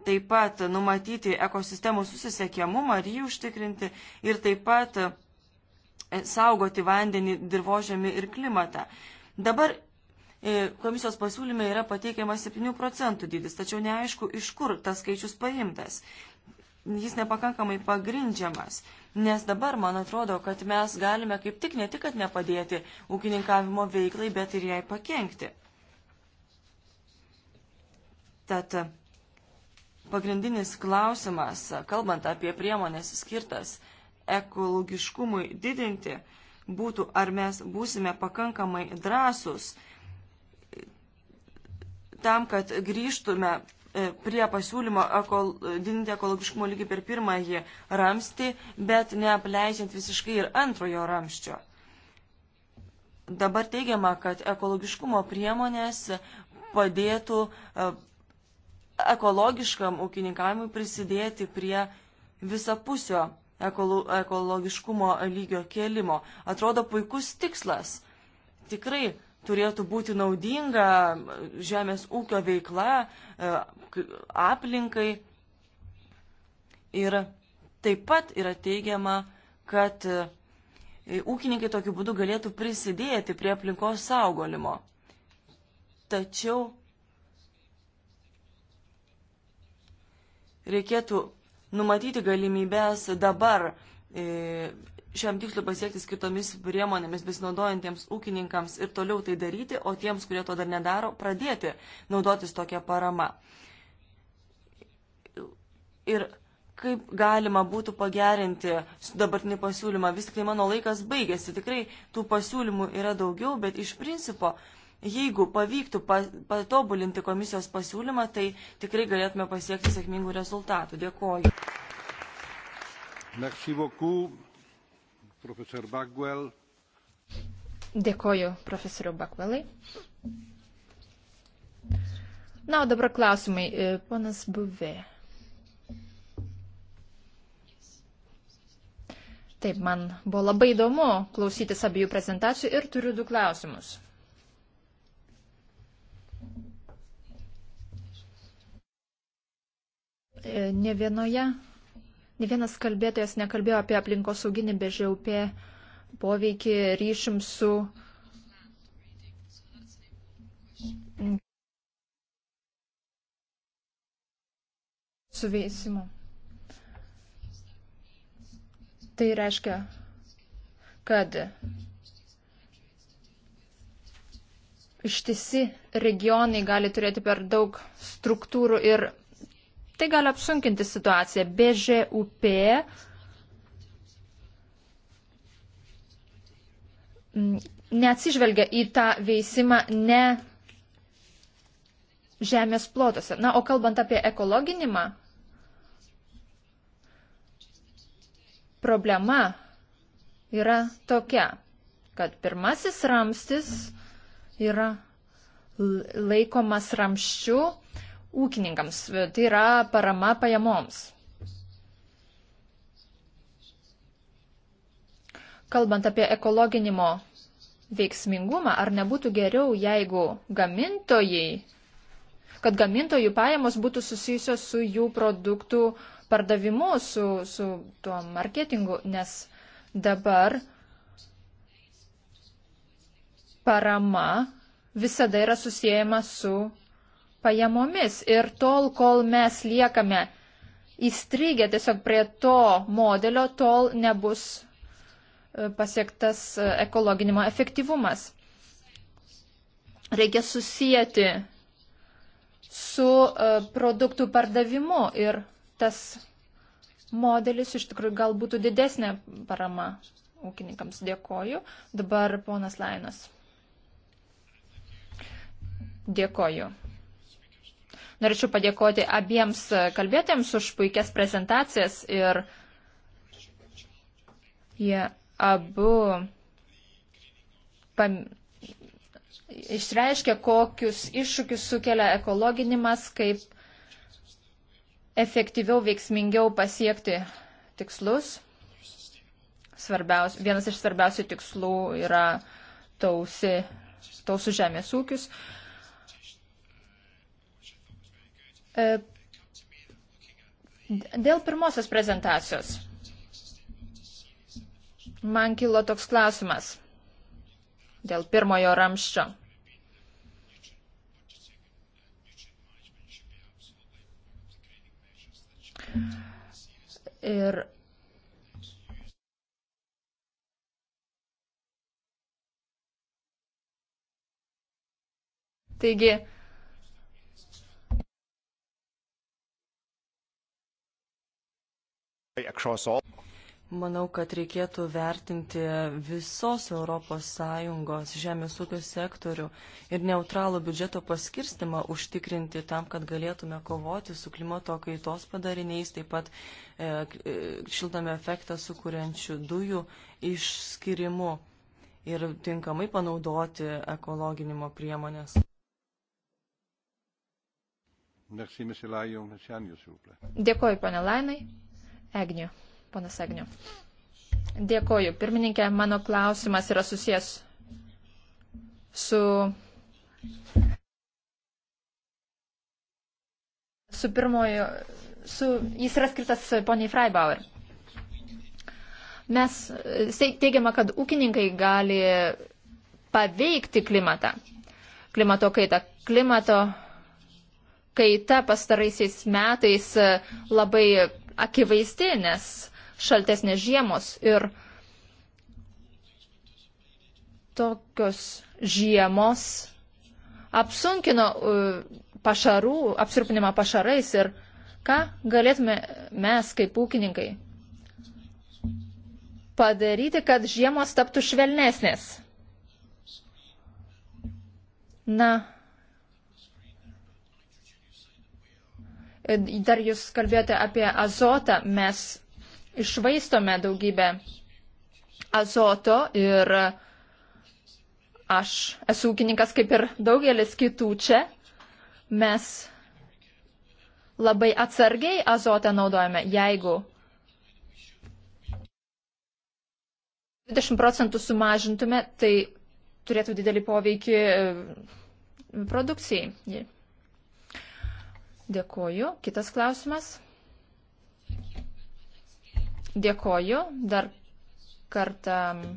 taip pat numatyti ekosistemų susisiekiamumą ir jį užtikrinti, ir taip pat E, saugoti vandenį, dirbožėmį ir klimatą. Dabar e, komisijos pasiūlyme yra pateikiamas 7 procentų dydis, tačiau neaišku, iš kur tas skaičius paimtas. Jis nepakankamai pagrindžiamas, nes dabar man atrodo, kad mes galime kaip tik ne tik, kad nepadėti ūkininkavimo veiklai, bet ir jai pakengti. Tad pagrindinis klausimas, kalbant apie priemonės skirtas ekologiškumui didinti būtų, ar mes būsime pakankamai drąsus tam, kad grįžtume e, prie pasiūlymo ekol, didinti ekologiškumo lygį per pirmąjį ramstį, bet neapleidžiant visiškai ir antrojo ramščio. Dabar teigiama, kad ekologiškumo priemonės padėtų e, ekologiškam ūkininkavimui prisidėti prie visapusio ekolo, ekologiškumo lygio kėlimo. Atrodo puikus tikslas. Tikrai turėtų būti naudinga žemės ūkio veikla e, aplinkai. Ir taip pat yra teigiama, kad e, ūkininkai tokiu būdu galėtų prisidėti prie aplinkos saugolimo. Tačiau reikėtų numatyti galimybės dabar e, šiam tikslui pasiekti skirtomis priemonėmis besinaudojantiems ūkininkams ir toliau tai daryti, o tiems, kurie to dar nedaro, pradėti naudotis tokią paramą. Ir kaip galima būtų pagerinti dabartinį pasiūlymą. Vis tik tai mano laikas baigėsi. Tikrai tų pasiūlymų yra daugiau, bet iš principo uh, Jeigu pavyktų patobulinti komisijos pasiūlymą, tai tikrai galėtume pasiekti sėkmingų rezultatų. Dėkoju. Merci beaucoup, profesor Bagwell. Dėkoju profesoriu Bakvelai. Na, o dabar klausimai. E, ponas Buvė. Taip, man buvo labai įdomu klausytis abiejų prezentacijų ir turiu du klausimus. E, ne vienoje, ne vienas kalbėtojas nekalbėjo apie aplinkosauginį BŽUP poveikį ryšim su su veisimu. Tai reiškia, kad ištisi regionai gali turėti per daug struktūrų ir Tai gali apsunkinti situaciją. BŽUP neatsižvelgia į tą veisimą ne žemės plotose. Na, o kalbant apie ekologinimą, problema yra tokia, kad pirmasis ramstis yra laikomas ramščiu, ūkininkams, tai yra parama pajamoms. Kalbant apie ekologinimo veiksmingumą, ar nebūtų geriau, jeigu gamintojai, kad gamintojų pajamos būtų susijusios su jų produktų pardavimu, su, su tuo marketingu, nes dabar parama visada yra susijęma su pajamomis. Ir tol, kol mes liekame įstrigę tiesiog prie to modelio, tol nebus e, pasiektas e, ekologinimo efektyvumas. Reikia susijęti su e, produktų pardavimu ir tas modelis iš tikrųjų gal būtų didesnė parama ūkininkams. Dėkoju. Dabar ponas Lainas. Dėkoju. Norėčiau padėkoti abiems kalbėtėms už puikias prezentacijas ir jie abu pam... išreiškia, kokius iššūkius sukelia ekologinimas, kaip efektyviau, veiksmingiau pasiekti tikslus. Svarbiaus, vienas iš svarbiausių tikslų yra tausi, tausų žemės ūkius. Uh, E, dėl pirmosios prezentacijos man kilo toks klausimas dėl pirmojo ramščio. Ir taigi Manau, kad reikėtų vertinti visos ES žemės ūkio sektorių ir neutralų biudžeto paskirstimą užtikrinti tam, kad galėtume kovoti su klimato kaitos padariniais, taip pat e, e šiltame efektą sukūrenčių dujų išskirimu ir tinkamai panaudoti ekologinimo priemonės. Dėkuoju, pane Lainai. Egniu. Ponas Egniu. Dėkoju. Pirmininkė, mano klausimas yra susijęs su. Su pirmojo, su, jis yra skirtas poniai Freibauer. Mes e, teigiama, kad ūkininkai gali paveikti klimatą, klimato kaitą. Klimato kaita pastaraisiais metais e, labai akivaizdi, nes šaltesnės žiemos ir tokios žiemos apsunkino uh, pašarų, apsirūpinimą pašarais ir ką galėtume mes kaip ūkininkai padaryti, kad žiemos taptų švelnesnės. Na, Dar jūs kalbėjote apie azotą. Mes išvaistome daugybę azoto ir aš esu ūkininkas kaip ir daugelis kitų čia. Mes labai atsargiai azotą naudojame, jeigu 20 procentų sumažintume, tai turėtų didelį poveikį e, produkcijai. Dėkoju. Kitas klausimas. Dėkoju. Dar kartą mm,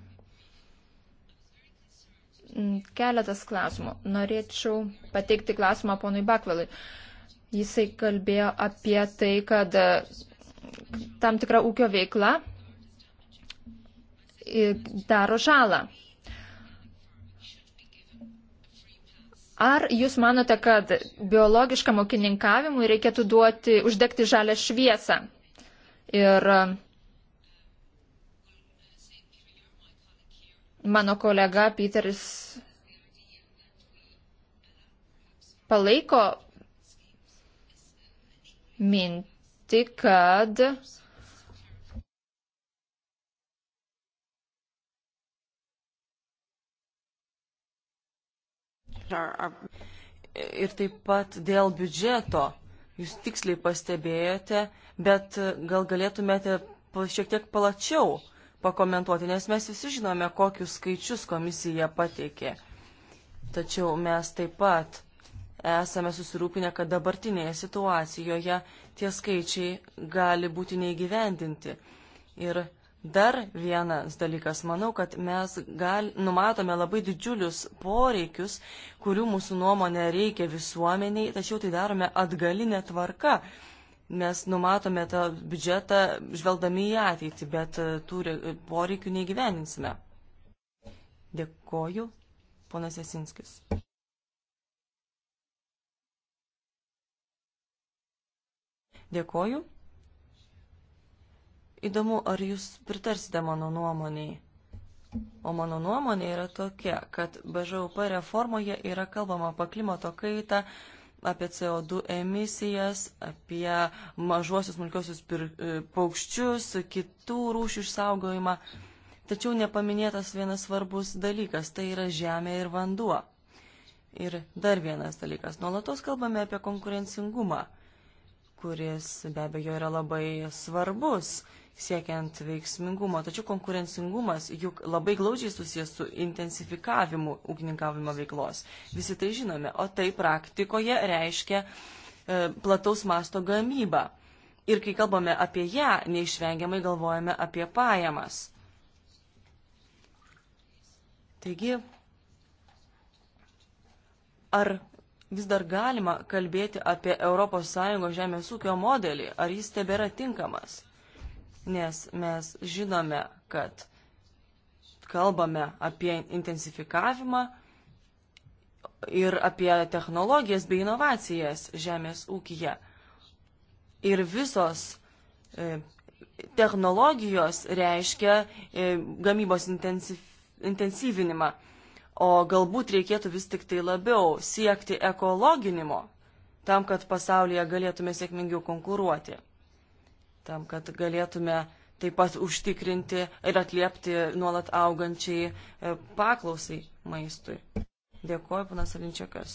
keletas klausimų. Norėčiau pateikti klausimą ponui Bakvelui. Jisai kalbėjo apie tai, kad mm, tam tikra ūkio veikla daro žalą. Ar jūs manote, kad biologiškam ūkininkavimui reikėtų duoti, uždegti žalę šviesą? Ir e, mano kolega Peteris palaiko mintį, kad Ir taip pat dėl biudžeto. Jūs tiksliai pastebėjote, bet gal galėtumėte šiek tiek plačiau pakomentuoti, nes mes visi žinome, kokius skaičius komisija pateikė. Tačiau mes taip pat esame susirūpinę, kad dabartinėje situacijoje tie skaičiai gali būti neįgyvendinti. Ir Dar vienas dalykas, manau, kad mes gal, numatome labai didžiulius poreikius, kurių mūsų nuomonė reikia visuomeniai, tačiau tai darome atgalinę tvarką. Mes numatome tą biudžetą žvelgdami į ateitį, bet e, tų e, poreikių neįgyveninsime. Dėkoju, ponas Jasinskis. Dėkoju įdomu, ar jūs pritarsite mano nuomoniai. O mano nuomonė yra tokia, kad BŽUP reformoje yra kalbama apie klimato kaitą, apie CO2 emisijas, apie mažuosius smulkiosius pir... E, paukščius, kitų rūšių išsaugojimą. Tačiau nepaminėtas vienas svarbus dalykas - tai yra žemė ir vanduo. Ir dar vienas dalykas - nuolatos kalbame apie konkurencingumą, kuris be abejo yra labai svarbus siekiant veiksmingumo. Tačiau konkurencingumas juk labai glaudžiai susijęs su intensifikavimu ūkininkavimo veiklos. Visi tai žinome, o tai praktikoje reiškia e, plataus masto gamybą. Ir kai kalbame apie ją, neišvengiamai galvojame apie pajamas. Taigi, ar vis dar galima kalbėti apie ES žemės ūkio modelį, ar jis tebėra tinkamas? nes mes žinome, kad kalbame apie intensifikavimą ir apie technologijas bei inovacijas žemės ūkija. Ir visos e, technologijos reiškia e, gamybos intensyv, intensyvinimą, o galbūt reikėtų vis tik tai labiau siekti ekologinimo, tam, kad pasaulyje galėtume sėkmingiau konkuruoti tam, kad galėtume taip pat užtikrinti ir atliepti nuolat augančiai e, paklausai maistui. Dėkoju, panas Alinčiakas.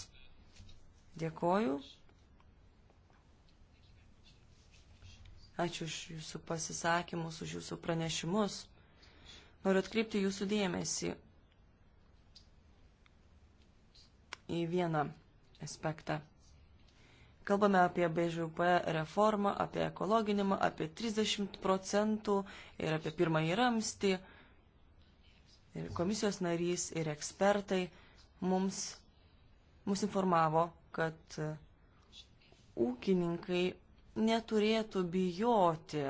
Dėkoju. Ačiū už jūsų pasisakymus, už jūsų pranešimus. Noriu atkreipti jūsų dėmesį į vieną aspektą. Kalbame apie BŽP reformą, apie ekologinimą, apie 30 procentų ir apie pirmąjį ramstį. Ir komisijos narys ir ekspertai mums, mums informavo, kad e, ūkininkai neturėtų bijoti,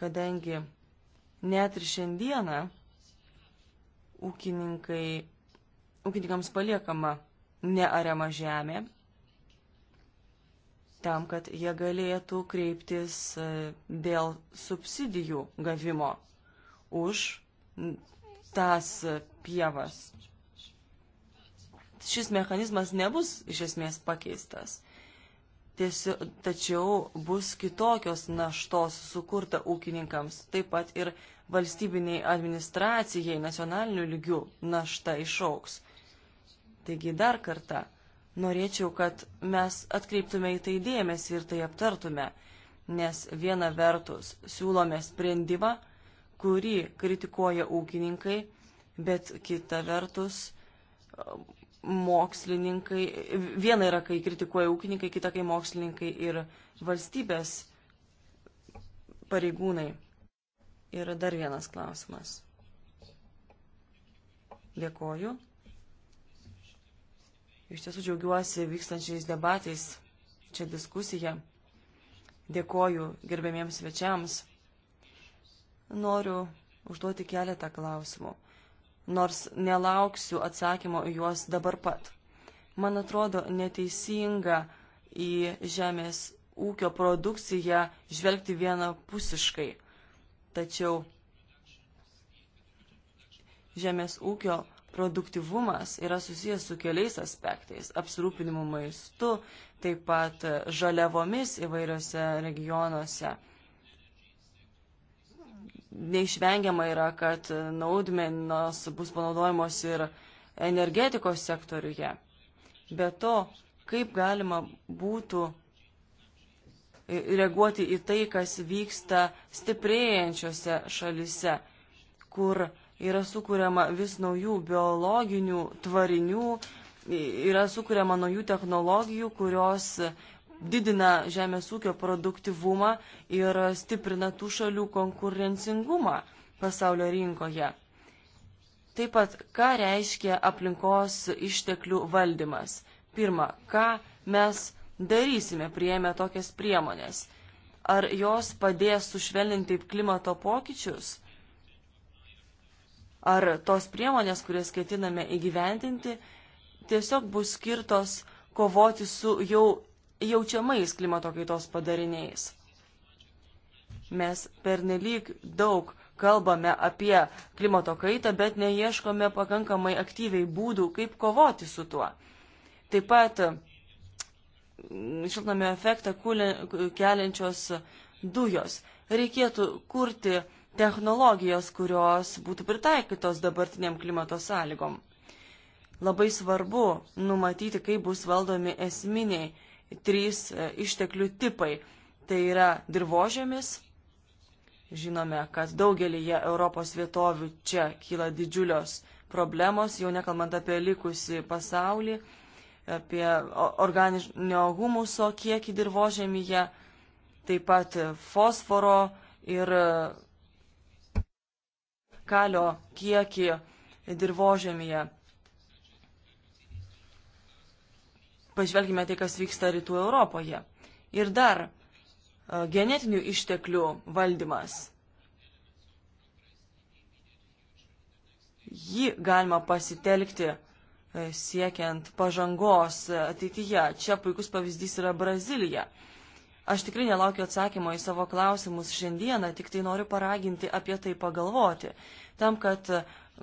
kadangi net ir šiandieną ūkininkai, ūkininkams paliekama neariama žemė, tam, kad jie galėtų kreiptis e, dėl subsidijų gavimo už tas pievas. Šis mechanizmas nebus iš esmės pakeistas. Tiesiog, tačiau bus kitokios naštos sukurta ūkininkams, taip pat ir valstybiniai administracijai nacionaliniu lygiu našta išauks. Taigi dar kartą norėčiau, kad mes atkreiptume į tai dėmesį ir tai aptartume, nes viena vertus siūlome sprendimą, kurį kritikuoja ūkininkai, bet kita vertus e, mokslininkai, viena yra, kai kritikuoja ūkininkai, kita, kai mokslininkai ir valstybės pareigūnai. Ir dar vienas klausimas. Dėkoju. Iš tiesų džiaugiuosi vykstančiais debatais čia diskusija. Dėkoju gerbėmiems svečiams. Noriu užduoti keletą klausimų, nors nelauksiu atsakymo į juos dabar pat. Man atrodo neteisinga į žemės ūkio produkciją žvelgti vienapusiškai. Tačiau žemės ūkio produkcija produktivumas yra susijęs su keliais aspektais - apsirūpinimu maistu, taip pat žaliavomis įvairiose regionuose. Neišvengiama yra, kad naudmenos bus panaudojamos ir energetikos sektoriuje. Be to, kaip galima būtų reaguoti į tai, kas vyksta stiprėjančiose šalise, kur uh, yra sukūriama vis naujų biologinių tvarinių, yra sukūriama naujų technologijų, kurios didina žemės ūkio produktivumą ir stiprina tų šalių konkurencingumą pasaulio rinkoje. Taip pat, ką reiškia aplinkos išteklių valdymas? Pirma, ką mes darysime prieėmę tokias priemonės? Ar jos padės sušvelninti klimato pokyčius? ar tos priemonės, kurias ketiname įgyvendinti, tiesiog bus skirtos kovoti su jau jaučiamais klimato kaitos padariniais. Mes pernelyg daug kalbame apie klimato kaitą, bet neieškome pakankamai aktyviai būdų, kaip kovoti su tuo. Taip pat mm, šiltnamio efektą keliančios dujos. Reikėtų kurti technologijas, kurios būtų pritaikytos dabartiniam klimato sąlygom. Labai svarbu numatyti, kaip bus valdomi esminiai trys e, išteklių tipai. Tai yra dirbožėmis, žinome, kad daugelįje Europos vietovių čia kyla didžiulios problemos, jau nekalbant apie likusi pasaulį, apie organinio humuso kiekį dirbožėmyje, taip pat fosforo ir e, kalio kiekį dirbožėmėje. Pažvelgime tai, kas vyksta rytų Europoje. Ir dar e, genetinių išteklių valdymas. Jį galima pasitelkti e, siekiant pažangos e, ateityje. Čia puikus pavyzdys yra Brazilija. Aš tikrai nelaukiu atsakymo į savo klausimus šiandieną, tik tai noriu paraginti apie tai pagalvoti, tam, kad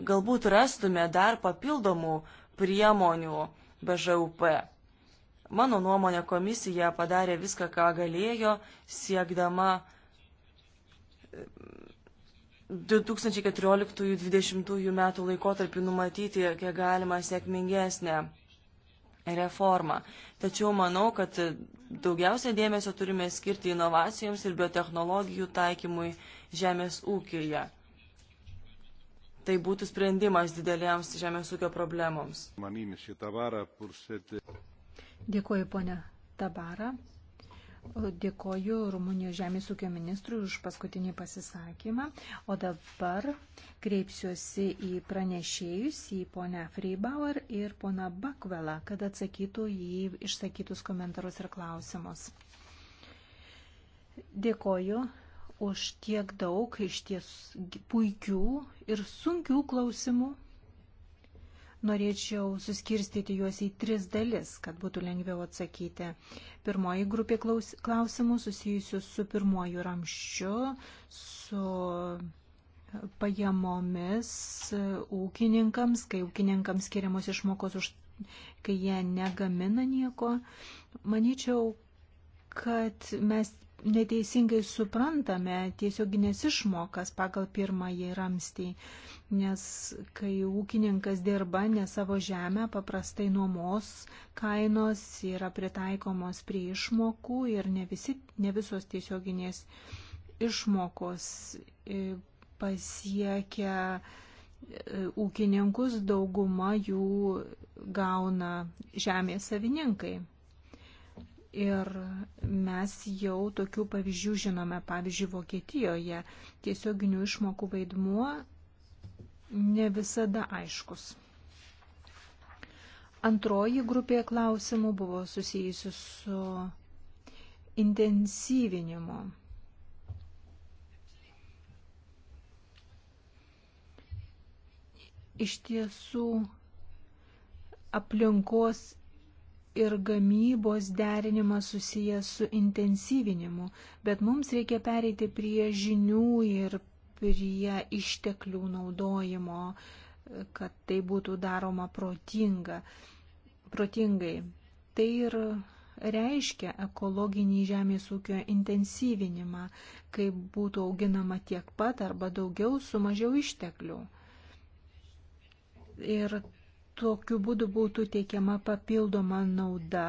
galbūt rastume dar papildomų priemonių BŽUP. Mano nuomonė, komisija padarė viską, ką galėjo, siekdama 2014-2020 e, metų laikotarpį numatyti, kiek galima sėkmingesnę reformą. Tačiau manau, kad Daugiausia dėmesio turime skirti inovacijoms ir biotehnologijų taikymui žemės ūkėje. Tai būtų sprendimas didelėms žemės ūkio problemoms. Dėkuoju, ponia Tabara. Dėkoju Rumunijos žemės ūkio ministrui už paskutinį pasisakymą. O dabar kreipsiuosi į pranešėjus, į ponę Freibauer ir poną Bakvelą, kad atsakytų į išsakytus komentarus ir klausimus. Dėkoju už tiek daug iš ties puikių ir sunkių klausimų. Norėčiau suskirstyti juos į tris dalis, kad būtų lengviau atsakyti. Pirmoji grupė klausimų susijusių su pirmoju ramščiu, su pajamomis ūkininkams, kai ūkininkams skiriamos išmokos už, kai jie negamina nieko. Manyčiau, kad mes neteisingai suprantame tiesioginės išmokas pagal pirmąjį ramstį, nes kai ūkininkas dirba ne savo žemę, paprastai nuomos kainos yra pritaikomos prie išmokų ir ne, visi, ne visos tiesioginės išmokos e, pasiekia e, ūkininkus, dauguma jų gauna žemės savininkai. Ir mes jau tokių pavyzdžių žinome, pavyzdžiui, Vokietijoje tiesioginių išmokų vaidmuo ne visada aiškus. Antroji grupė klausimų buvo susijusi su intensyvinimu. Iš tiesų aplinkos ir gamybos derinimas susijęs su intensyvinimu, bet mums reikia pereiti prie žinių ir prie išteklių naudojimo, kad tai būtų daroma protinga, protingai. Tai ir reiškia ekologinį žemės ūkio intensyvinimą, kai būtų auginama tiek pat arba daugiau su mažiau išteklių. Ir tokiu būdu būtų teikiama papildoma nauda,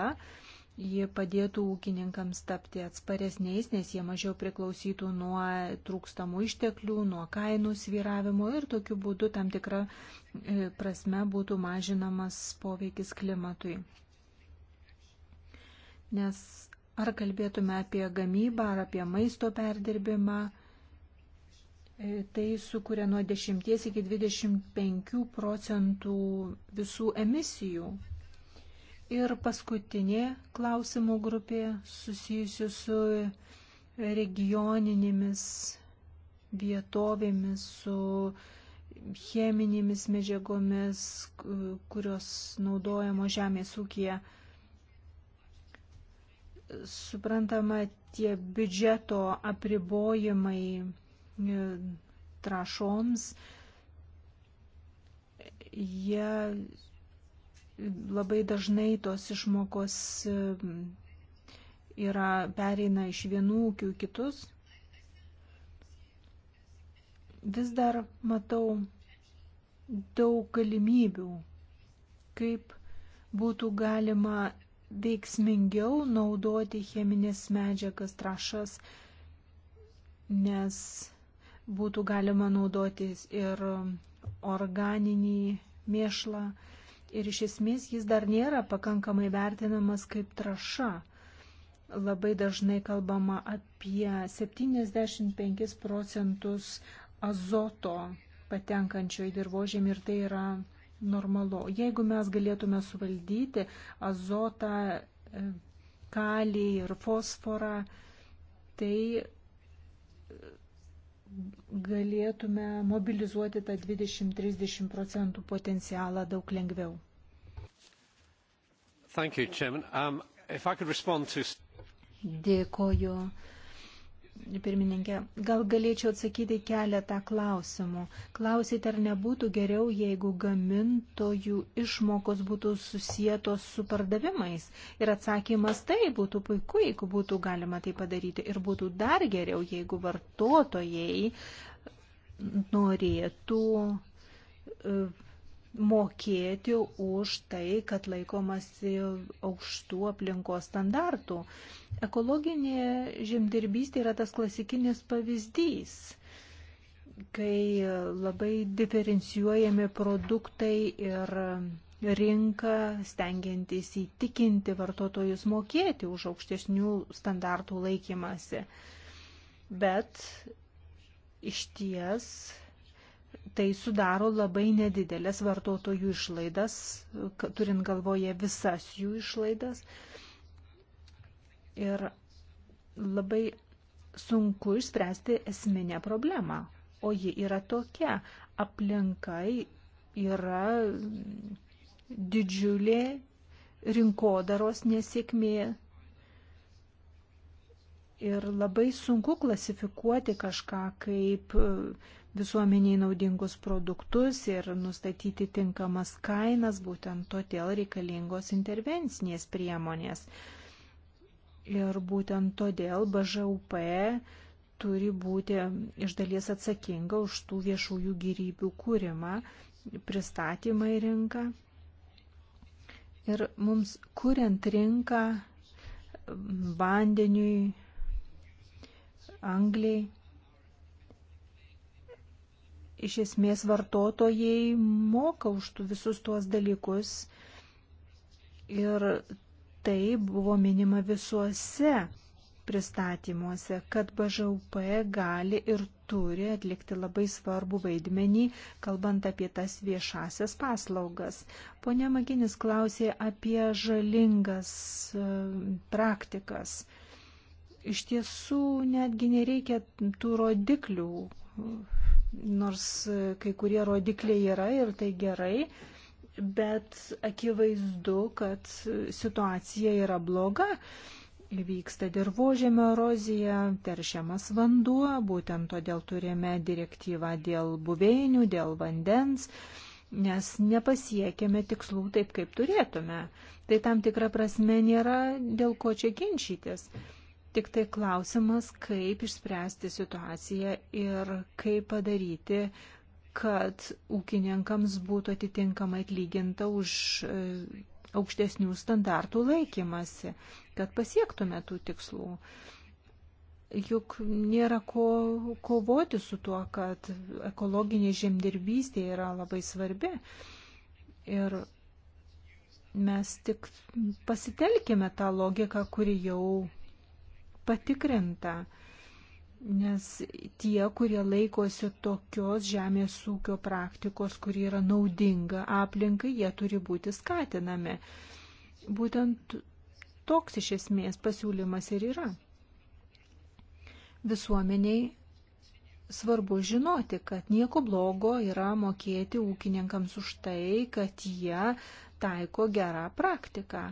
jie padėtų ūkininkams tapti atsparesniais, nes jie mažiau priklausytų nuo trūkstamų išteklių, nuo kainų sviravimo ir tokiu būdu tam tikra e, prasme būtų mažinamas poveikis klimatui. Nes ar kalbėtume apie gamybą, ar apie maisto perdirbimą, E, tai sukuria nuo 10 iki 25 procentų visų emisijų. Ir paskutinė klausimų grupė susijusi su regioninėmis vietovėmis, su cheminėmis medžiagomis, kurios naudojamo žemės ūkija suprantama, tie biudžeto apribojimai trašoms, jie labai dažnai tos išmokos e, yra pereina iš vienų ūkių į kitus. Vis dar matau daug galimybių, kaip būtų galima veiksmingiau naudoti cheminės medžiagas trašas, nes būtų galima naudotis ir organinį mėšlą. Ir iš esmės jis dar nėra pakankamai vertinamas kaip traša. Labai dažnai kalbama apie 75 procentus azoto patenkančio į dirbožėmį ir tai yra normalu. Jeigu mes galėtume suvaldyti azotą, e, kalį ir fosforą, tai galėtume mobilizuoti tą 20-30 procentų potencialą daug lengviau. Thank you, Chairman. Um, if I could respond to... Dėkoju pirmininkė. Gal galėčiau atsakyti keletą klausimų. Klausyti, ar nebūtų geriau, jeigu gamintojų išmokos būtų susijėtos su pardavimais. Ir atsakymas tai būtų puiku, jeigu būtų galima tai padaryti. Ir būtų dar geriau, jeigu vartotojai norėtų e, mokėti už tai, kad laikomasi aukštų aplinkos standartų. Ekologinė žemdirbystė yra tas klasikinis pavyzdys, kai labai diferencijuojami produktai ir rinka, stengiantis įtikinti vartotojus mokėti už aukštesnių standartų laikymasi. Bet iš ties tai sudaro labai nedidelės vartotojų išlaidas, turint galvoje visas jų išlaidas. Ir labai sunku išspręsti esminę problemą, o ji yra tokia. Aplinkai yra didžiulė rinkodaros nesėkmė. Ir labai sunku klasifikuoti kažką kaip uh, visuomeniai naudingus produktus ir nustatyti tinkamas kainas, būtent todėl reikalingos intervencinės priemonės. Ir būtent todėl BŽUP turi būti iš dalies atsakinga už tų viešųjų gyrybių kūrimą, pristatymą į rinką. Ir mums kuriant rinką vandeniui, angliai, iš esmės vartotojai moka už tų visus tuos dalykus ir tai buvo minima visuose pristatymuose, kad BŽUP gali ir turi atlikti labai svarbų vaidmenį, kalbant apie tas viešasias paslaugas. Pone Maginis klausė apie žalingas e, praktikas. Iš tiesų netgi nereikia tų rodiklių nors e, kai kurie rodikliai yra ir tai gerai, bet akivaizdu, kad situacija yra bloga. Vyksta dirbožėmio erozija, teršiamas vanduo, būtent todėl turime direktyvą dėl buveinių, dėl vandens, nes nepasiekėme tikslų taip, kaip turėtume. Tai tam tikra prasme nėra dėl ko čia ginčytis. Tik tai klausimas, kaip išspręsti situaciją ir kaip padaryti, kad ūkininkams būtų atitinkamai atlyginta už e, aukštesnių standartų laikymasi, kad pasiektume tų tikslų. Juk nėra ko kovoti su tuo, kad ekologinė žemdirbystė yra labai svarbi. Ir mes tik pasitelkime tą logiką, kuri jau patikrinta, nes tie, kurie laikosi tokios žemės ūkio praktikos, kuri yra naudinga aplinkai, jie turi būti skatinami. Būtent toks iš esmės pasiūlymas ir yra. Visuomeniai svarbu žinoti, kad nieko blogo yra mokėti ūkininkams už tai, kad jie taiko gerą praktiką.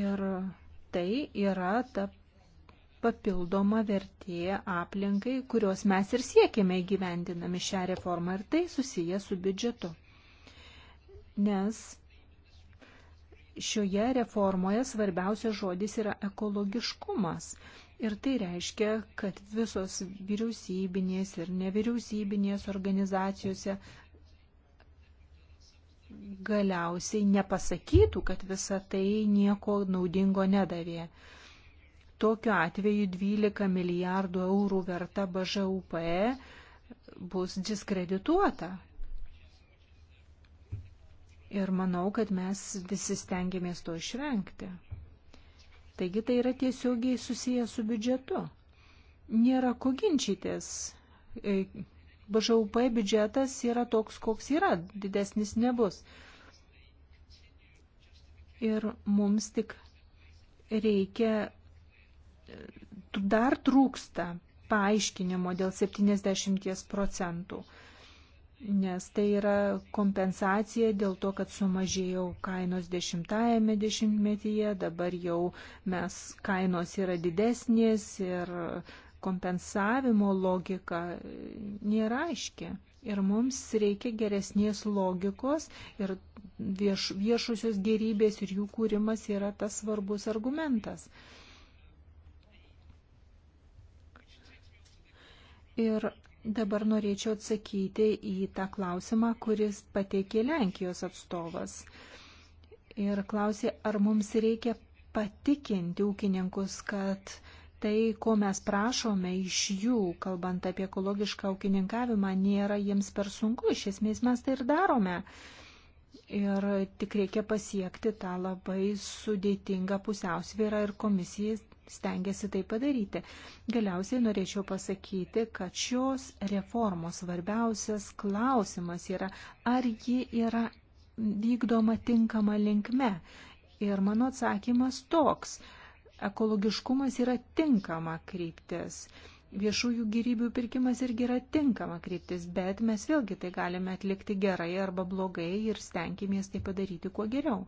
Ir tai yra ta papildoma vertė aplinkai, kurios mes ir siekime įgyvendinami šią reformą ir tai susiję su biudžetu. Nes šioje reformoje svarbiausias žodis yra ekologiškumas. Ir tai reiškia, kad visos vyriausybinės ir nevyriausybinės organizacijose galiausiai nepasakytų, kad visa tai nieko naudingo nedavė. Tokiu atveju 12 milijardų eurų verta BŽUP bus diskredituota. Ir manau, kad mes visi stengiamės to išvengti. Taigi tai yra tiesiogiai susijęs su biudžetu. Nėra ko ginčytis e, BŽUP biudžetas yra toks, koks yra, didesnis nebus. Ir mums tik reikia, dar trūksta paaiškinimo dėl 70 procentų, nes tai yra kompensacija dėl to, kad sumažėjo kainos dešimtajame dešimtmetyje, dabar jau mes kainos yra didesnės ir kompensavimo logika nėra aiški. Ir mums reikia geresnės logikos ir vieš, viešusios gerybės ir jų kūrimas yra tas svarbus argumentas. Ir dabar norėčiau atsakyti į tą klausimą, kuris pateikė Lenkijos atstovas. Ir klausė, ar mums reikia patikinti ūkininkus, kad uh, tai, ko mes prašome iš jų, kalbant apie ekologišką ūkininkavimą, nėra jiems per sunku. Iš esmės mes tai ir darome. Ir tik reikia pasiekti tą labai sudėtingą pusiausvyrą ir komisijai stengiasi tai padaryti. Galiausiai norėčiau pasakyti, kad šios reformos svarbiausias klausimas yra, ar ji yra vykdoma tinkama linkme. Ir mano atsakymas toks ekologiškumas yra tinkama kryptis. Viešųjų gyrybių pirkimas irgi yra tinkama kryptis, bet mes vėlgi tai galime atlikti gerai arba blogai ir stenkimės tai padaryti kuo geriau.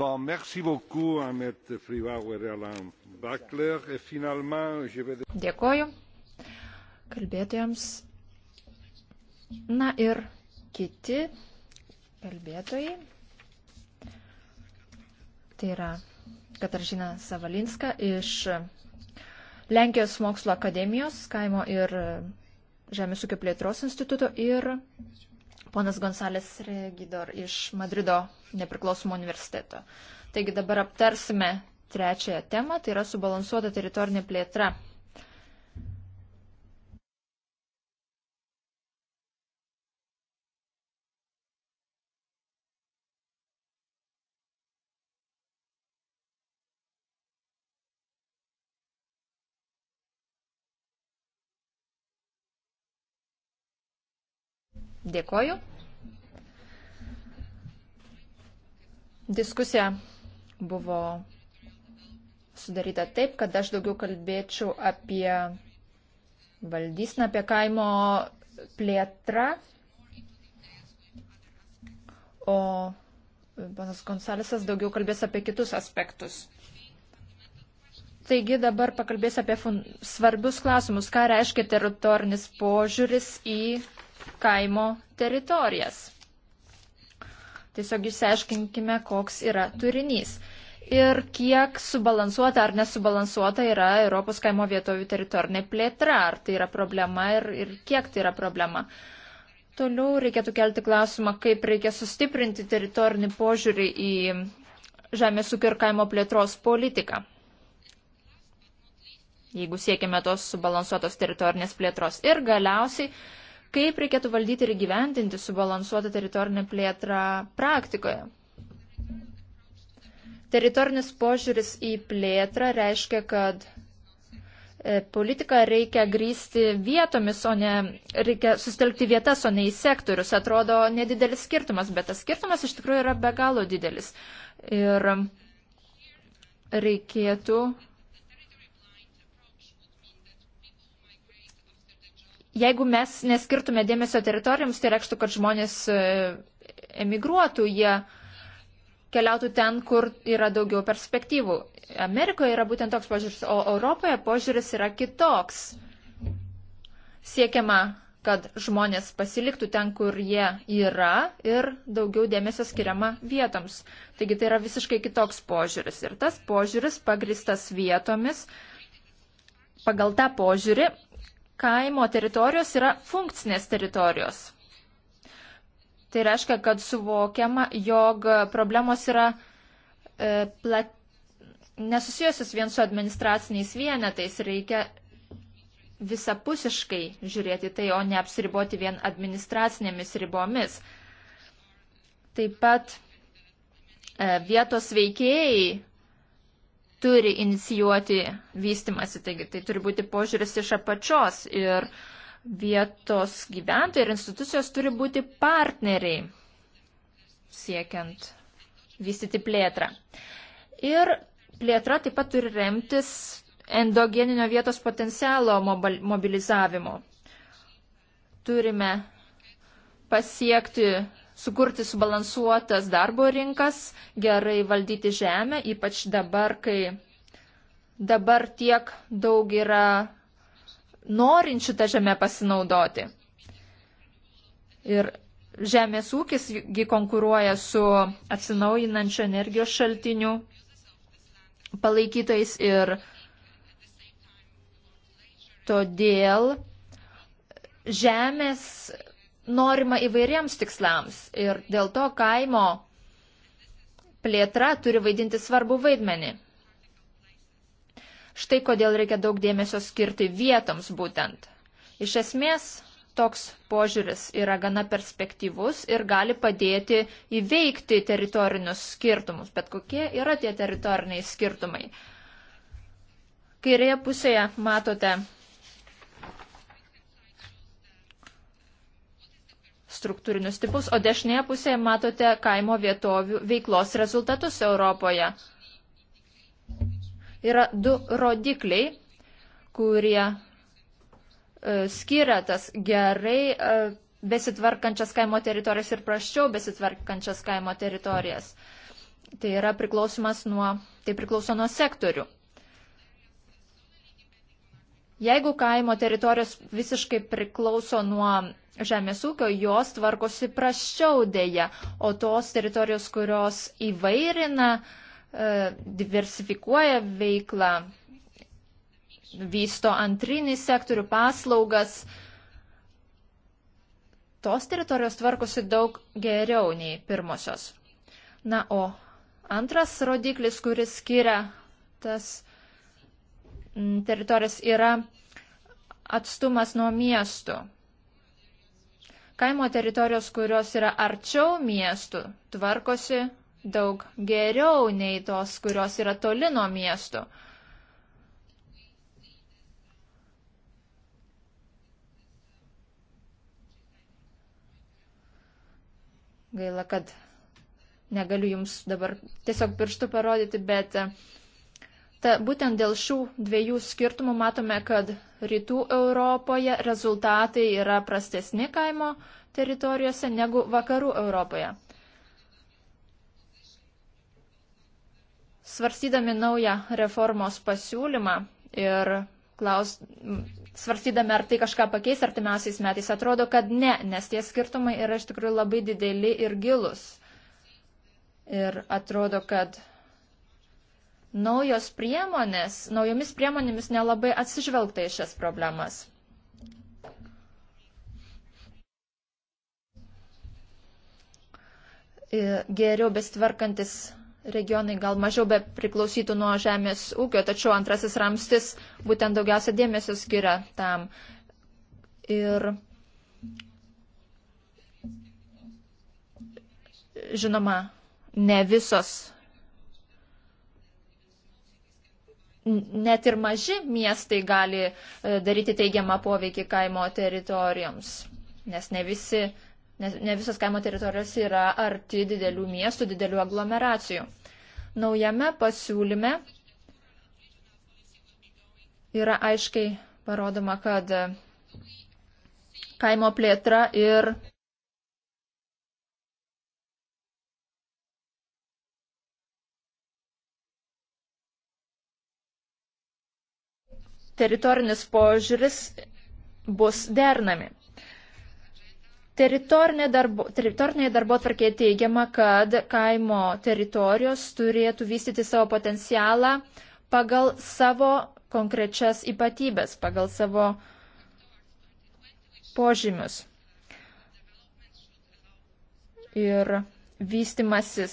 Bon, merci beaucoup, Ahmed Friwauer et Alain Bachler. Et finalement, je vais... Dėkoju kalbėtojams. Na ir kiti kalbėtojai. Tai yra Kataržina Savalinska iš Lenkijos mokslo akademijos, kaimo ir žemės ūkio plėtros instituto ir ponas Gonsalės Regidor iš Madrido nepriklausomo universiteto. Taigi dabar aptarsime trečiąją temą, tai yra subalansuota teritorinė plėtra Dėkoju. Diskusija buvo sudaryta taip, kad aš daugiau kalbėčiau apie valdysną, apie kaimo plėtrą. O panas Konsalisas daugiau kalbės apie kitus aspektus. Taigi dabar pakalbės apie fun... svarbius klausimus, ką reiškia teritorinis požiūris į kaimo teritorijas. Tiesiog išsiaiškinkime, koks yra turinys. Ir kiek subalansuota ar nesubalansuota yra Europos kaimo vietovių teritorinė plėtra, ar tai yra problema ir, ir kiek tai yra problema. Toliau reikėtų kelti klausimą, kaip reikia sustiprinti teritorinį požiūrį į žemės ūkio ir kaimo plėtros politiką jeigu siekime tos subalansuotos teritorinės plėtros. Ir galiausiai kaip reikėtų valdyti ir gyventinti subalansuotą teritorinę plėtrą praktikoje. Teritorinis požiūris į plėtrą reiškia, kad e, politiką reikia grįsti vietomis, o ne reikia sustelkti vietas, o ne į sektorius. Atrodo nedidelis skirtumas, bet tas skirtumas iš tikrųjų yra be galo didelis. Ir reikėtų Jeigu mes neskirtume dėmesio teritorijoms, tai reikštų, kad žmonės e, emigruotų, jie keliautų ten, kur yra daugiau perspektyvų. Amerikoje yra būtent toks požiūris, o Europoje požiūris yra kitoks. Siekiama, kad žmonės pasiliktų ten, kur jie yra ir daugiau dėmesio skiriama vietoms. Taigi tai yra visiškai kitoks požiūris. Ir tas požiūris pagristas vietomis. Pagal tą požiūrį kaimo teritorijos yra funkcinės teritorijos. Tai reiškia, kad suvokiama, jog problemos yra e, plat... nesusijusios vien su administraciniais vienetais, reikia visapusiškai žiūrėti tai, o ne apsiriboti vien administracinėmis ribomis. Taip pat e, vietos veikėjai turi inicijuoti vystimasi, taigi tai turi būti požiūris iš apačios ir vietos gyventojai ir institucijos turi būti partneriai siekiant vystyti plėtrą. Ir plėtra taip pat turi remtis endogeninio vietos potencialo mobilizavimu. Turime pasiekti sukurti subalansuotas darbo rinkas, gerai valdyti žemę, ypač dabar, kai dabar tiek daug yra norinčių tą žemę pasinaudoti. Ir žemės ūkis konkuruoja su atsinaujinančio energijos šaltinių palaikytojais ir todėl žemės norima įvairiems tikslams ir dėl to kaimo plėtra turi vaidinti svarbų vaidmenį. Štai kodėl reikia daug dėmesio skirti vietoms būtent. Iš esmės, toks požiūris yra gana perspektyvus ir gali padėti įveikti teritorinius skirtumus. Bet kokie yra tie teritoriniai skirtumai? Kairėje pusėje matote struktūrinius tipus, o dešinėje pusėje matote kaimo vietovių veiklos rezultatus Europoje. Yra du rodikliai, kurie e, skiria tas gerai e, besitvarkančias kaimo teritorijas ir praščiau besitvarkančias kaimo teritorijas. Tai yra priklausomas nuo, tai priklauso nuo sektorių. Jeigu kaimo teritorijos visiškai priklauso nuo žemės ūkio, jos tvarkosi praščiau dėja, o tos teritorijos, kurios įvairina, e, diversifikuoja veiklą, vysto antrinį sektorių paslaugas, tos teritorijos tvarkosi daug geriau nei pirmosios. Na, o antras rodiklis, kuris skiria tas Mm, teritorijas yra atstumas nuo miestų. Kaimo teritorijos, kurios yra arčiau miestų, tvarkosi daug geriau nei tos, kurios yra toli nuo miestų. Gaila, kad negaliu jums dabar tiesiog pirštų parodyti, bet Ta, būtent dėl šių dviejų skirtumų matome, kad rytų Europoje rezultatai yra prastesni kaimo teritorijose negu vakarų Europoje. Svarstydami naują reformos pasiūlymą ir klaus, svarstydami, ar tai kažką pakeis artimiausiais metais, atrodo, kad ne, nes tie skirtumai yra iš tikrųjų labai dideli ir gilus. Ir atrodo, kad naujos priemonės, naujomis priemonėmis nelabai atsižvelgta į šias problemas. Geriau bestvarkantis regionai gal mažiau be priklausytų nuo žemės ūkio, tačiau antrasis ramstis būtent daugiausia dėmesio skiria tam. Ir žinoma, ne visos net ir maži miestai gali e, daryti teigiamą poveikį kaimo teritorijoms, nes ne, visi, ne, ne visos kaimo teritorijos yra arti didelių miestų, didelių aglomeracijų. Naujame pasiūlyme yra aiškiai parodoma, kad kaimo plėtra ir teritorinis požiūris bus dernami. Teritorinė darbo, teritorinėje darbo tvarkėje teigiama, kad kaimo teritorijos turėtų vystyti savo potencialą pagal savo konkrečias ypatybės, pagal savo požymius. Ir vystimasis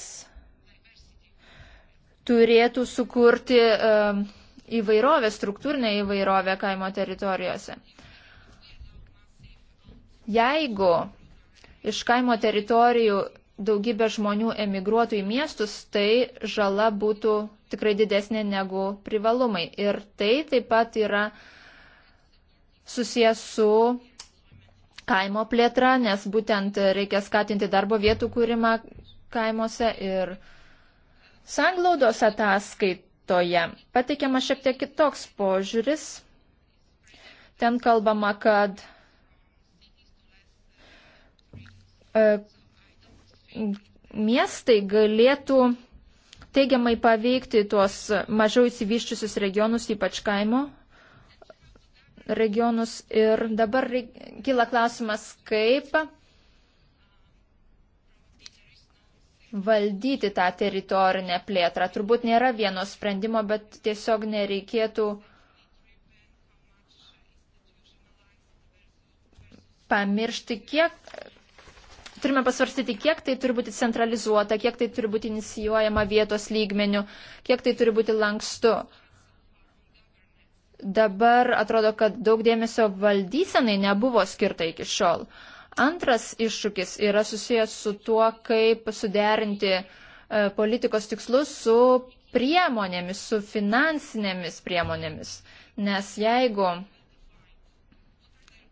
turėtų sukurti uh, įvairovę, struktūrinę įvairovę kaimo teritorijose. Jeigu iš kaimo teritorijų daugybė žmonių emigruotų į miestus, tai žala būtų tikrai didesnė negu privalumai. Ir tai taip pat yra susijęs su kaimo plėtra, nes būtent reikia skatinti darbo vietų kūrimą kaimuose ir sanglaudos ataskait 14 pateikiama šiek tiek kitoks požiūris. Ten kalbama, kad e, miestai galėtų teigiamai paveikti tuos mažiau įsivyščiusius regionus, ypač kaimo regionus. Ir dabar kyla klausimas, kaip valdyti tą teritorinę plėtrą. Turbūt nėra vieno sprendimo, bet tiesiog nereikėtų pamiršti, kiek. Turime pasvarstyti, kiek tai turi būti centralizuota, kiek tai turi būti inicijuojama vietos lygmenių, kiek tai turi būti lankstu. Dabar atrodo, kad daug dėmesio valdysenai nebuvo skirta iki šiol. Uh, Antras iššūkis yra susijęs su tuo, kaip suderinti e, politikos tikslus su priemonėmis, su finansinėmis priemonėmis. Nes jeigu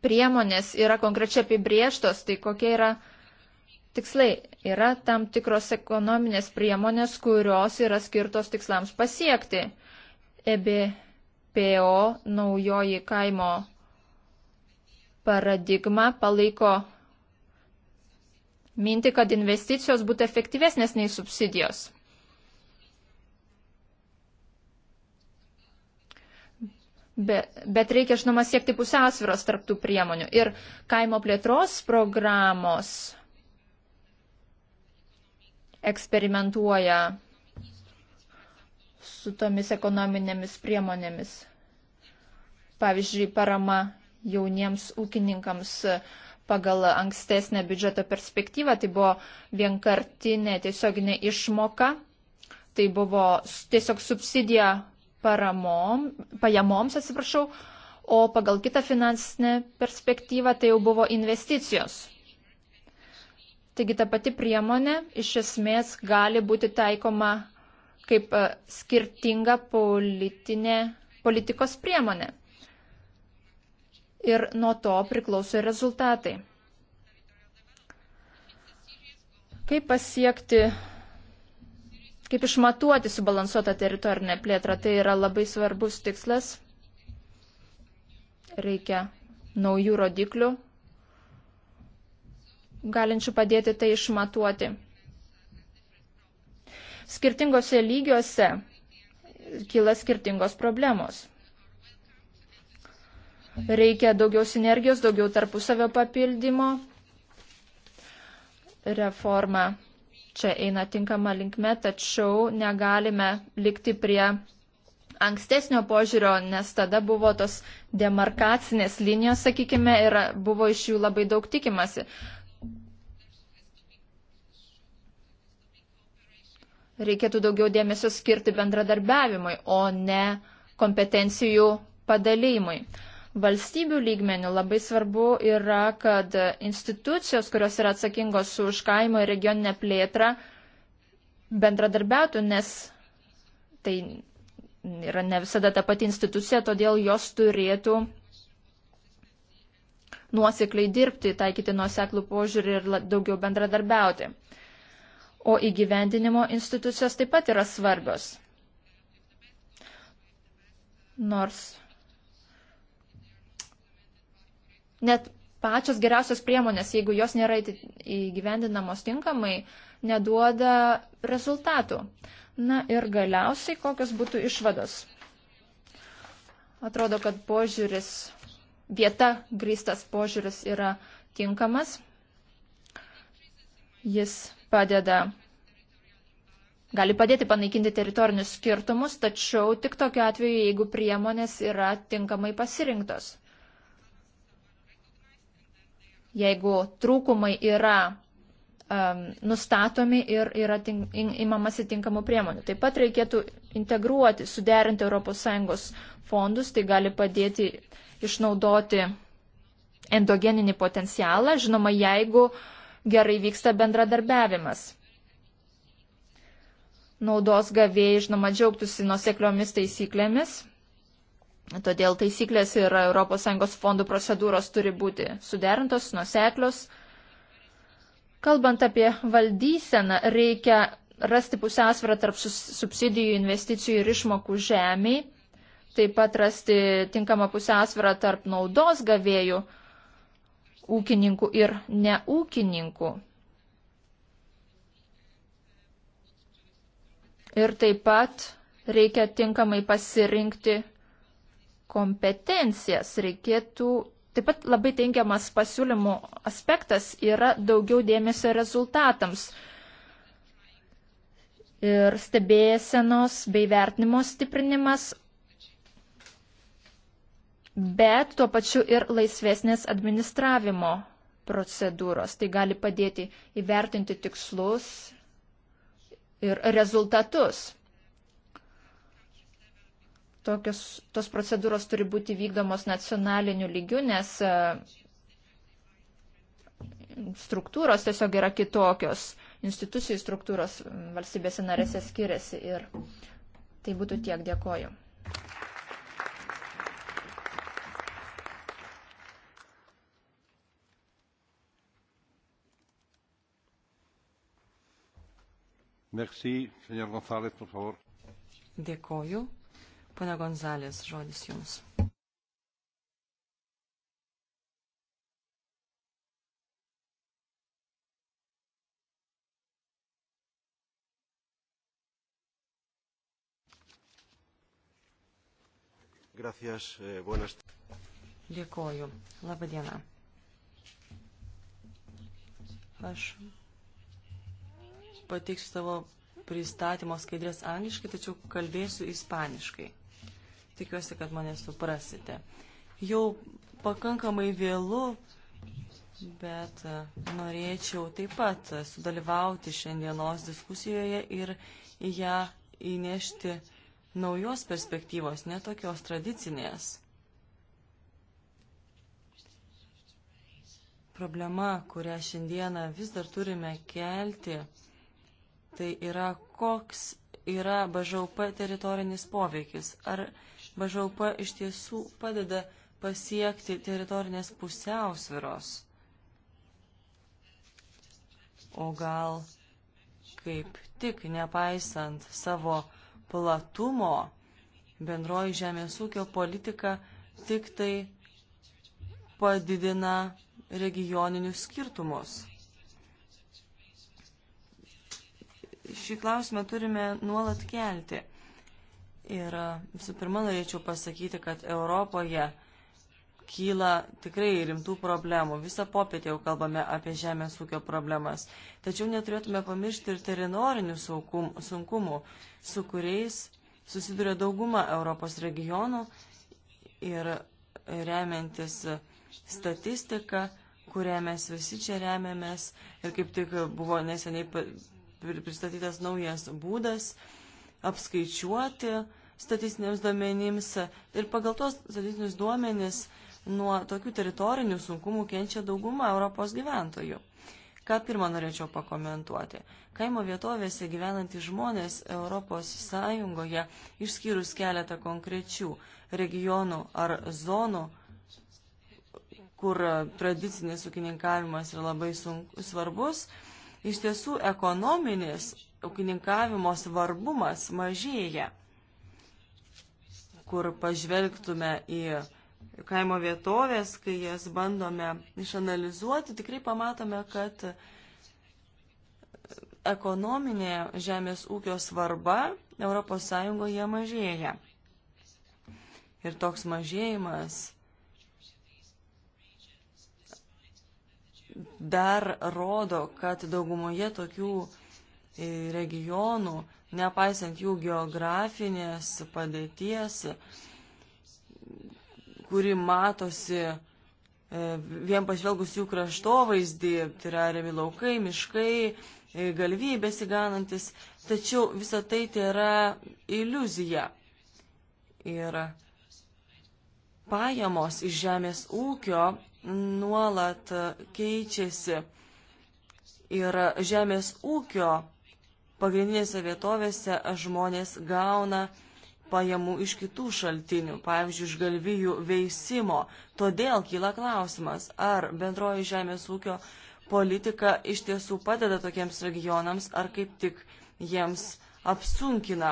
priemonės yra konkrečiai apibrieštos, tai kokie yra tikslai? Yra tam tikros ekonominės priemonės, kurios yra skirtos tikslams pasiekti. EBPO naujoji kaimo paradigma palaiko mintį, kad investicijos būtų efektyvesnės nei subsidijos. Be, bet reikia, žinoma, siekti pusiausviros tarptų priemonių. Ir kaimo plėtros programos eksperimentuoja su tomis ekonominėmis priemonėmis. Pavyzdžiui, parama jauniems ūkininkams uh, pagal ankstesnę biudžeto perspektyvą. Tai buvo vienkartinė tiesioginė išmoka, tai buvo tiesiog subsidija paramom, pajamoms, atsiprašau, o pagal kitą finansinę perspektyvą tai jau buvo investicijos. Taigi ta pati priemonė iš esmės gali būti taikoma kaip e, skirtinga politinė, politikos priemonė ir nuo to priklauso rezultatai. Kaip pasiekti, kaip išmatuoti subalansuotą teritorinę plėtrą, tai yra labai svarbus tikslas. Reikia naujų rodiklių, galinčių padėti tai išmatuoti. Skirtingose lygiuose kyla skirtingos problemos. Reikia daugiau sinergijos, daugiau tarpusavio papildymo. Reforma čia eina tinkama linkme, tačiau negalime likti prie ankstesnio požiūrio, nes tada buvo tos demarkacinės linijos, sakykime, ir buvo iš jų labai daug tikimasi. Reikėtų daugiau dėmesio skirti bendradarbiavimui, o ne kompetencijų padalymui valstybių lygmenių labai svarbu yra, kad institucijos, kurios yra atsakingos už kaimo ir regioninę plėtrą, bendradarbiautų, nes tai yra ne visada ta pati institucija, todėl jos turėtų nuosekliai dirbti, taikyti nuoseklų požiūrį ir daugiau bendradarbiauti. O įgyvendinimo institucijos taip pat yra svarbios. Nors Net pačios geriausios priemonės, jeigu jos nėra įgyvendinamos tinkamai, neduoda rezultatų. Na ir galiausiai, kokios būtų išvados. Atrodo, kad požiūris, vieta grįstas požiūris yra tinkamas. Jis padeda, gali padėti panaikinti teritorinius skirtumus, tačiau tik tokiu atveju, jeigu priemonės yra tinkamai pasirinktos jeigu trūkumai yra um, nustatomi ir yra tink, in, imamasi tinkamų priemonių. Taip pat reikėtų integruoti, suderinti ES fondus, tai gali padėti išnaudoti endogeninį potencialą, žinoma, jeigu gerai vyksta bendradarbiavimas. Naudos gavėjai, žinoma, džiaugtųsi nusekliomis taisyklėmis, Todėl taisyklės ir ES fondų procedūros turi būti suderintos, nuseklios. Kalbant apie valdyseną, reikia rasti pusiausvyrą tarp subsidijų, investicijų ir išmokų žemiai, taip pat rasti tinkamą pusiausvyrą tarp naudos gavėjų, ūkininkų ir neūkininkų. Ir taip pat reikia tinkamai pasirinkti kompetencijas. Reikėtų Taip pat labai teigiamas pasiūlymų aspektas yra daugiau dėmesio rezultatams ir stebėsenos bei vertinimo stiprinimas, bet tuo pačiu ir laisvesnės administravimo procedūros. Tai gali padėti įvertinti tikslus ir rezultatus tokios, tos procedūros turi būti vykdomos nacionaliniu lygiu, nes e, struktūros tiesiog yra kitokios, institucijų struktūros valstybėse narėse skiriasi ir tai būtų tiek, dėkoju. Merci, señor González, por favor. Dėkoju. Pone Gonzalės, žodis jums. Gracias, eh, buenas. Dėkoju. Labą dieną. Aš pateiksiu savo pristatymo skaidrės angliškai, tačiau kalbėsiu ispaniškai. Tikiuosi, kad mane suprasite. Jau pakankamai vėlu, bet e, norėčiau taip pat sudalyvauti šiandienos diskusijoje ir į ją įnešti naujos perspektyvos, netokios tradicinės. problema, kurią šiandieną vis dar turime kelti, tai yra koks yra BŽUP teritorinis poveikis. Ar BŽUP iš tiesų padeda pasiekti teritorinės pusiausviros. O gal kaip tik nepaisant savo platumo, bendroji žemės ūkio politika tik tai padidina regioninius skirtumus. Šį klausimą turime nuolat kelti Ir e, visų pirma, norėčiau pasakyti, kad Europoje kyla tikrai rimtų problemų. Visą popietę jau kalbame apie žemės ūkio problemas. Tačiau neturėtume pamiršti ir teritorinių sunkumų, su kuriais susiduria dauguma Europos regionų ir remiantis statistiką, kurią mes visi čia remiamės ir kaip tik buvo neseniai pristatytas naujas būdas, uh, apskaičiuoti statistiniams duomenims ir pagal tos statistinius duomenis nuo tokių teritorinių sunkumų kenčia dauguma Europos gyventojų. Ką pirmą norėčiau pakomentuoti. Kaimo vietovėse gyvenantys žmonės Europos Sąjungoje, išskyrus keletą konkrečių regionų ar zonų, kur tradicinis ūkininkavimas yra labai sunku, svarbus, iš tiesų ekonominis ūkininkavimo svarbumas mažėja. Kur pažvelgtume į kaimo vietovės, kai jas bandome išanalizuoti, tikrai pamatome, kad ekonominė žemės ūkio svarba ES mažėja. Ir toks mažėjimas dar rodo, kad daugumoje tokių regionų, nepaisant jų geografinės padėties, kuri matosi e, vien pažvelgus jų kraštovaizdį, tai yra remi laukai, miškai, e, galvybės įganantis, tačiau visa tai tai yra iliuzija. Ir pajamos iš žemės ūkio nuolat keičiasi ir žemės ūkio pagrindinėse vietovėse žmonės gauna pajamų iš kitų šaltinių, pavyzdžiui, iš galvijų veisimo. Todėl kyla klausimas, ar bendroji žemės ūkio politika iš tiesų padeda tokiems regionams, ar kaip tik jiems apsunkina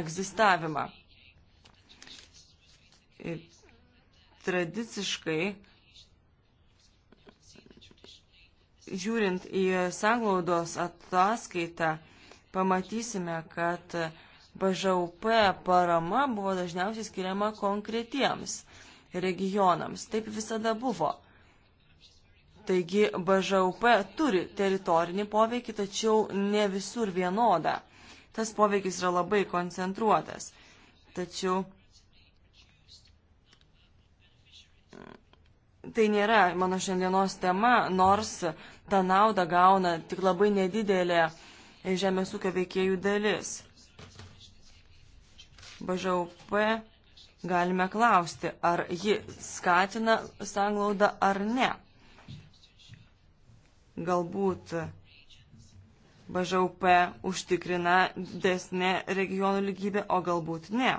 egzistavimą. Ir tradiciškai, žiūrint į sanglaudos ataskaitą, pamatysime, kad BŽUP parama buvo dažniausiai skiriama konkretiems regionams. Taip visada buvo. Taigi BŽUP turi teritorinį poveikį, tačiau ne visur vienodą. Tas poveikis yra labai koncentruotas. Tačiau tai nėra mano šiandienos tema, nors tą naudą gauna tik labai nedidelė uh, žemės ūkio veikėjų dalis. BŽUP galime klausti, ar ji skatina sanglaudą ar ne. Galbūt BŽUP užtikrina desnė regionų lygybė, o galbūt ne.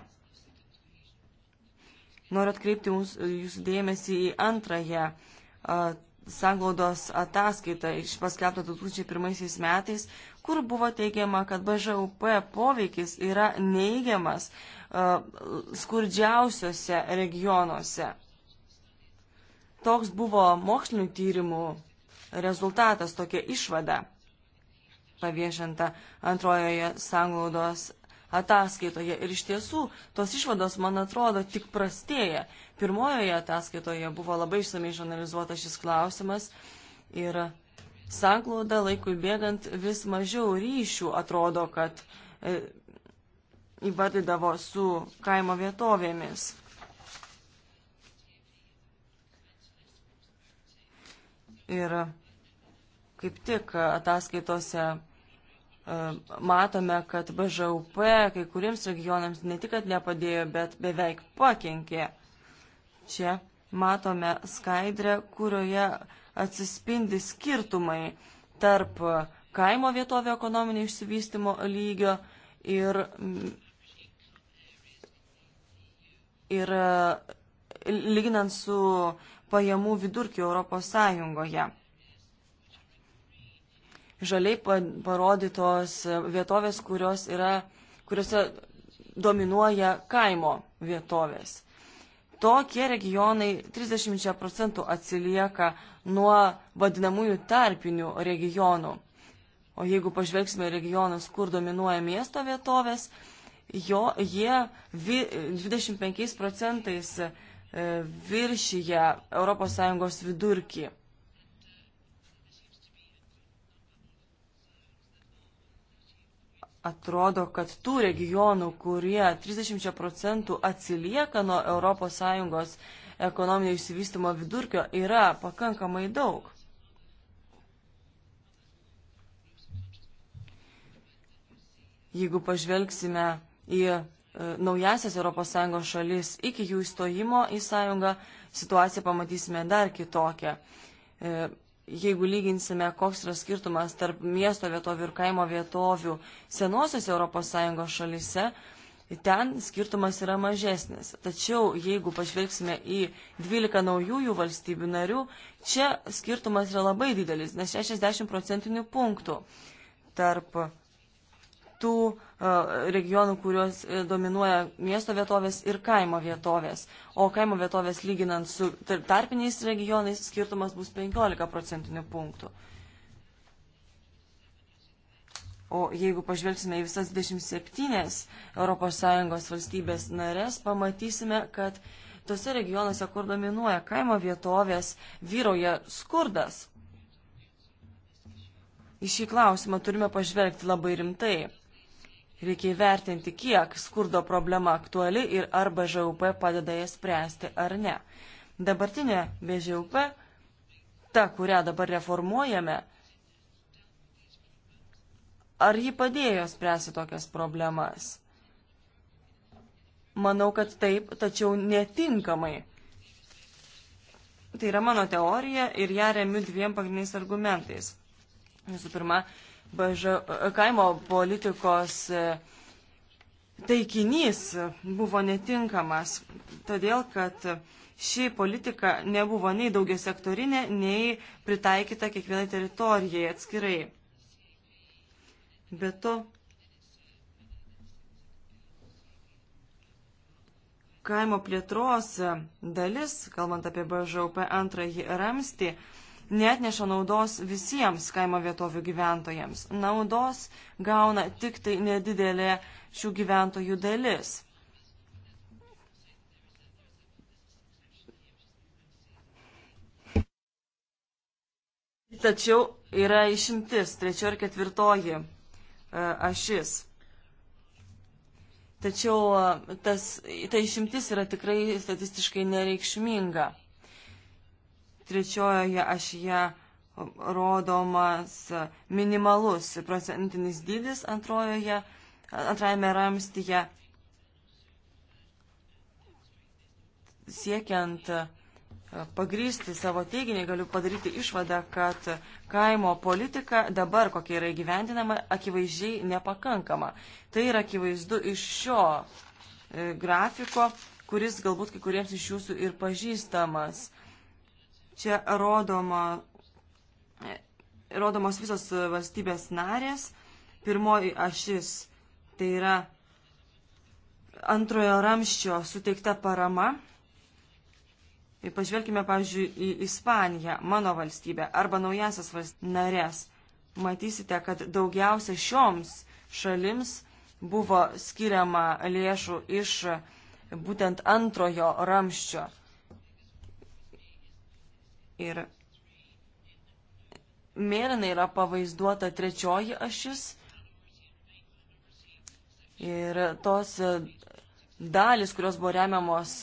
Noriu atkreipti jūsų dėmesį į antrąją sanglaudos ataskaitą iš paskelbtą 2001 metais, kur buvo teigiama, kad BŽUP poveikis yra neigiamas e, skurdžiausiose regionuose. Toks buvo mokslinių tyrimų rezultatas, tokia išvada paviešinta antrojoje sanglaudos ataskaitoje. Ir iš tiesų, tos išvados, man atrodo, tik prastėja. Pirmojoje ataskaitoje buvo labai išsamei išanalizuotas šis klausimas ir sanglauda laikui bėgant vis mažiau ryšių atrodo, kad e, įvardydavo su kaimo vietovėmis. Ir kaip tik ataskaitose e, matome, kad BŽUP kai kuriems regionams ne tik, kad nepadėjo, bet beveik pakenkė. Čia matome skaidrę, kurioje atsispindi skirtumai tarp kaimo vietovio ekonominio išsivystimo lygio ir, mm, ir e, lyginant su pajamų vidurkiu Europos Sąjungoje. Žaliai parodytos vietovės, kurios yra, kuriuose dominuoja kaimo vietovės. Tokie regionai 30 procentų atsilieka nuo vadinamųjų tarpinių regionų. O jeigu pažvelgsime regionus, kur dominuoja miesto vietovės, jo, jie vi, 25 procentais e, viršyje ES vidurkį. Atrodo, kad tų regionų, kurie 30 procentų atsilieka nuo ES ekonominio įsivystimo vidurkio yra pakankamai daug. Jeigu pažvelgsime į e, naujasias ES šalis iki jų įstojimo į sąjungą, situaciją pamatysime dar kitokią. E, jeigu lyginsime, koks yra skirtumas tarp miesto vietovių ir kaimo vietovių senosios ES šalise, ten skirtumas yra mažesnis. Tačiau jeigu pažvelgsime į 12 naujųjų valstybių narių, čia skirtumas yra labai didelis, nes 60 procentinių punktų tarp tų e, regionų, kuriuos e, dominuoja miesto vietovės ir kaimo vietovės. O kaimo vietovės lyginant su tarpiniais regionais skirtumas bus 15 procentinių punktų. O jeigu pažvelgsime į visas 27 ES valstybės narės, pamatysime, kad tose regionuose, kur dominuoja kaimo vietovės, vyrauja skurdas. Į šį klausimą turime pažvelgti labai rimtai. Reikia įvertinti, kiek skurdo problema aktuali ir ar BŽUP padeda ją spręsti ar ne. Dabartinė BŽUP, ta, kurią dabar reformuojame, Ar ji padėjo spręsti tokias problemas? Manau, kad taip, tačiau netinkamai. Tai yra mano teorija ir ją remiu dviem pagrindiniais argumentais. Visų pirma, baža, kaimo politikos e, taikinys buvo netinkamas, todėl kad ši politika nebuvo nei daugia sektorinė, nei pritaikyta kiekvienai teritorijai atskirai. Be to, kaimo plėtros dalis, kalbant apie BŽUP antrąjį ramstį, netneša naudos visiems kaimo vietovių gyventojams. Naudos gauna tik tai nedidelė šių gyventojų dalis. Tačiau yra išimtis trečio ir ketvirtoji E, ašis. Tačiau e, tas, ta išimtis yra tikrai statistiškai nereikšminga. Trečiojoje ašyje rodomas minimalus procentinis dydis antrojoje, antrajame ramstyje siekiant pagrysti savo teiginį, galiu padaryti išvadą, kad kaimo politika dabar, kokia yra įgyvendinama, akivaizdžiai nepakankama. Tai yra akivaizdu iš šio e, grafiko, kuris galbūt kai kuriems iš jūsų ir pažįstamas. Čia rodoma, e, rodomos visos valstybės narės. Pirmoji ašis tai yra antrojo ramščio suteikta parama Pažvelkime, pavyzdžiui, į Ispaniją, mano valstybę, arba naujasias valstybės narės. Matysite, kad daugiausia šioms šalims buvo skiriama lėšų iš būtent antrojo ramščio. Ir mėlynai yra pavaizduota trečioji ašis. Ir tos dalis, kurios buvo remiamos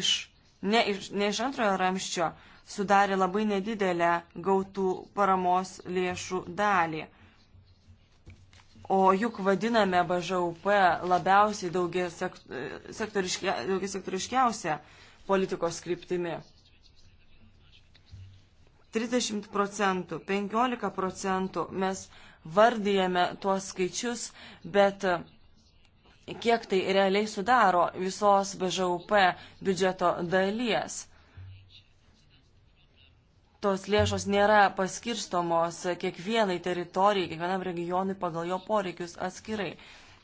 iš ne iš, ne iš antrojo ramščio sudarė labai nedidelę gautų paramos lėšų dalį. O juk vadiname BŽUP labiausiai daugia, sektoriškia, daugia sektoriškiausia politikos kryptimi. 30 procentų, 15 procentų mes vardyjame tuos skaičius, bet kiek tai realiai sudaro visos BŽUP biudžeto dalies. Tos lėšos nėra paskirstomos kiekvienai teritorijai, kiekvienam regionui pagal jo poreikius atskirai.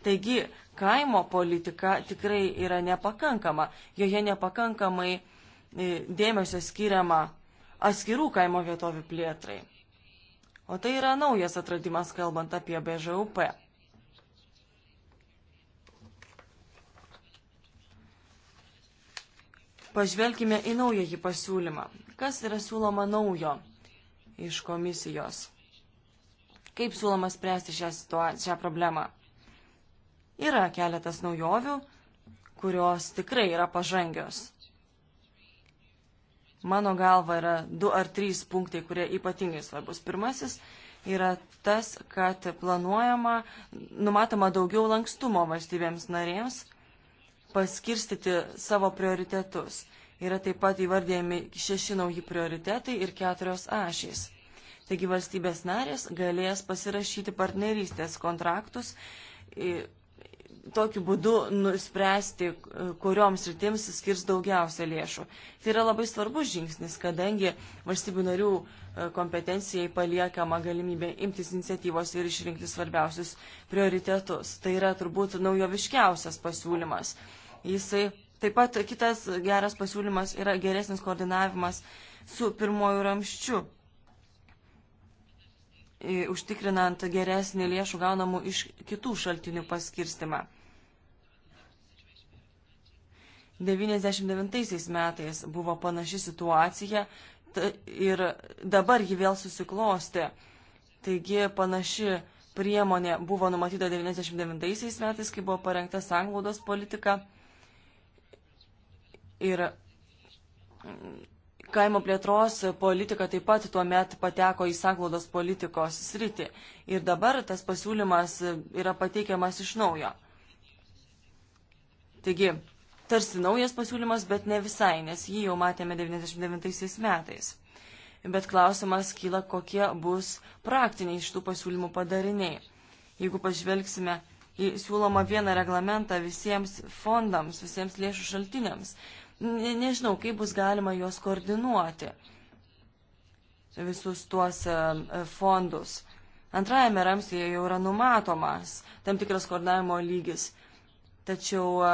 Taigi, kaimo politika tikrai yra nepakankama. Joje nepakankamai e, dėmesio skiriama atskirų kaimo vietovių plėtrai. O tai yra naujas atradimas, kalbant apie BŽUP. Pažvelkime į naująjį pasiūlymą. Kas yra siūloma naujo iš komisijos? Kaip siūloma spręsti šią, šią problemą? Yra keletas naujovių, kurios tikrai yra pažangios. Mano galva yra du ar trys punktai, kurie ypatingai svarbus. Pirmasis yra tas, kad planuojama, numatoma daugiau lankstumo valstybėms narėms paskirstyti savo prioritetus. Yra taip pat įvardėjami šeši nauji prioritetai ir keturios ašys. Taigi valstybės narės galės pasirašyti partnerystės kontraktus, tokiu būdu nuspręsti, kurioms rytims skirs daugiausia lėšų. Tai yra labai svarbus žingsnis, kadangi valstybių narių e, kompetencijai paliekama galimybė imtis iniciatyvos ir išrinkti svarbiausius prioritetus. Tai yra turbūt naujoviškiausias pasiūlymas. Jisai taip pat kitas geras pasiūlymas yra geresnis koordinavimas su pirmoju ramščiu, užtikrinant geresnį lėšų gaunamų iš kitų šaltinių paskirstimą. 99 metais buvo panaši situacija ir dabar ji vėl susiklosti. Taigi panaši priemonė buvo numatyta 99 metais, kai buvo parengta sanglaudos politika. Ir mm, kaimo plėtros politika taip pat tuo met pateko į sanglaudos politikos sritį. Ir dabar tas pasiūlymas yra pateikiamas iš naujo. Taigi, tarsi naujas pasiūlymas, bet ne visai, nes jį jau matėme 99 metais. Bet klausimas kyla, kokie bus praktiniai šitų pasiūlymų padariniai. Jeigu pažvelgsime į siūlomą vieną reglamentą visiems fondams, visiems lėšų šaltiniams, ne, nežinau, kaip bus galima juos koordinuoti, visus tuos e, e, fondus. Antrajame ramstėje jau yra numatomas tam tikras koordinavimo lygis, tačiau e,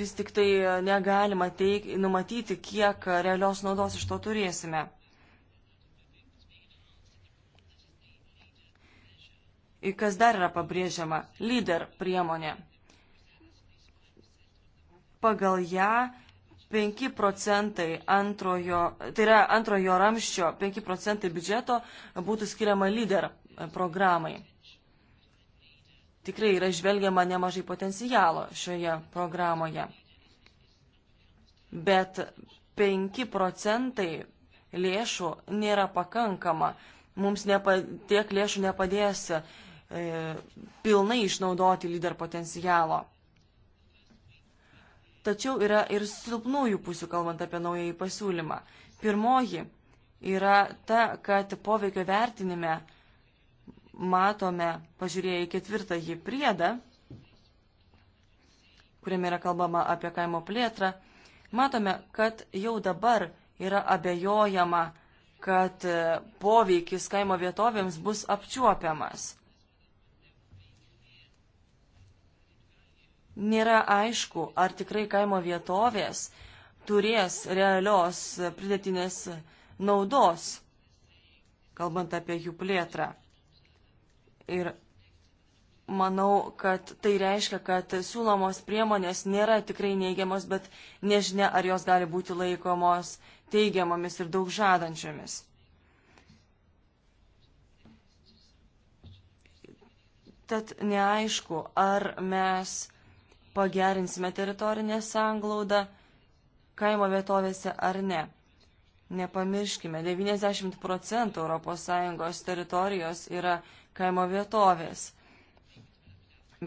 vis tik tai negalima teik, numatyti, kiek realios naudos iš to turėsime. Ir kas dar yra pabrėžiama - lyder priemonė pagal ją 5 procentai antrojo, tai yra antrojo ramščio 5 procentai biudžeto būtų skiriama lyder programai. Tikrai yra žvelgiama nemažai potencialo šioje programoje. Bet 5 procentai lėšų nėra pakankama. Mums nepa, tiek lėšų nepadės e, pilnai išnaudoti lyder potencialo. Tačiau yra ir silpnųjų pusių, kalbant apie naująjį pasiūlymą. Pirmoji yra ta, kad poveikio vertinime matome, pažiūrėję į ketvirtąjį priedą, kuriame yra kalbama apie kaimo plėtrą, matome, kad jau dabar yra abejojama, kad poveikis kaimo vietovėms bus apčiuopiamas. nėra aišku, ar tikrai kaimo vietovės turės realios pridėtinės naudos, kalbant apie jų plėtrą. Ir manau, kad tai reiškia, kad siūlomos priemonės nėra tikrai neigiamos, bet nežinia, ar jos gali būti laikomos teigiamomis ir daug žadančiomis. Tad neaišku, ar mes pagerinsime teritorinę sanglaudą kaimo vietovėse ar ne. Nepamirškime, 90 procentų ES teritorijos yra kaimo vietovės.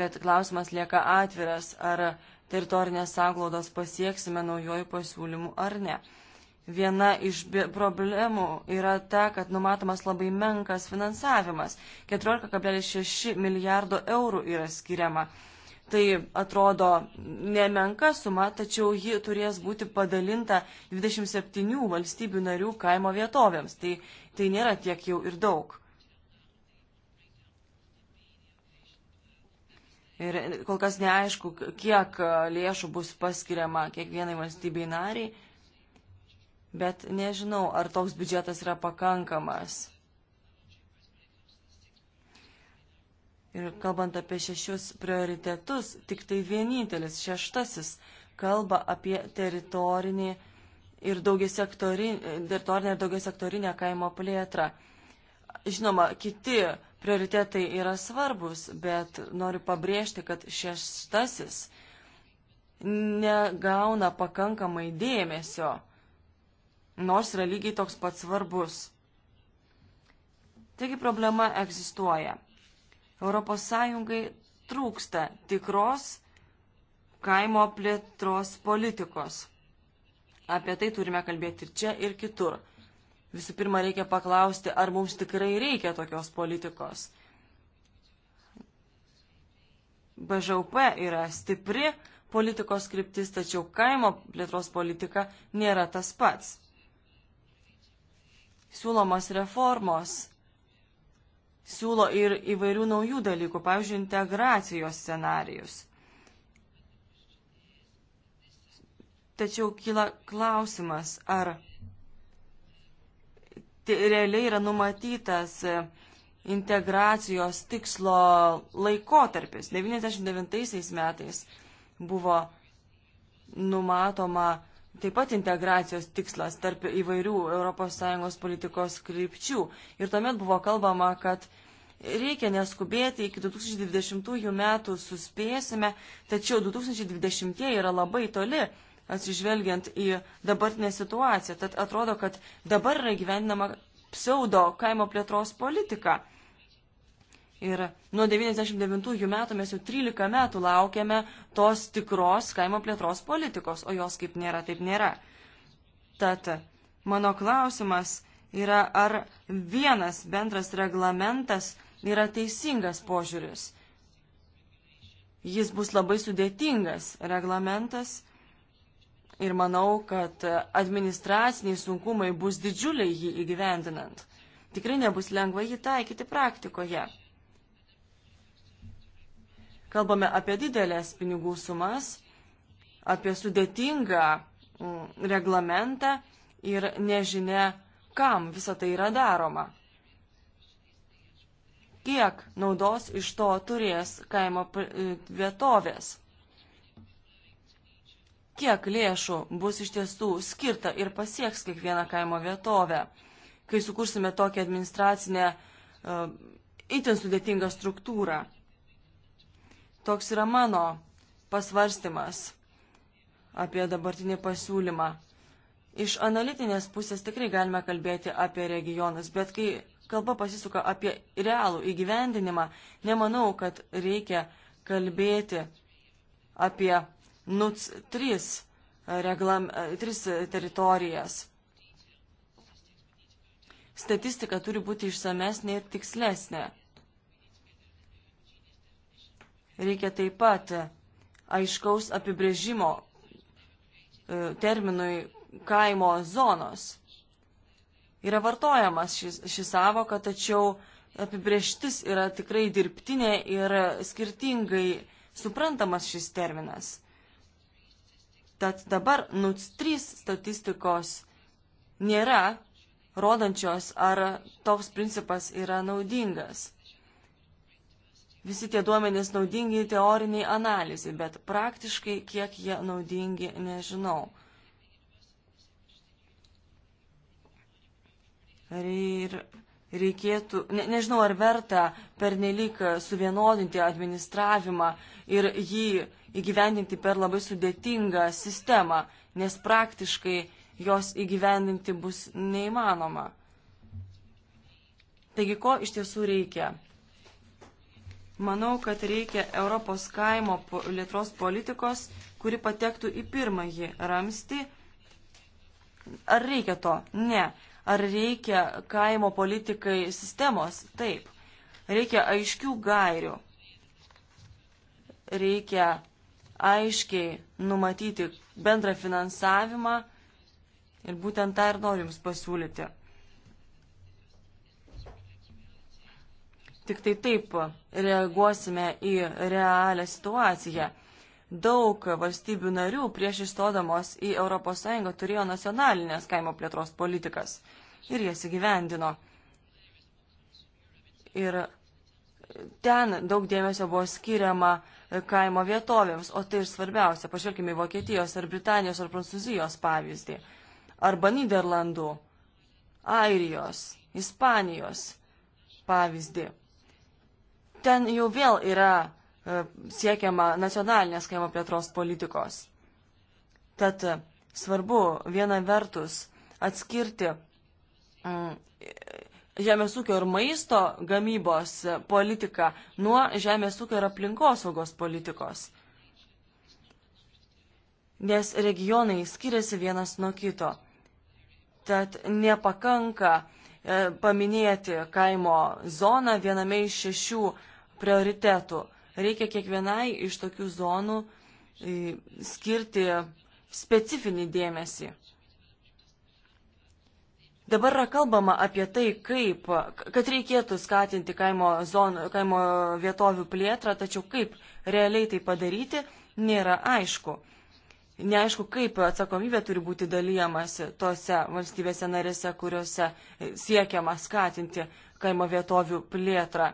Bet klausimas lieka atviras, ar teritorinės sanglaudos pasieksime naujojų pasiūlymų ar ne. Viena iš problemų yra ta, kad numatomas labai menkas finansavimas. 14,6 milijardo eurų yra skiriama Tai atrodo nemenka suma, tačiau ji turės būti padalinta 27 valstybių narių kaimo vietovėms. Tai, tai nėra tiek jau ir daug. Ir kol kas neaišku, kiek lėšų bus paskiriama kiekvienai valstybei nariai, bet nežinau, ar toks biudžetas yra pakankamas. Ir kalbant apie šešius prioritetus, tik tai vienintelis šeštasis kalba apie teritorinį ir teritorinę ir daugiasektorinę kaimo plėtrą. Žinoma, kiti prioritetai yra svarbus, bet noriu pabrėžti, kad šeštasis negauna pakankamai dėmesio, nors yra lygiai toks pat svarbus. Taigi problema egzistuoja. Europos Sąjungai trūksta tikros kaimo plėtros politikos. Apie tai turime kalbėti ir čia, ir kitur. Visų pirma, reikia paklausti, ar mums tikrai reikia tokios politikos. BŽP yra stipri politikos kryptis, tačiau kaimo plėtros politika nėra tas pats. Siūlomos reformos siūlo ir įvairių naujų dalykų, pavyzdžiui, integracijos scenarius. Tačiau kyla klausimas, ar realiai yra numatytas e, integracijos tikslo laikotarpis. 99 metais buvo numatoma taip pat integracijos tikslas tarp įvairių ES politikos krypčių. Ir tuomet buvo kalbama, kad reikia neskubėti, iki 2020 metų suspėsime, tačiau 2020 yra labai toli atsižvelgiant į dabartinę situaciją. Tad atrodo, kad dabar yra gyvendinama pseudo kaimo plėtros politika. Ir nuo 99 metų mes jau 13 metų laukiame tos tikros kaimo plėtros politikos, o jos kaip nėra, taip nėra. Tad mano klausimas yra, ar vienas bendras reglamentas yra teisingas požiūris. Jis bus labai sudėtingas reglamentas ir manau, kad administraciniai sunkumai bus didžiuliai jį įgyvendinant. Tikrai nebus lengva jį taikyti praktikoje. Kalbame apie didelės pinigų sumas, apie sudėtingą mm, reglamentą ir nežinia, kam visa tai yra daroma. Kiek naudos iš to turės kaimo e, vietovės? Kiek lėšų bus iš tiesų skirta ir pasieks kiekvieną kaimo vietovę? Kai sukursime tokią administracinę, uh, itin sudėtingą struktūrą Toks yra mano pasvarstimas apie dabartinį pasiūlymą. Iš analitinės pusės tikrai galime kalbėti apie regionus, bet kai kalba pasisuka apie realų įgyvendinimą, nemanau, kad reikia kalbėti apie NUTS 3, reglam, 3 teritorijas. Statistika turi būti išsamesnė ir tikslesnė. Reikia taip pat aiškaus apibrėžimo e, terminui kaimo zonos. Yra vartojamas šis, šis savoka, tačiau apibrieštis yra tikrai dirbtinė ir skirtingai suprantamas šis terminas. Tad dabar NUTS 3 statistikos nėra rodančios, ar toks principas yra naudingas visi tie duomenys naudingi teoriniai analizai, bet praktiškai kiek jie naudingi, nežinau. Ir reikėtų, ne, nežinau, ar verta pernelyg suvienodinti administravimą ir jį įgyvendinti per labai sudėtingą sistemą, nes praktiškai jos įgyvendinti bus neįmanoma. Taigi, ko iš tiesų reikia? Manau, kad reikia Europos kaimo plėtros politikos, kuri patektų į pirmąjį ramstį. Ar reikia to? Ne. Ar reikia kaimo politikai sistemos? Taip. Reikia aiškių gairių. Reikia aiškiai numatyti bendrą finansavimą ir būtent tą ir noriu Jums pasiūlyti. Tik tai taip reaguosime į realią situaciją. Daug valstybių narių prieš įstodamos į ES turėjo nacionalinės kaimo plėtros politikas ir jas įgyvendino. Ir ten daug dėmesio buvo skiriama kaimo vietovėms, o tai ir svarbiausia, pažvelkime į Vokietijos ar Britanijos ar Prancūzijos pavyzdį, arba Niderlandų, Airijos, Ispanijos pavyzdį ten jau vėl yra e, siekiama nacionalinės kaimo plėtros politikos. Tad e, svarbu viena vertus atskirti mm, žemės ūkio ir maisto gamybos e, politiką nuo žemės ūkio ir aplinkosaugos politikos. Nes regionai skiriasi vienas nuo kito. Tad nepakanka paminėti kaimo zoną viename iš šešių prioritetų. Reikia kiekvienai iš tokių zonų e, skirti specifinį dėmesį. Dabar yra kalbama apie tai, kaip, kad reikėtų skatinti kaimo, zonų, kaimo vietovių plėtrą, tačiau kaip realiai tai padaryti, nėra aišku. Neaišku, kaip atsakomybė turi būti dalyjamasi tose valstybėse narėse, kuriuose siekiama skatinti kaimo vietovių plėtrą.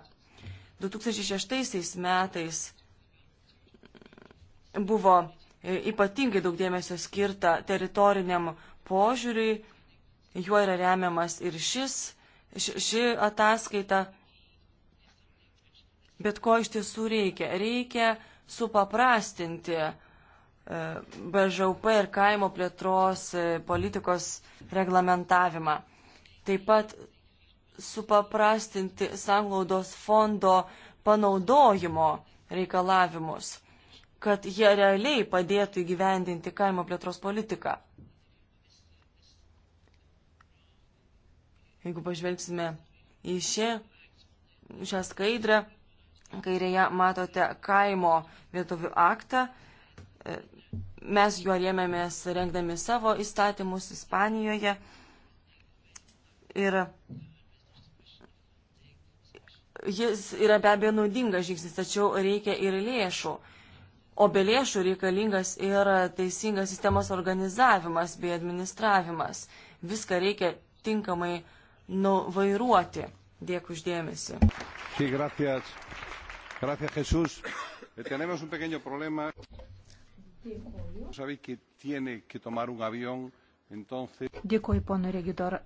2006 metais buvo e, ypatingai daug dėmesio skirta teritoriniam požiūriui, juo yra remiamas ir šis, ši, ši ataskaita. Bet ko iš tiesų reikia? Reikia supaprastinti e, BŽUP ir kaimo plėtros e, politikos reglamentavimą. Taip pat supaprastinti sanglaudos fondo panaudojimo reikalavimus, kad jie realiai padėtų įgyvendinti kaimo plėtros politiką. Jeigu pažvelgsime į šį, šią skaidrę, kairėje matote kaimo vietovių aktą. Mes juo rėmėmės rengdami savo įstatymus Ispanijoje. Ir jis yra be abejo naudingas žingsnis, tačiau reikia ir lėšų. O be lėšų reikalingas ir teisingas sistemos organizavimas bei administravimas. Viską reikia tinkamai nuvairuoti. Dėkui uždėmesi. Sí, gracias. Gracias, Jesús. Eh, tenemos un pequeño problema. Sabéis que tiene que tomar un avión, entonces... Dėkui, pono Regidor.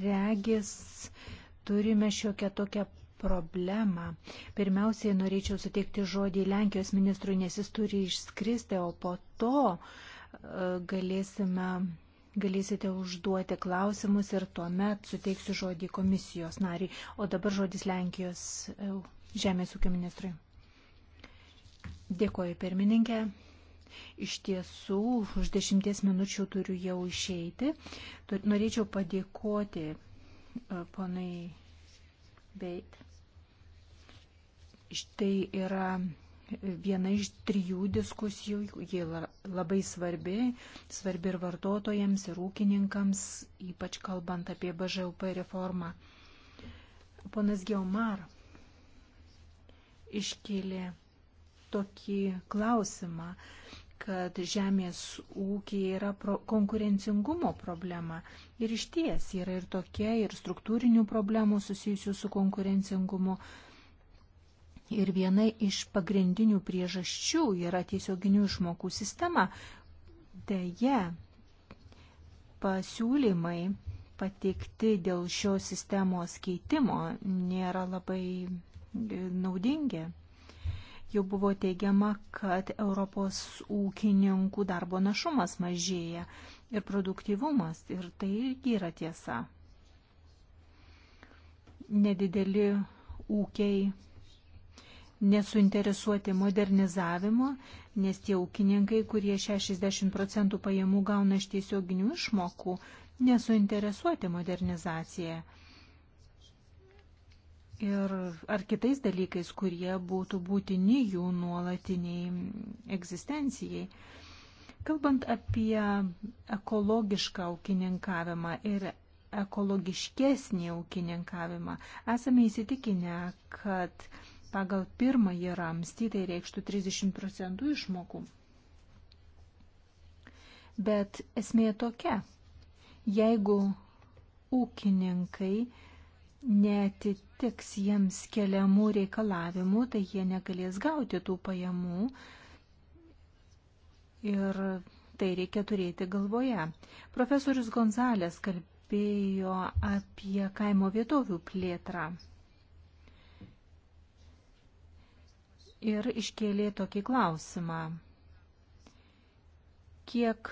Regis, turime šiokią tokią problemą. Pirmiausiai norėčiau suteikti žodį Lenkijos ministrui, nes jis turi išskristi, o po to e, galėsime, galėsite užduoti klausimus ir tuomet suteiksiu žodį komisijos nariai. O dabar žodis Lenkijos e, žemės ūkio ministrui. Dėkoju pirmininkė. Iš tiesų, už dešimties minučių turiu jau išeiti. Norėčiau padėkoti e, ponai Beit Tai yra viena iš trijų diskusijų, ji labai svarbi, svarbi ir vartotojams, ir ūkininkams, ypač kalbant apie BŽUP reformą. Ponas Geomar iškėlė tokį klausimą, kad žemės ūkija yra pro, konkurencingumo problema. Ir iš ties yra ir tokia, ir struktūrinių problemų susijusių su konkurencingumu. Uh, Ir viena iš pagrindinių priežasčių yra tiesioginių išmokų sistema. Deja, pasiūlymai pateikti dėl šios sistemos keitimo nėra labai e, naudingi. Jau buvo teigiama, kad Europos ūkininkų darbo našumas mažėja ir produktyvumas, ir tai irgi yra tiesa. Nedideli ūkiai nesuinteresuoti modernizavimo, nes tie ūkininkai, kurie 60 procentų pajamų gauna iš tiesioginių išmokų, nesuinteresuoti modernizaciją. Ir ar kitais dalykais, kurie būtų būtini jų nuolatiniai egzistencijai. Kalbant apie ekologišką ūkininkavimą ir ekologiškesnį ūkininkavimą, esame įsitikinę, kad pagal pirmąjį ramstį, tai reikštų 30 procentų išmokų. Bet esmė tokia, jeigu ūkininkai netitiks jiems keliamų reikalavimų, tai jie negalės gauti tų pajamų ir tai reikia turėti galvoje. Profesorius Gonzalės kalbėjo apie kaimo vietovių plėtrą. ir iškėlė tokį klausimą. Kiek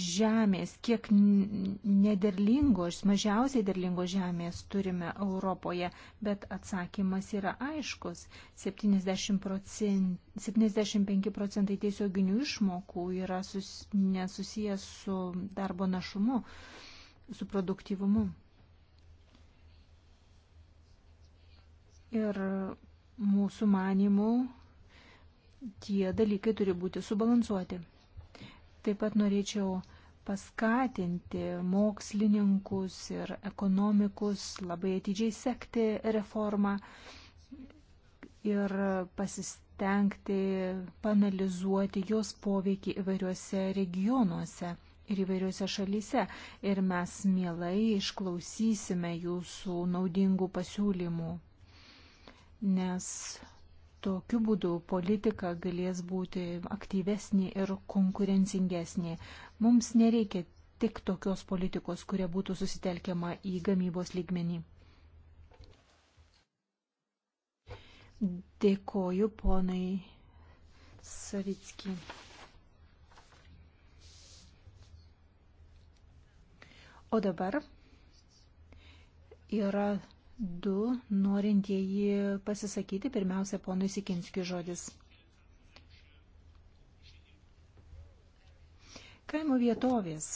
žemės, kiek nederlingos, mažiausiai derlingos žemės turime Europoje, bet atsakymas yra aiškus. 70 procent, 75 procentai tiesioginių išmokų yra sus, nesusijęs su darbo našumu, su produktyvumu. Ir mūsų manimų tie dalykai turi būti subalansuoti. Taip pat norėčiau paskatinti mokslininkus ir ekonomikus labai atidžiai sekti reformą ir pasistengti panalizuoti jos poveikį įvairiuose regionuose ir įvairiuose šalyse. Ir mes mielai išklausysime jūsų naudingų pasiūlymų nes tokiu būdu politika galės būti aktyvesnė ir konkurencingesnė. Mums nereikia tik tokios politikos, kuria būtų susitelkiama į gamybos lygmenį. Dėkoju ponai Savicki. O dabar yra du norintieji pasisakyti. Pirmiausia, ponui Sikinskiui žodis. Kaimo vietovės.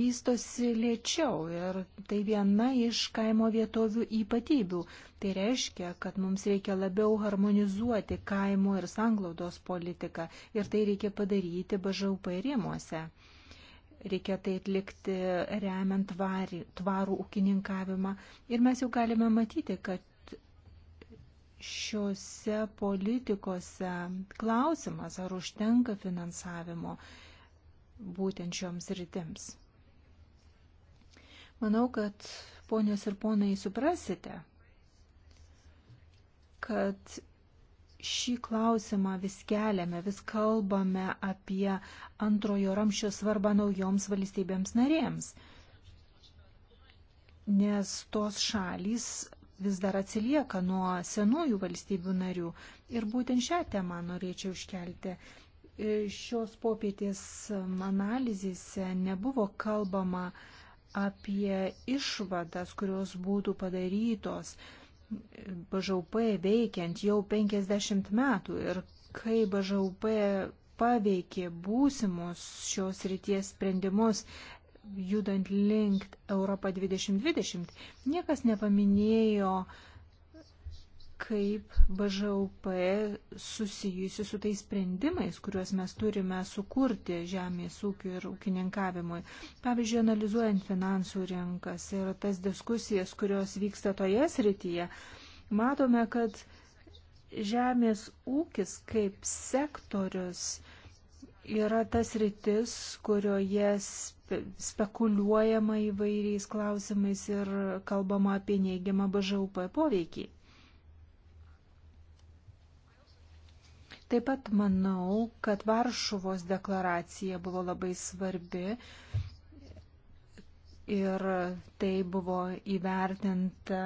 Vystosi lėčiau ir tai viena iš kaimo vietovių ypatybių. Tai reiškia, kad mums reikia labiau harmonizuoti kaimo ir sanglaudos politiką ir tai reikia padaryti bažaupai rėmuose. Reikia tai atlikti remiant tvarį, tvarų ūkininkavimą. Ir mes jau galime matyti, kad šiuose politikose klausimas, ar užtenka finansavimo būtent šioms rytims. Manau, kad ponios ir ponai suprasite, kad šį klausimą vis keliame, vis kalbame apie antrojo ramščio svarbą naujoms valstybėms narėms, nes tos šalys vis dar atsilieka nuo senųjų valstybių narių. Ir būtent šią temą norėčiau iškelti. Šios popietės analizėse nebuvo kalbama apie išvadas, kurios būtų padarytos uh, BŽP veikiant jau 50 metų ir kai BŽP paveikė būsimus šios ryties sprendimus judant link Europą 2020, niekas nepaminėjo uh, kaip BŽUP susijusi su tais sprendimais, kuriuos mes turime sukurti žemės ūkiu ir ūkininkavimui. Pavyzdžiui, analizuojant finansų rinkas ir tas diskusijas, kurios vyksta toje srityje, matome, kad žemės ūkis kaip sektorius yra tas rytis, kurioje spekuliuojama įvairiais klausimais ir kalbama apie neigiamą BŽUP poveikį. Taip pat manau, kad Varšuvos deklaracija buvo labai svarbi ir tai buvo įvertinta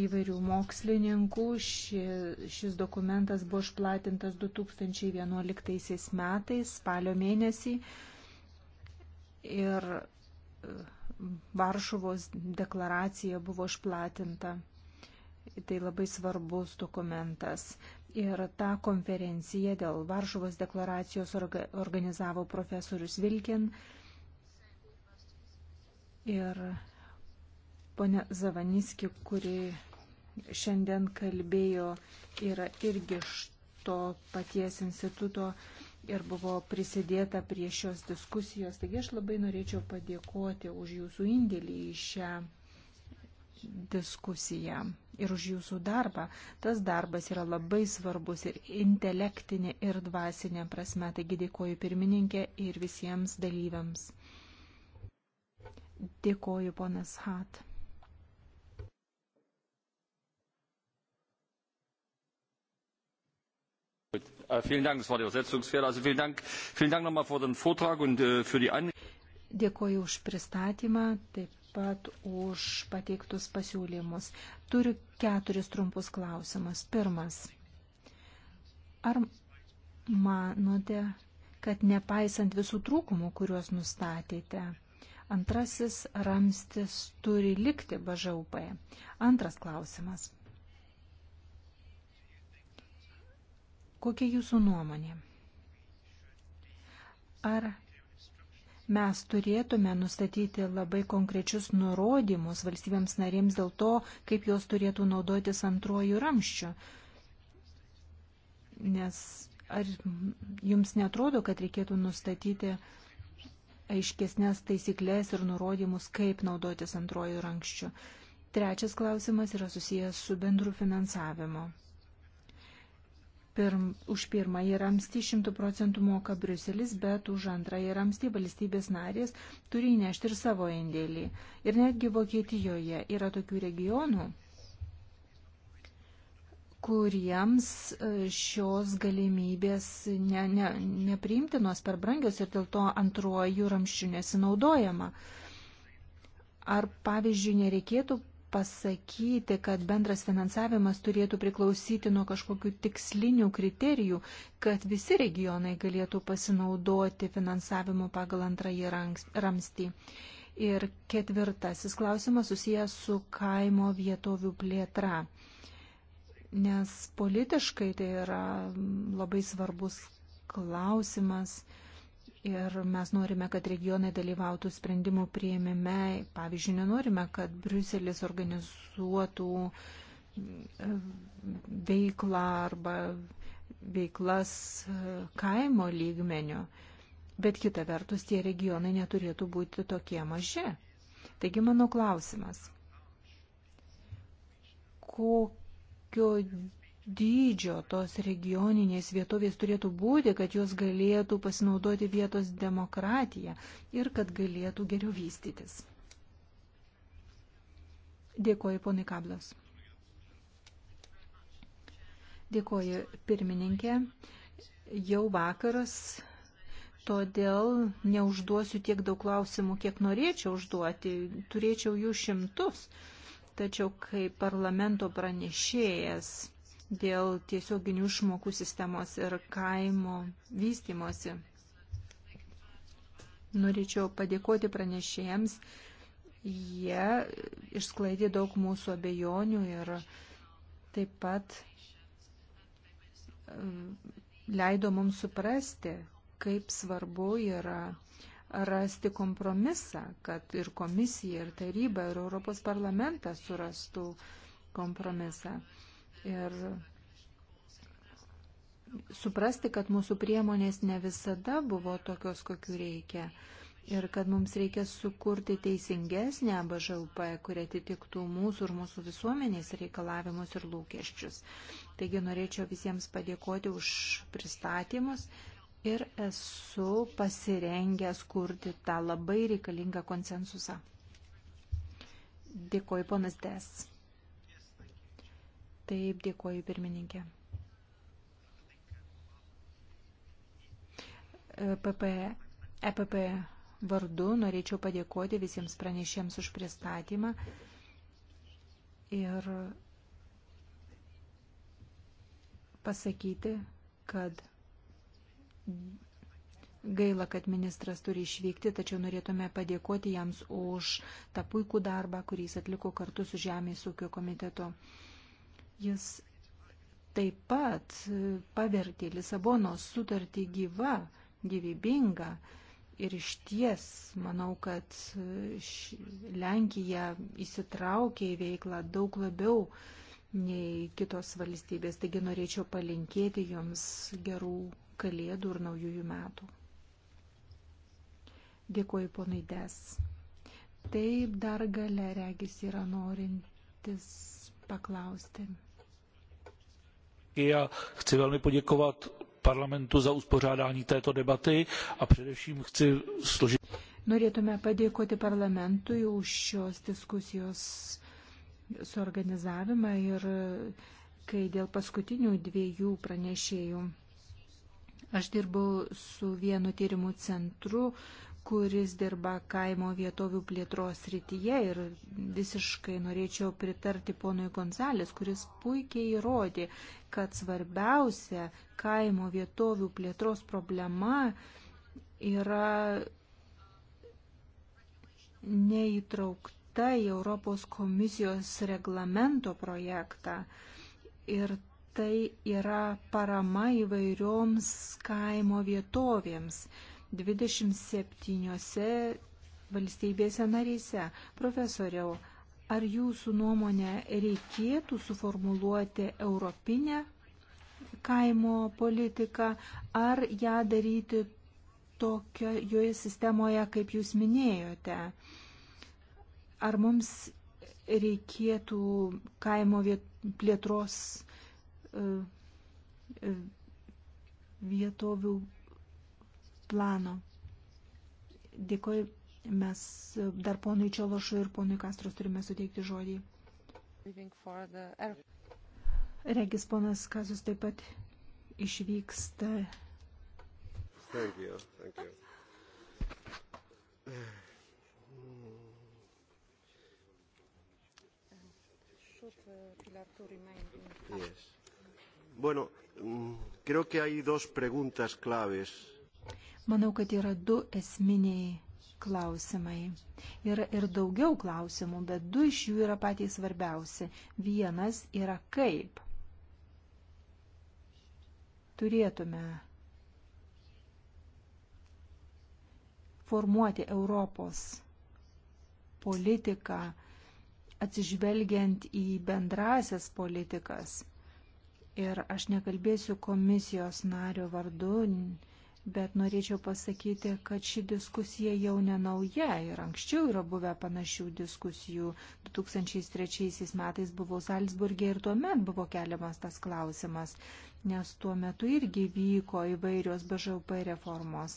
įvairių mokslininkų. Ši, šis dokumentas buvo išplatintas 2011 metais, spalio mėnesį. Ir Varšuvos deklaracija buvo išplatinta. Tai labai svarbus dokumentas. Ir tą konferenciją dėl Varšuvos deklaracijos organizavo profesorius Vilkin. Ir ponia Zavaniski, kuri šiandien kalbėjo, yra irgi iš to paties instituto ir buvo prisidėta prie šios diskusijos. Taigi aš labai norėčiau padėkoti už jūsų indėlį į šią diskusiją ir už jūsų darbą. Tas darbas yra labai svarbus ir intelektinė, ir dvasinė prasme. Taigi dėkoju pirmininkė ir visiems dalyviams. Dėkoju, ponas Hat. Äh, vielen Dank, das war der Übersetzungsfehler. Also vielen Dank, vielen Dank nochmal für den Vortrag und äh, für die Anregung. Dėkoju už pristatymą, taip pat už pateiktus pasiūlymus. Turiu keturis trumpus klausimus. Pirmas. Ar manote, kad nepaisant visų trūkumų, kuriuos nustatėte, antrasis ramstis turi likti BŽUP? Antras klausimas. Kokia jūsų nuomonė? Ar mes turėtume nustatyti labai konkrečius nurodymus valstybėms narėms dėl to, kaip jos turėtų naudotis antrojų ramščių. Nes ar jums netrodo, kad reikėtų nustatyti aiškesnės taisyklės ir nurodymus, kaip naudotis antrojų ramščių? Trečias klausimas yra susijęs su bendru finansavimu pirm, už pirmąjį ramstį 100 procentų moka Briuselis, bet už antrąjį ramstį valstybės narės turi įnešti ir savo indėlį. Ir netgi Vokietijoje yra tokių regionų, kuriems e, šios galimybės ne, ne, nepriimtinos per brangios ir dėl to antruoju ramščiu nesinaudojama. Ar pavyzdžiui nereikėtų pasakyti, kad bendras finansavimas turėtų priklausyti nuo kažkokių tikslinių kriterijų, kad visi regionai galėtų pasinaudoti finansavimu pagal antrąjį ramstį. Ir ketvirtasis klausimas susijęs su kaimo vietovių plėtra, nes politiškai tai yra labai svarbus klausimas Ir mes norime, kad regionai dalyvautų sprendimų prieimime. Pavyzdžiui, nenorime, kad Bruselis organizuotų mm, veiklą arba veiklas e, kaimo lygmenio. Bet kita vertus, tie regionai neturėtų būti tokie maži. Taigi mano klausimas. Kokio dydžio tos regioninės vietovės turėtų būti, kad jos galėtų pasinaudoti vietos demokratiją ir kad galėtų geriau vystytis. Dėkuoju, ponai Kablas. Dėkuoju, pirmininkė. Jau vakaras, todėl neužduosiu tiek daug klausimų, kiek norėčiau užduoti. Turėčiau jų šimtus. Tačiau, kaip parlamento pranešėjas, dėl tiesioginių išmokų sistemos ir kaimo vystimosi. Norėčiau padėkoti pranešėjams. Jie išsklaidė daug mūsų abejonių ir taip pat e, leido mums suprasti, kaip svarbu yra rasti kompromisą, kad ir komisija, ir taryba, ir Europos parlamentas surastų kompromisą ir suprasti, kad mūsų priemonės ne visada buvo tokios, kokiu reikia. Ir kad mums reikia sukurti teisingesnę BŽLP, kuri atitiktų mūsų ir mūsų visuomenės reikalavimus ir lūkesčius. Taigi norėčiau visiems padėkoti už pristatymus ir esu pasirengęs kurti tą labai reikalingą konsensusą. Dėkoju, ponas Des. Taip, dėkuoju pirmininkė. E, PP, EPP vardu norėčiau padėkoti visiems pranešėms už pristatymą ir pasakyti, kad gaila, kad ministras turi išvykti, tačiau norėtume padėkoti jiems už tą puikų darbą, kurį jis atliko kartu su Žemės ūkio komitetu. Jis taip pat pavertė Lisabonos sutartį gyvą, gyvybingą. Ir iš ties, manau, kad ši, Lenkija įsitraukė į veiklą daug labiau nei kitos valstybės. Taigi norėčiau palinkėti joms gerų kalėdų ir naujųjų metų. Dėkuoju ponai Des. Taip dar gale regis yra norintis paklausti. Já chci velmi poděkovat parlamentu za uspořádání této debaty a především chci složit. Norėtume nu, padėkoti parlamentui už šios diskusijos suorganizavimą ir kai dėl paskutinių dviejų pranešėjų. Aš dirbau su vienu tyrimų centru, kuris dirba kaimo vietovių plėtros rytyje ir visiškai norėčiau pritarti ponui Gonzalės, kuris puikiai įrodė, kad svarbiausia kaimo vietovių plėtros problema yra neįtraukta į Europos komisijos reglamento projektą. Ir tai yra parama įvairioms kaimo vietovėms. 27 valstybėse narėse. Profesoriau, ar jūsų nuomonė reikėtų suformuluoti europinę kaimo politiką, ar ją daryti tokioje sistemoje, kaip jūs minėjote? Ar mums reikėtų kaimo viet, plėtros e, e, vietovių plano. Dėkoju, mes dar ponui Čiološui ir ponui Kastros turime suteikti žodį. Regis ponas Kazus taip pat išvyksta. Thank you, thank you. Yes. Bueno, mm, creo que hay dos preguntas claves Manau, kad yra du esminiai klausimai. Yra ir daugiau klausimų, bet du iš jų yra patys svarbiausi. Vienas yra kaip. Turėtume formuoti Europos politiką, atsižvelgiant į bendrasias politikas. Ir aš nekalbėsiu komisijos nario vardu, Bet norėčiau pasakyti, kad ši diskusija jau nenauja ir anksčiau yra buvę panašių diskusijų. 2003 metais buvau Salzburgė ir tuomet buvo keliamas tas klausimas, nes tuo metu irgi vyko įvairios BŽUP reformos.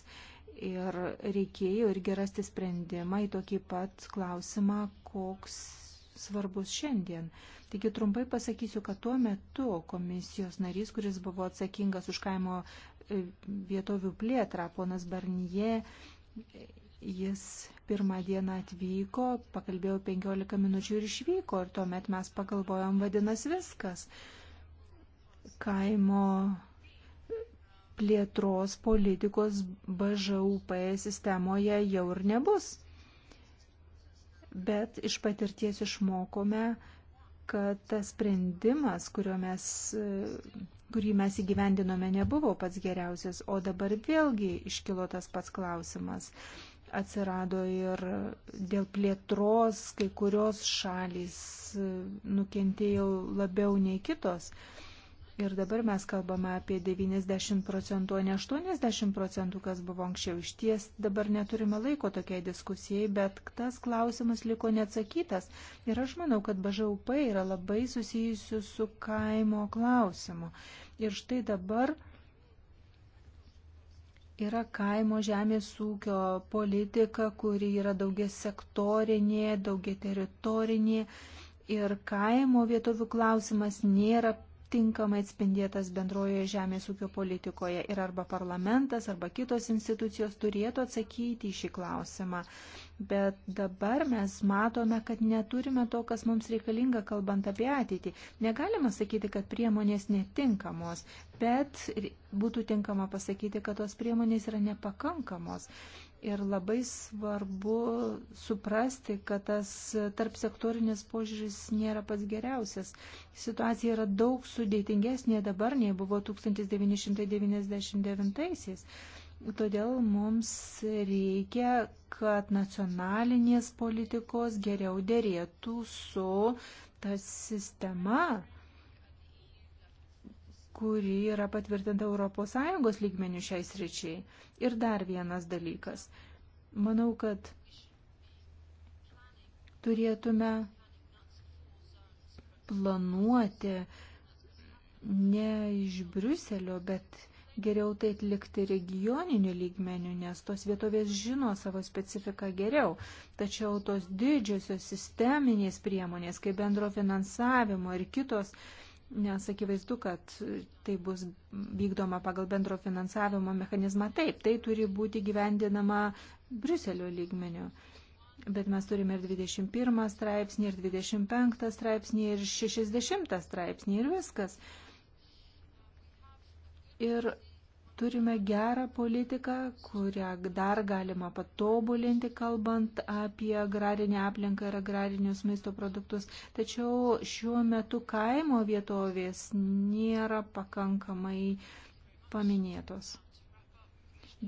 Ir reikėjo irgi rasti sprendimą į tokį pat klausimą, koks svarbus šiandien. Taigi trumpai pasakysiu, kad tuo metu komisijos narys, kuris buvo atsakingas už kaimo vietovių plėtrą. Ponas Barnie, jis pirmą dieną atvyko, pakalbėjo 15 minučių ir išvyko ir tuomet mes pagalvojom, vadinasi viskas. Kaimo plėtros politikos BŽUP sistemoje jau ir nebus. Bet iš patirties išmokome, kad tas sprendimas, kurio mes kurį mes įgyvendinome, nebuvo pats geriausias, o dabar vėlgi iškilo tas pats klausimas. Atsirado ir dėl plėtros kai kurios šalys nukentėjo labiau nei kitos. Uh, Ir dabar mes kalbame apie 90 procentų, o ne 80 procentų, kas buvo anksčiau. Iš ties dabar neturime laiko tokiai diskusijai, bet tas klausimas liko neatsakytas. Ir aš manau, kad BŽUP yra labai susijusiu su kaimo klausimu. Ir štai dabar yra kaimo žemės ūkio politika, kuri yra daugia sektorinė, daugia teritorinė. Ir kaimo vietovių klausimas nėra tinkamai atspindėtas bendrojoje žemės ūkio politikoje ir arba parlamentas, arba kitos institucijos turėtų atsakyti į šį klausimą. Bet dabar mes matome, kad neturime to, kas mums reikalinga, kalbant apie ateitį. Negalima sakyti, kad priemonės netinkamos, bet būtų tinkama pasakyti, kad tos priemonės yra nepakankamos. Ir labai svarbu suprasti, kad tas tarp sektorinis požiūris nėra pats geriausias. Situacija yra daug sudėtingesnė dabar, nei buvo 1999-aisiais. Todėl mums reikia, kad nacionalinės politikos geriau dėrėtų su ta sistema, kuri yra patvirtinta ES lygmenių šiai sričiai. Ir dar vienas dalykas. Manau, kad turėtume planuoti ne iš Briuselio, bet geriau tai atlikti regioniniu lygmeniu, nes tos vietovės žino savo specifiką geriau. Tačiau tos didžiosios sisteminės priemonės, kaip bendro finansavimo ir kitos, uh, Nes akivaizdu, kad tai bus vykdoma pagal bendro finansavimo mechanizmą. Taip, tai turi būti gyvendinama Briuselio lygmeniu. Bet mes turime ir 21 straipsnį, ir 25 straipsnį, ir 60 straipsnį, ir viskas. Ir Turime gerą politiką, kurią dar galima patobulinti, kalbant apie agrarinę aplinką ir agrarinius maisto produktus. Tačiau šiuo metu kaimo vietovės nėra pakankamai paminėtos.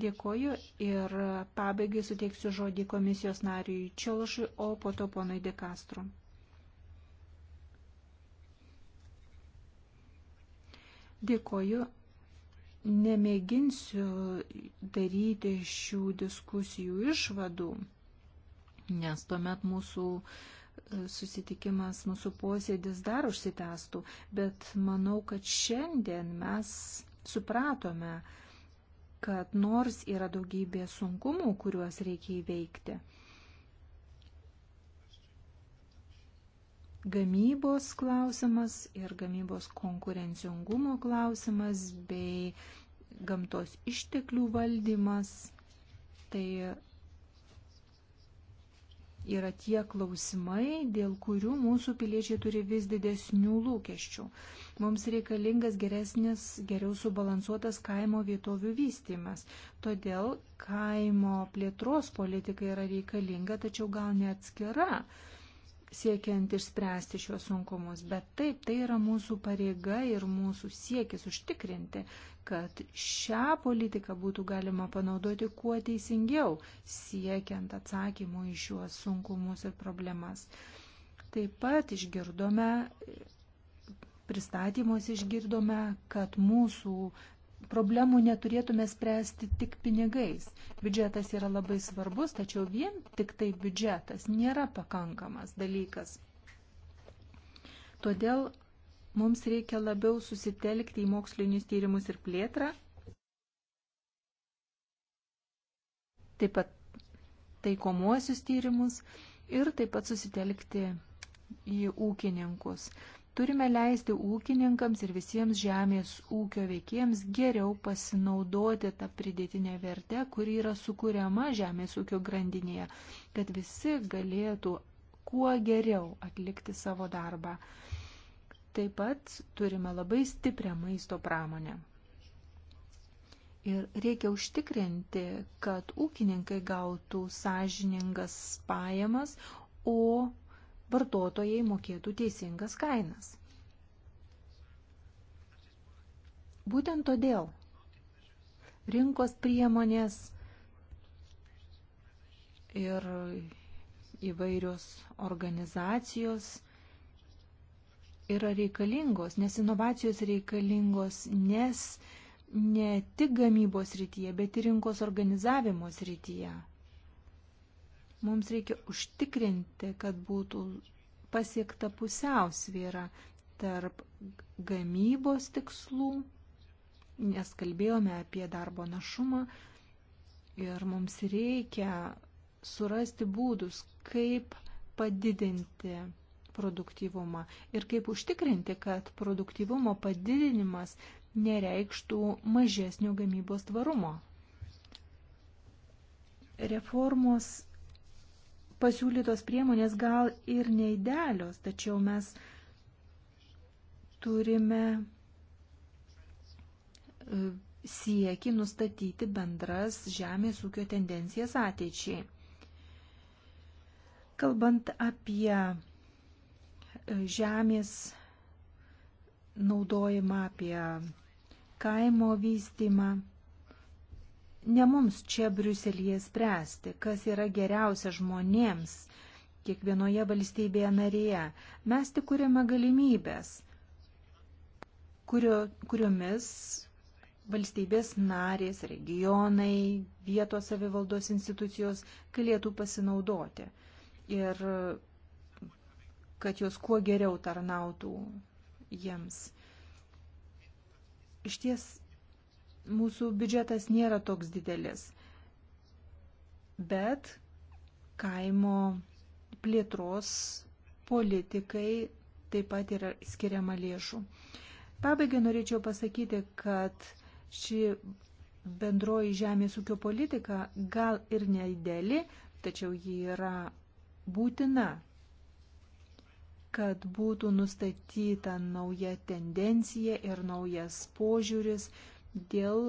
Dėkoju ir pabaigai suteiksiu žodį komisijos nariui Čelšui, o po to ponui Dekastru. Dėkoju nemėginsiu daryti šių diskusijų išvadų, nes tuomet mūsų e, susitikimas, mūsų posėdis dar užsitęstų, bet manau, kad šiandien mes supratome, kad nors yra daugybė sunkumų, kuriuos reikia įveikti, gamybos klausimas ir gamybos konkurencingumo klausimas bei gamtos išteklių valdymas. Tai yra tie klausimai, dėl kurių mūsų piliečiai turi vis didesnių lūkesčių. Mums reikalingas geresnis, geriau subalansuotas kaimo vietovių vystimas. Todėl kaimo plėtros politika yra reikalinga, tačiau gal ne atskira siekiant išspręsti šios sunkumus. Bet taip, tai yra mūsų pareiga ir mūsų siekis užtikrinti, kad šią politiką būtų galima panaudoti kuo teisingiau, siekiant atsakymų į šiuos sunkumus ir problemas. Taip pat išgirdome pristatymus išgirdome, kad mūsų problemų neturėtume spręsti tik pinigais. Biudžetas yra labai svarbus, tačiau vien tik tai biudžetas nėra pakankamas dalykas. Todėl mums reikia labiau susitelkti į mokslinius tyrimus ir plėtrą. Taip pat taikomuosius tyrimus ir taip pat susitelkti į ūkininkus. Turime leisti ūkininkams ir visiems žemės ūkio veikėjams geriau pasinaudoti tą pridėtinę vertę, kuri yra sukūriama žemės ūkio grandinėje, kad visi galėtų kuo geriau atlikti savo darbą. Taip pat turime labai stiprią maisto pramonę. Ir reikia užtikrinti, kad ūkininkai gautų sąžiningas pajamas, o vartotojai mokėtų teisingas kainas. Būtent todėl rinkos priemonės ir įvairios organizacijos yra reikalingos, nes inovacijos reikalingos, nes ne tik gamybos rytyje, bet ir rinkos organizavimo rytyje. Mums reikia užtikrinti, kad būtų pasiekta pusiausvėra tarp gamybos tikslų, nes kalbėjome apie darbo našumą ir mums reikia surasti būdus, kaip padidinti produktyvumą ir kaip užtikrinti, kad produktyvumo padidinimas nereikštų mažesnio gamybos tvarumo. Reformos pasiūlytos priemonės gal ir neidelios, tačiau mes turime e, sieki nustatyti bendras žemės ūkio tendencijas ateičiai. Kalbant apie e, žemės naudojimą, apie kaimo vystymą, Ne mums čia Briuselėje spręsti, kas yra geriausia žmonėms kiekvienoje valstybėje narėje. Mes tik kuriame galimybės, kurio, kuriomis valstybės narės, regionai, vietos savivaldos institucijos galėtų pasinaudoti. Ir kad jos kuo geriau tarnautų jiems. Iš ties mūsų biudžetas nėra toks didelis. Bet kaimo plėtros politikai taip pat yra skiriama lėšų. Pabaigai norėčiau pasakyti, kad ši bendroji žemės ūkio politika gal ir neideli, tačiau ji yra būtina, kad būtų nustatyta nauja tendencija ir naujas požiūris dėl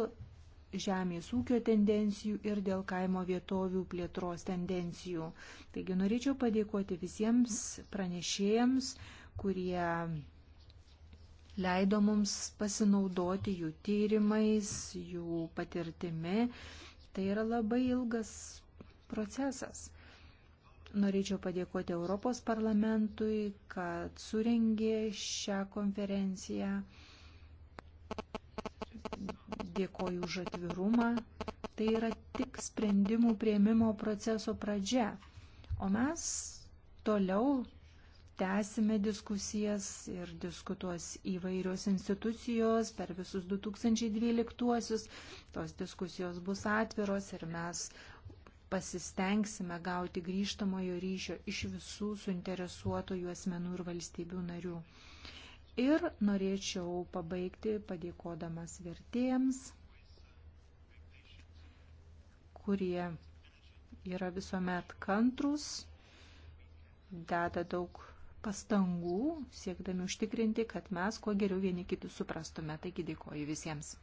žemės ūkio tendencijų ir dėl kaimo vietovių plėtros tendencijų. Taigi norėčiau padėkoti visiems pranešėjams, kurie leido mums pasinaudoti jų tyrimais, jų patirtimi. Tai yra labai ilgas procesas. Norėčiau padėkoti Europos parlamentui, kad surengė šią konferenciją. Dėkoju už atvirumą. Tai yra tik sprendimų prieimimo proceso pradžia. O mes toliau tęsime diskusijas ir diskutuos įvairios institucijos per visus 2012-uosius. Tos diskusijos bus atviros ir mes pasistengsime gauti grįžtamojo ryšio iš visų suinteresuotojų asmenų ir valstybių narių. Ir norėčiau pabaigti padėkodamas vertėjams, kurie yra visuomet kantrus, deda daug pastangų, siekdami užtikrinti, kad mes kuo geriau vieni kitus suprastume. Taigi dėkoju visiems.